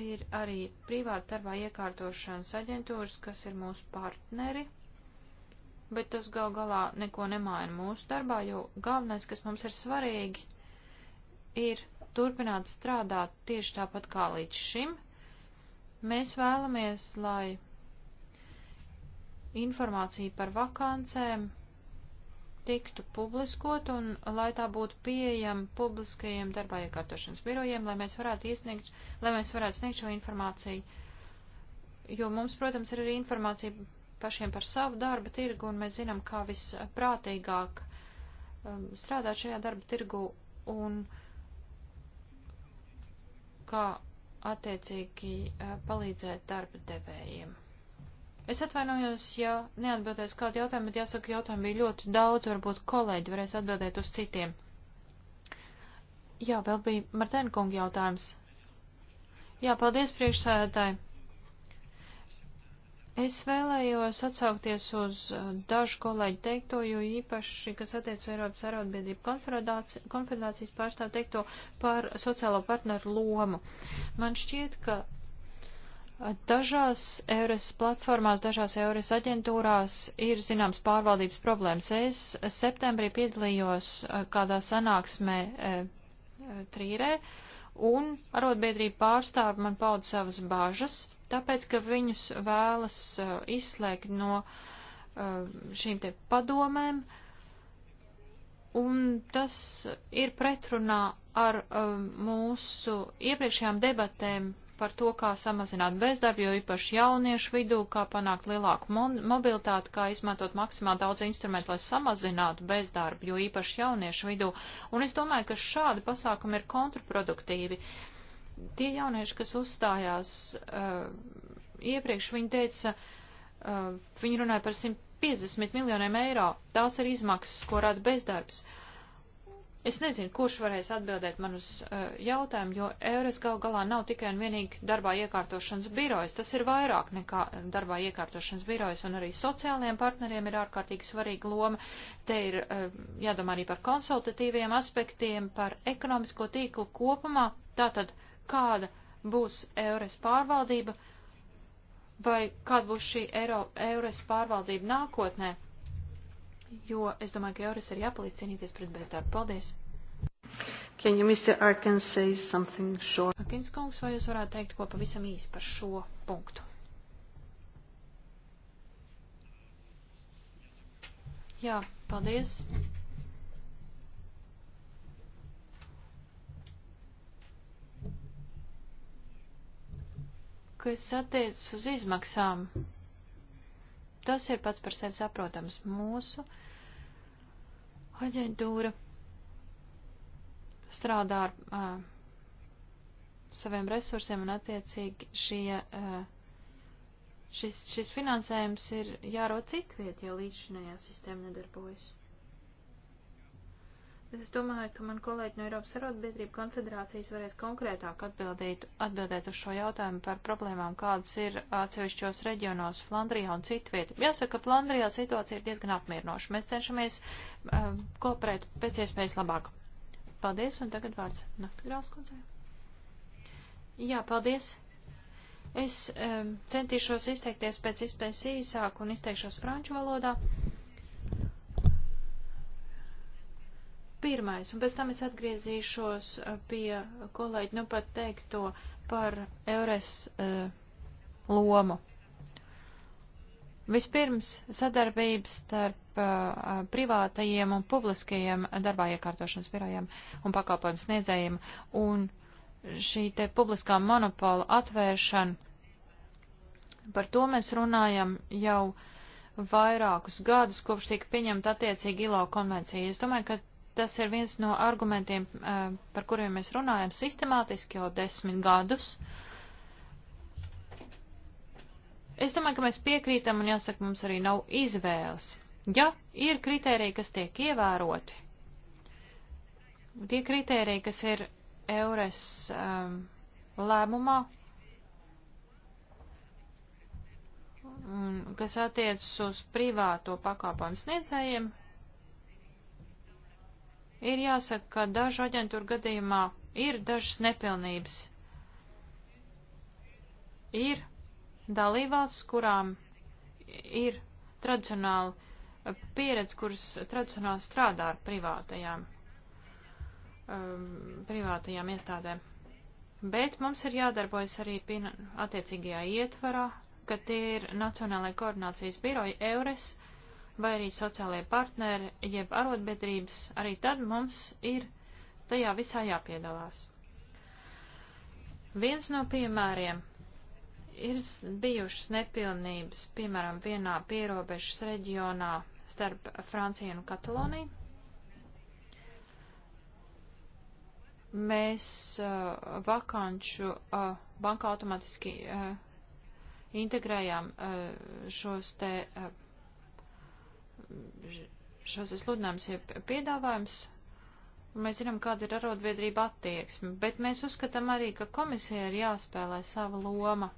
ir arī privāta darbā iekārtošanas aģentūras, kas ir mūsu partneri, bet tas gal galā neko nemaina mūsu darbā, jo galvenais, kas mums ir svarīgi, ir turpināt strādāt tieši tāpat kā līdz šim. Mēs vēlamies, lai informācija par vakancēm tiktu publiskot un lai tā būtu pieejama publiskajiem darbā iekārtošanas birojiem, lai mēs varētu iesniegt, lai mēs varētu sniegt šo informāciju. Jo mums, protams, ir arī informācija pašiem par savu darba tirgu un mēs zinām, kā visprātīgāk um, strādāt šajā darba tirgu un uh, kā attiecīgi palīdzēt darba devējiem. Es atvainojos, ja neatbildēs kādu jautājumu, bet jāsaka, jautājumu bija ļoti daudz, varbūt kolēģi varēs atbildēt uz citiem. Jā, vēl bija Martēna kunga jautājums. Jā, paldies priekšsēdētāji. Es vēlējos atsaukties uz eh, dažu kolēģi teikto, jo īpaši, kas attiec Eiropas arotbiedrību konfederācijas pārstāv teikto par sociālo partneru lomu. Man šķiet, ka eh, Dažās EURES platformās, dažās EURES aģentūrās ir zināms pārvaldības problēmas. Es septembrī piedalījos eh, kādā sanāksmē e, Trīrē, un arotbiedrība pārstāvi man pauda savas bāžas tāpēc, ka viņus vēlas uh, izslēgt no uh, šīm te padomēm, un tas ir pretrunā ar uh, mūsu iepriekšējām debatēm par to, kā samazināt bezdarbu, jo īpaši jauniešu vidū, kā panākt lielāku mobilitāti, kā izmantot maksimāli daudz instrumentu, lai samazinātu bezdarbu, jo īpaši jauniešu vidū. Un es domāju, ka šādi pasākumi ir kontraproduktīvi. Uh, Tie jaunieši, kas uzstājās uh, iepriekš, viņi teica, uh, viņi runāja par 150 miljoniem eiro. Tās ir izmaksas, ko rada bezdarbs. Es nezinu, kurš varēs atbildēt man uz uh, jautājumu, jo Eures gal galā nav tikai un vienīgi darbā iekārtošanas birojas, tas ir vairāk nekā darbā iekārtošanas birojas, un arī sociālajiem partneriem ir ārkārtīgi svarīga loma. Te ir uh, jādomā arī par konsultatīviem aspektiem, par ekonomisko tīklu kopumā. Tātad kāda būs eures pārvaldība vai kāda būs šī Eiro, eures pārvaldība nākotnē, jo es domāju, ka eures ir jāpalīdz cīnīties pret bezdarbu. Paldies! Can you, Mr. Arkins, say something short? Arkins kungs, vai jūs varētu teikt ko pavisam īsi par šo punktu? Jā, paldies. Mm. kas attiecas uz izmaksām, tas ir pats par sevi saprotams. Mūsu aģentūra strādā ar uh, saviem resursiem un attiecīgi šie, uh, šis, šis finansējums ir jāro citviet, ja līdz šajā sistēma nedarbojas. Es domāju, ka man kolēģi no Eiropas Arotbiedrību konfederācijas varēs konkrētāk atbildīt, atbildēt uz šo jautājumu par problēmām, kādas ir atsevišķos reģionos Flandrijā un citviet. Jāsaka, ka Flandrijā situācija ir diezgan apmierinoša. Mēs cenšamies uh, kooperēt pēc iespējas labāk. Paldies, un tagad vārds Naktigrāls kundzei. Jā, paldies. Es um, centīšos izteikties pēc iespējas īsāk un izteikšos franču valodā. Uh, pirmais, un pēc tam es atgriezīšos eh, pie kolēģi nu pat teikto par Eures uh, lomu. Vispirms sadarbības starp uh, privātajiem un publiskajiem darbā iekārtošanas birojiem un pakalpojumu sniedzējiem un šī te publiskā monopola atvēršana. Par to mēs runājam jau vairākus gadus, kopš tika pieņemta attiecīgi ILO konvencija. Es domāju, ka tas ir viens no argumentiem, eh, par kuriem mēs runājam sistemātiski jau desmit gadus. Es domāju, ka mēs piekrītam un jāsaka, mums arī nav izvēles. Ja ir kritēriji, kas tiek ievēroti, tie kritēriji, kas ir eures um, lēmumā, un, kas attiecas uz privāto pakāpojumu sniedzējiem, ir jāsaka, ka dažu aģentūru gadījumā ir dažas nepilnības. Ir dalībvalsts, kurām ir tradicionāli pieredze, kuras tradicionāli strādā ar privātajām, um, privātajām iestādēm. Bet mums ir jādarbojas arī attiecīgajā ietvarā, ka tie ir Nacionālajai koordinācijas biroji EURES, vai arī sociālajie partneri, jeb arotbiedrības, arī tad mums ir tajā visā jāpiedalās. Viens no piemēriem ir bijušas nepilnības, piemēram, vienā pierobežas reģionā starp Franciju un Kataloniju. Mēs uh, vakanču uh, banka automatiski uh, integrējām uh, šos te uh, šos sludinājums, jeb piedāvājums. Mēs zinām, kāda ir arotbiedrība attieksme, bet mēs uzskatām arī, ka komisija ir jāspēlē sava loma.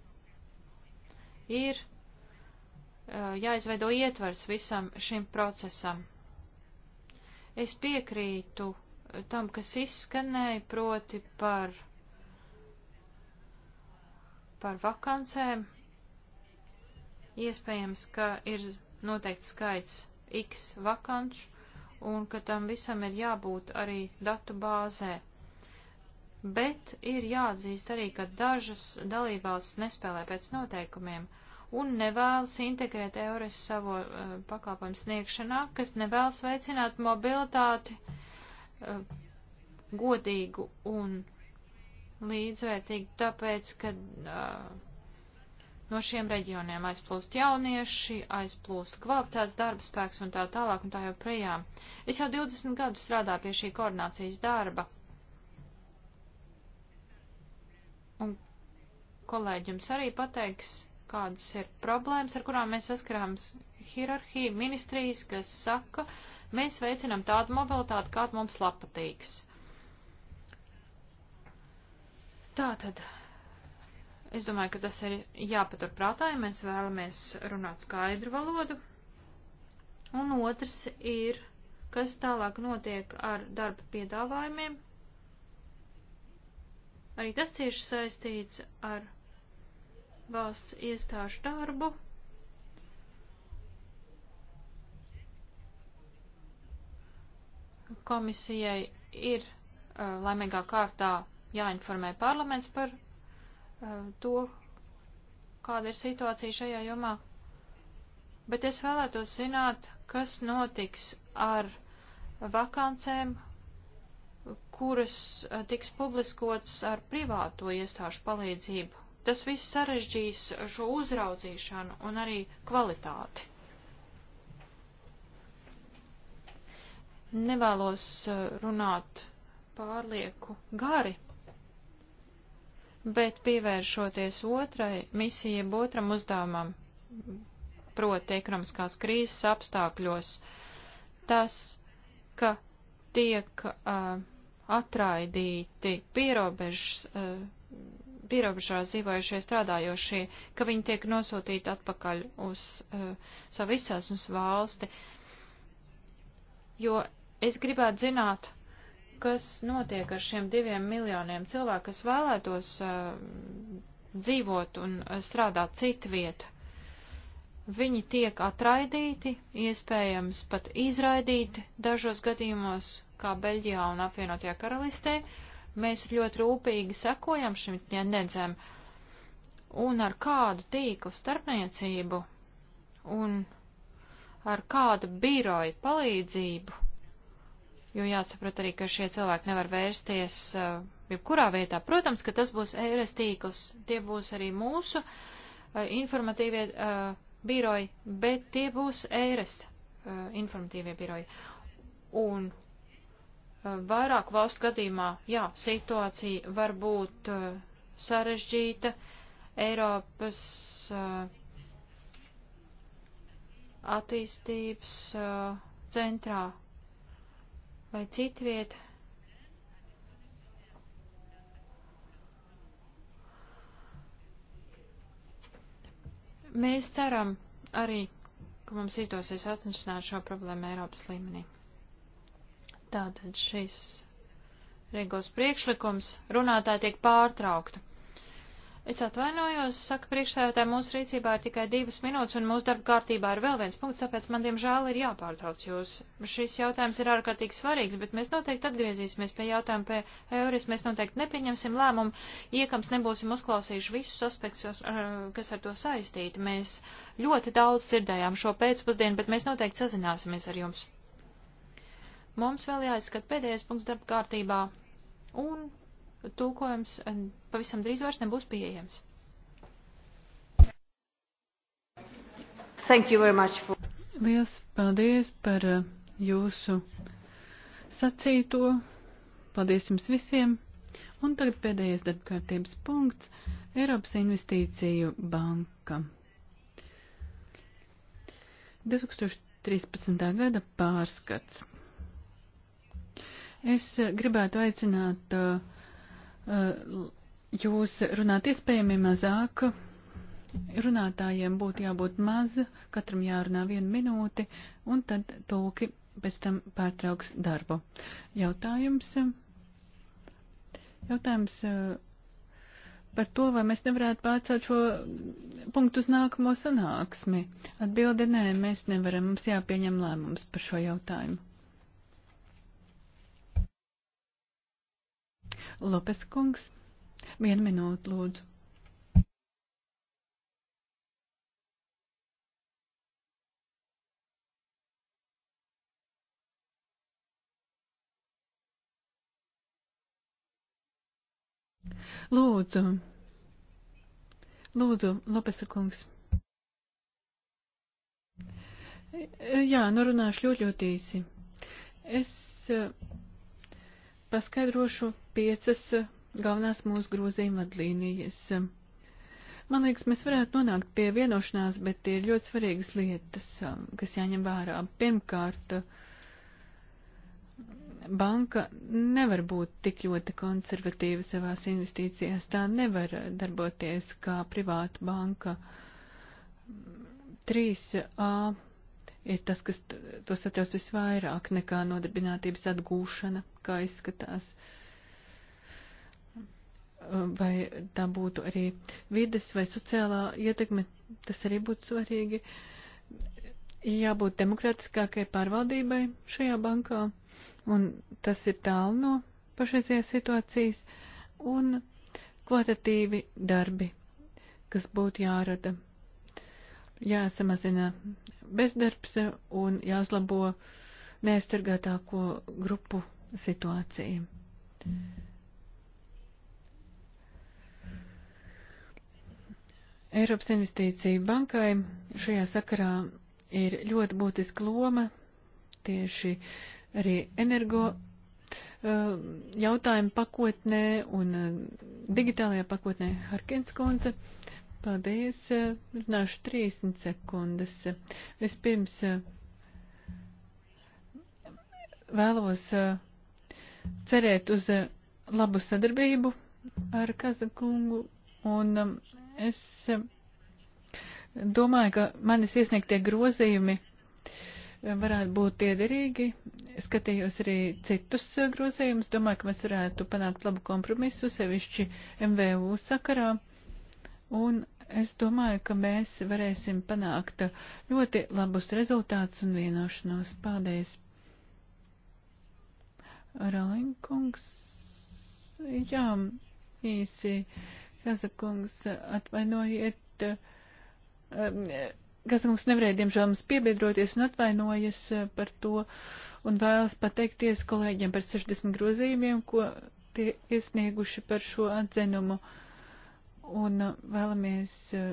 Ir jāizveido ietvers visam šim procesam. Es piekrītu tam, kas izskanēja, proti par, par vakancēm. Iespējams, ka ir noteikts skaits X vakanču un ka tam visam ir jābūt arī datu bāzē. Bet ir jāatzīst arī, ka dažas dalībvalstis nespēlē pēc noteikumiem un nevēlas integrēt eures savu uh, pakalpojumu sniegšanā, kas nevēlas veicināt mobilitāti uh, godīgu un līdzvērtīgu, tāpēc, ka uh, no šiem reģioniem aizplūst jaunieši, aizplūst kvalificēts darba spēks un tā tālāk un tā joprojām. Es jau 20 gadu strādāju pie šī koordinācijas darba. Un kolēģi jums arī pateiks, kādas ir problēmas, ar kurām mēs saskarāmies hierarhija ministrijas, kas saka, mēs veicinām tādu mobilitāti, kāda mums patīks. Tātad Es domāju, ka tas ir jāpatur prātā, ja mēs vēlamies runāt skaidru valodu. Un otrs ir, kas tālāk notiek ar darba piedāvājumiem. Arī tas cieši saistīts ar valsts iestāžu darbu. Komisijai ir eh, laimīgā kārtā jāinformē parlaments par to, kāda ir situācija šajā jomā. Bet es vēlētos zināt, kas notiks ar vakancēm, kuras tiks publiskots ar privāto iestāžu palīdzību. Tas viss sarežģīs šo uzraudzīšanu un arī kvalitāti. Nevēlos runāt pārlieku gari bet pievēršoties otrai misijai, otram uzdevumam, proti ekonomiskās krīzes apstākļos, tas, ka tiek uh, atraidīti pierobežas. Uh, pierobežā dzīvojušie strādājošie, ka viņi tiek nosūtīti atpakaļ uz uh, savu izcelsmes valsti. Jo es gribētu zināt, kas notiek ar šiem diviem miljoniem cilvēku, kas vēlētos uh, dzīvot un uh, strādāt citu vietu. Viņi tiek atraidīti, iespējams pat izraidīti dažos gadījumos, kā Beļģijā un apvienotajā karalistē. Mēs ļoti rūpīgi sekojam šim tendencēm un ar kādu tīklu starpniecību un ar kādu biroju palīdzību jo jāsaprot arī, ka šie cilvēki nevar vērsties uh, jebkurā vietā. Protams, ka tas būs eires tīkls, tie būs arī mūsu uh, informatīvie uh, biroji, bet tie būs eires informatīvie biroji. Un vairāku valstu gadījumā, jā, situācija var būt sarežģīta. Eiropas attīstības centrā vai citviet. Mēs ceram arī, ka mums izdosies atrisināt šo problēmu Eiropas līmenī. Tātad šis Rīgos priekšlikums runātāji tiek pārtraukta. Es atvainojos, saka priekšsēdētāji, mūsu rīcībā ir tikai divas minūtes un mūsu darba kārtībā ir vēl viens punkts, tāpēc man diemžēl ir jāpārtrauc jūs. Šis jautājums ir ārkārtīgi svarīgs, bet mēs noteikti atgriezīsimies pie jautājuma pie Euris, mēs noteikti nepieņemsim lēmumu, iekams nebūsim uzklausījuši visus aspektus, kas ar to saistīti. Mēs ļoti daudz dzirdējām šo pēcpusdienu, bet mēs noteikti sazināsimies ar jums. Mums vēl jāizskat pēdējais punkts darba kārtībā un tulkojums eh, pavisam drīz vairs nebūs pieejams. Thank you very much for. Liels paldies par eh, jūsu sacīto. Paldies jums visiem. Un tagad pēdējais darbkārtības punkts - Eiropas investīciju banka. 2013. gada pārskats. Es eh, gribētu aicināt uh, Eh, jūs runāt iespējami mazāk. Runātājiem būtu jābūt maz, katram jārunā vienu minūti, un tad tulki pēc tam pārtrauks darbu. Jautājums. Jautājums eh, par to, vai mēs nevarētu pārcelt šo punktu uz nākamo sanāksmi. Atbilde nē, mēs nevaram, mums jāpieņem lēmums par šo jautājumu. Lopes kungs, vienu minūtu lūdzu. Lūdzu, lūdzu, Lopesa kungs. Jā, norunāšu nu ļoti, ļoti īsi. Es eh, paskaidrošu piecas galvenās mūsu grozījuma vadlīnijas. Man liekas, mēs varētu nonākt pie vienošanās, bet tie ir ļoti svarīgas lietas, um, kas jāņem vērā. Pirmkārt, banka nevar būt tik ļoti konservatīva savās investīcijās. Tā nevar darboties kā privāta banka. 3A ir tas, kas to satrauc visvairāk nekā nodarbinātības atgūšana, kā izskatās. Uh, Um, vai tā būtu arī vides vai sociālā ietekme, tas arī būtu svarīgi. Jābūt demokrātiskākai pārvaldībai šajā bankā, un tas ir tālu no pašreizējās situācijas, un kvalitatīvi darbi, kas būtu jārada. Jāsamazina bezdarbs un jāuzlabo neaizsargātāko grupu situāciju. Mm. Eiropas investīcija bankai šajā sakarā ir ļoti būtiska loma tieši arī energo uh, jautājumu pakotnē un uh, digitālajā pakotnē Harkins konce. Paldies, uh, runāšu 30 sekundes. Vispirms vēlos cerēt uz labu sadarbību ar Kazakungu un um, Es eh, domāju, ka manis iesniegtie grozījumi eh, varētu būt iederīgi. Es skatījos arī citus eh, grozījumus. Domāju, ka mēs varētu panākt labu kompromisu, sevišķi MVU sakarā. Un es domāju, ka mēs varēsim panākt ļoti labus rezultātus un vienošanos. Paldies! Ralinkungs, jā, īsi Kazakungs, atvainojiet. Um, Kazakungs nevarēja, diemžēl, mums piebiedroties un atvainojas uh, par to un vēlas pateikties kolēģiem par 60 grozījumiem, ko tie iesnieguši par šo atzinumu. Un uh, vēlamies uh,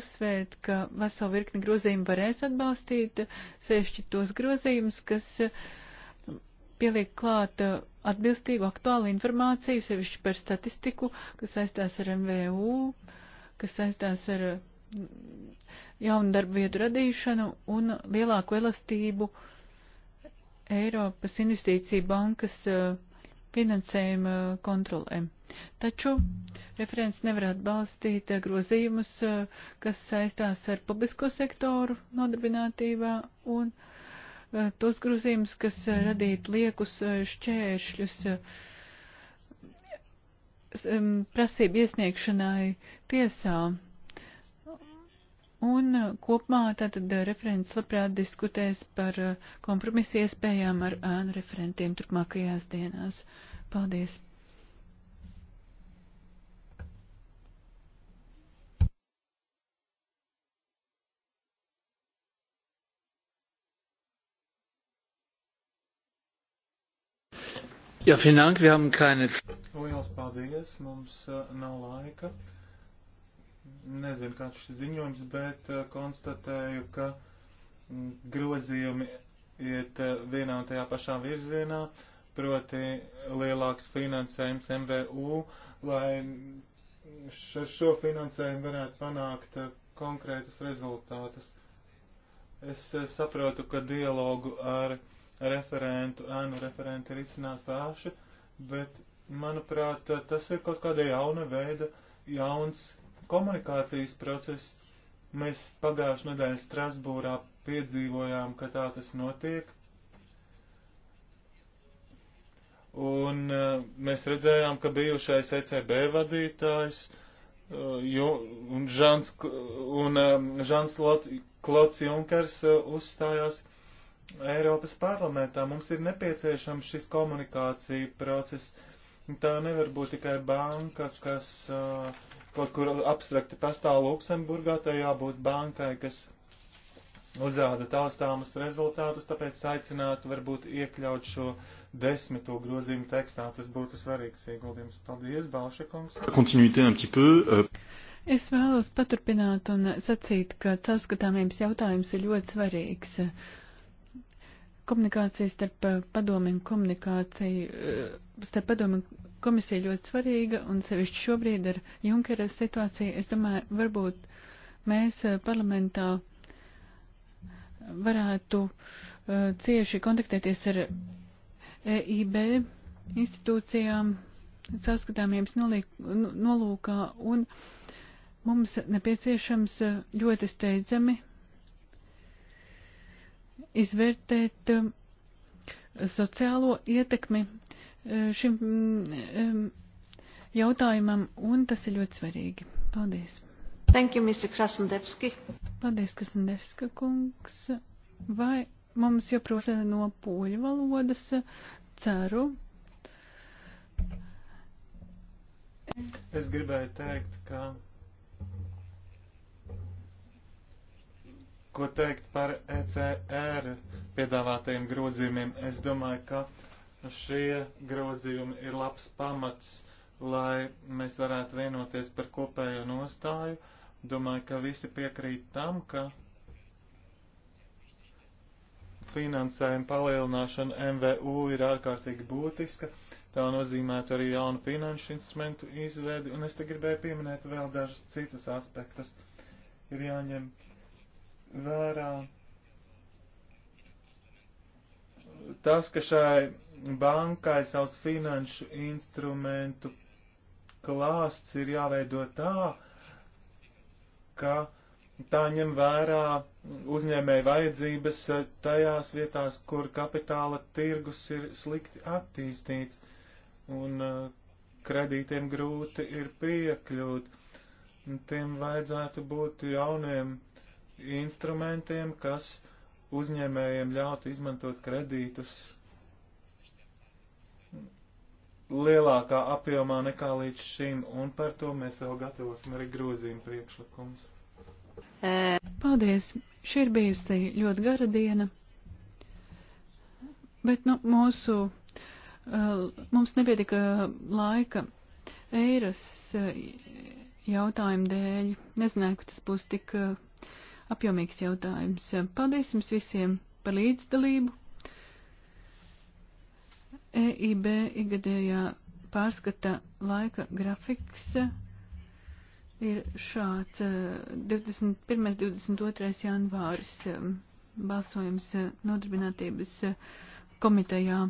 uzsvērt, ka veselu virkni grozījumu varēs atbalstīt, sevišķi tos grozījumus, kas uh, pieliek klāt uh, atbilstīgu aktuālu informāciju, sevišķi par statistiku, kas saistās ar MVU, kas saistās ar mm, jaunu darbu vietu radīšanu un lielāku elastību Eiropas investīcija bankas uh, finansējuma kontrolē. Taču referents nevar atbalstīt uh, grozījumus, kas saistās ar publisko sektoru nodarbinātībā un uh, Eh, tos grozījumus, kas eh, radītu liekus eh, šķēršļus prasību iesniegšanai tiesā. Un kopumā tātad referents labprāt diskutēs par kompromisu iespējām ar ēnu referentiem turpmākajās dienās. Paldies! Ja, vielen Dank, wir haben keine. Lielas paldies, mums eh, nav laika. Nezinu, kāds šis ziņojums, bet eh, konstatēju, ka mm, grozījumi iet eh, vienā un tajā pašā virzienā, proti lielāks finansējums MVU, lai šo finansējumu varētu panākt konkrētus rezultātus. Es saprotu, ka dialogu ar. Uh, referentu, ēnu referenti risinās paši, bet, manuprāt, tas ir kaut kāda jauna veida, jauns komunikācijas process. Mēs pagājušajā nedēļā Strasbūrā piedzīvojām, ka tā tas notiek. Un eh, mēs redzējām, ka bijušais ECB vadītājs eh, jo, un Žans, un, eh, Žans Klots Junkers uzstājās. Uh, Eiropas parlamentā mums ir nepieciešams šis komunikācija process. Tā nevar būt tikai banka, kas uh, kaut kur abstrakti pastāv Luksemburgā, tai jābūt bankai, kas uzrāda taustāmus rezultātus, tāpēc aicinātu varbūt iekļaut šo desmito grozījumu tekstā. Tas būtu svarīgs ieguldījums. Paldies, Balšakungs. Kontinuitē un petit peu. Euh, es vēlos paturpināt un sacīt, ka caurskatāmības jautājums ir ļoti svarīgs. Uh, komunikācija starp eh, padomi un komunikāciju eh, starp padomi un komisiju ļoti svarīga, un sevišķi šobrīd ar Junkera situāciju, es domāju, varbūt mēs eh, parlamentā varētu cieši kontaktēties ar EIB institūcijām, caurskatāmības nolūkā, un mums nepieciešams ļoti steidzami izvērtēt um, sociālo ietekmi uh, šim um, jautājumam, un tas ir ļoti svarīgi. Paldies! Thank you, Mr. Krasnodevski. Paldies, Krasnodevska kungs. Vai mums joprojām no poļu valodas ceru? Es gribēju teikt, ka Ko teikt par ECR piedāvātajiem grozījumiem? Es domāju, ka šie grozījumi ir labs pamats, lai mēs varētu vienoties par kopējo nostāju. Domāju, ka visi piekrīt tam, ka finansējuma palielināšana MVU ir ārkārtīgi būtiska. Tā nozīmētu arī jaunu finanšu instrumentu izveidi, un es te gribēju pieminēt vēl dažas citas aspektas. Ir jāņem vērā tas, ka šai bankai savus finanšu instrumentu klāsts ir jāveido tā, ka tā ņem vērā uzņēmēju vajadzības tajās vietās, kur kapitāla tirgus ir slikti attīstīts un uh, kredītiem grūti ir piekļūt. Tiem vajadzētu būt jauniem instrumentiem, kas uzņēmējiem ļautu izmantot kredītus lielākā apjomā nekā līdz šim, un par to mēs vēl gatavosim arī grozījumu priekšlikumus. Paldies! Šī ir bijusi ļoti gara diena, bet nu, mūsu, uh, mums nepietika uh, laika eiras uh, jautājumu dēļ. Nezināju, ka tas būs tik apjomīgs jautājums. Paldies jums visiem par līdzdalību. EIB igadējā pārskata laika grafiks ir šāds 21. Eh, 22. janvāris eh, balsojums eh, nodarbinātības komitejā.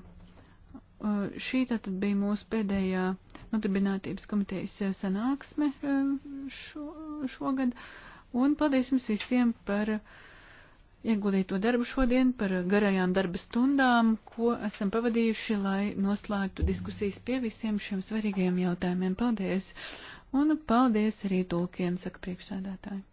Šī tātad bija mūsu pēdējā nodarbinātības komitejas sanāksme šo, šogad. Šo Un paldies jums visiem par ieguldīto darbu šodien, par garajām darba stundām, ko esam pavadījuši, lai noslēgtu diskusijas pie visiem šiem svarīgajiem jautājumiem. Paldies! Un paldies arī tulkiem, saka priekšsēdētāji.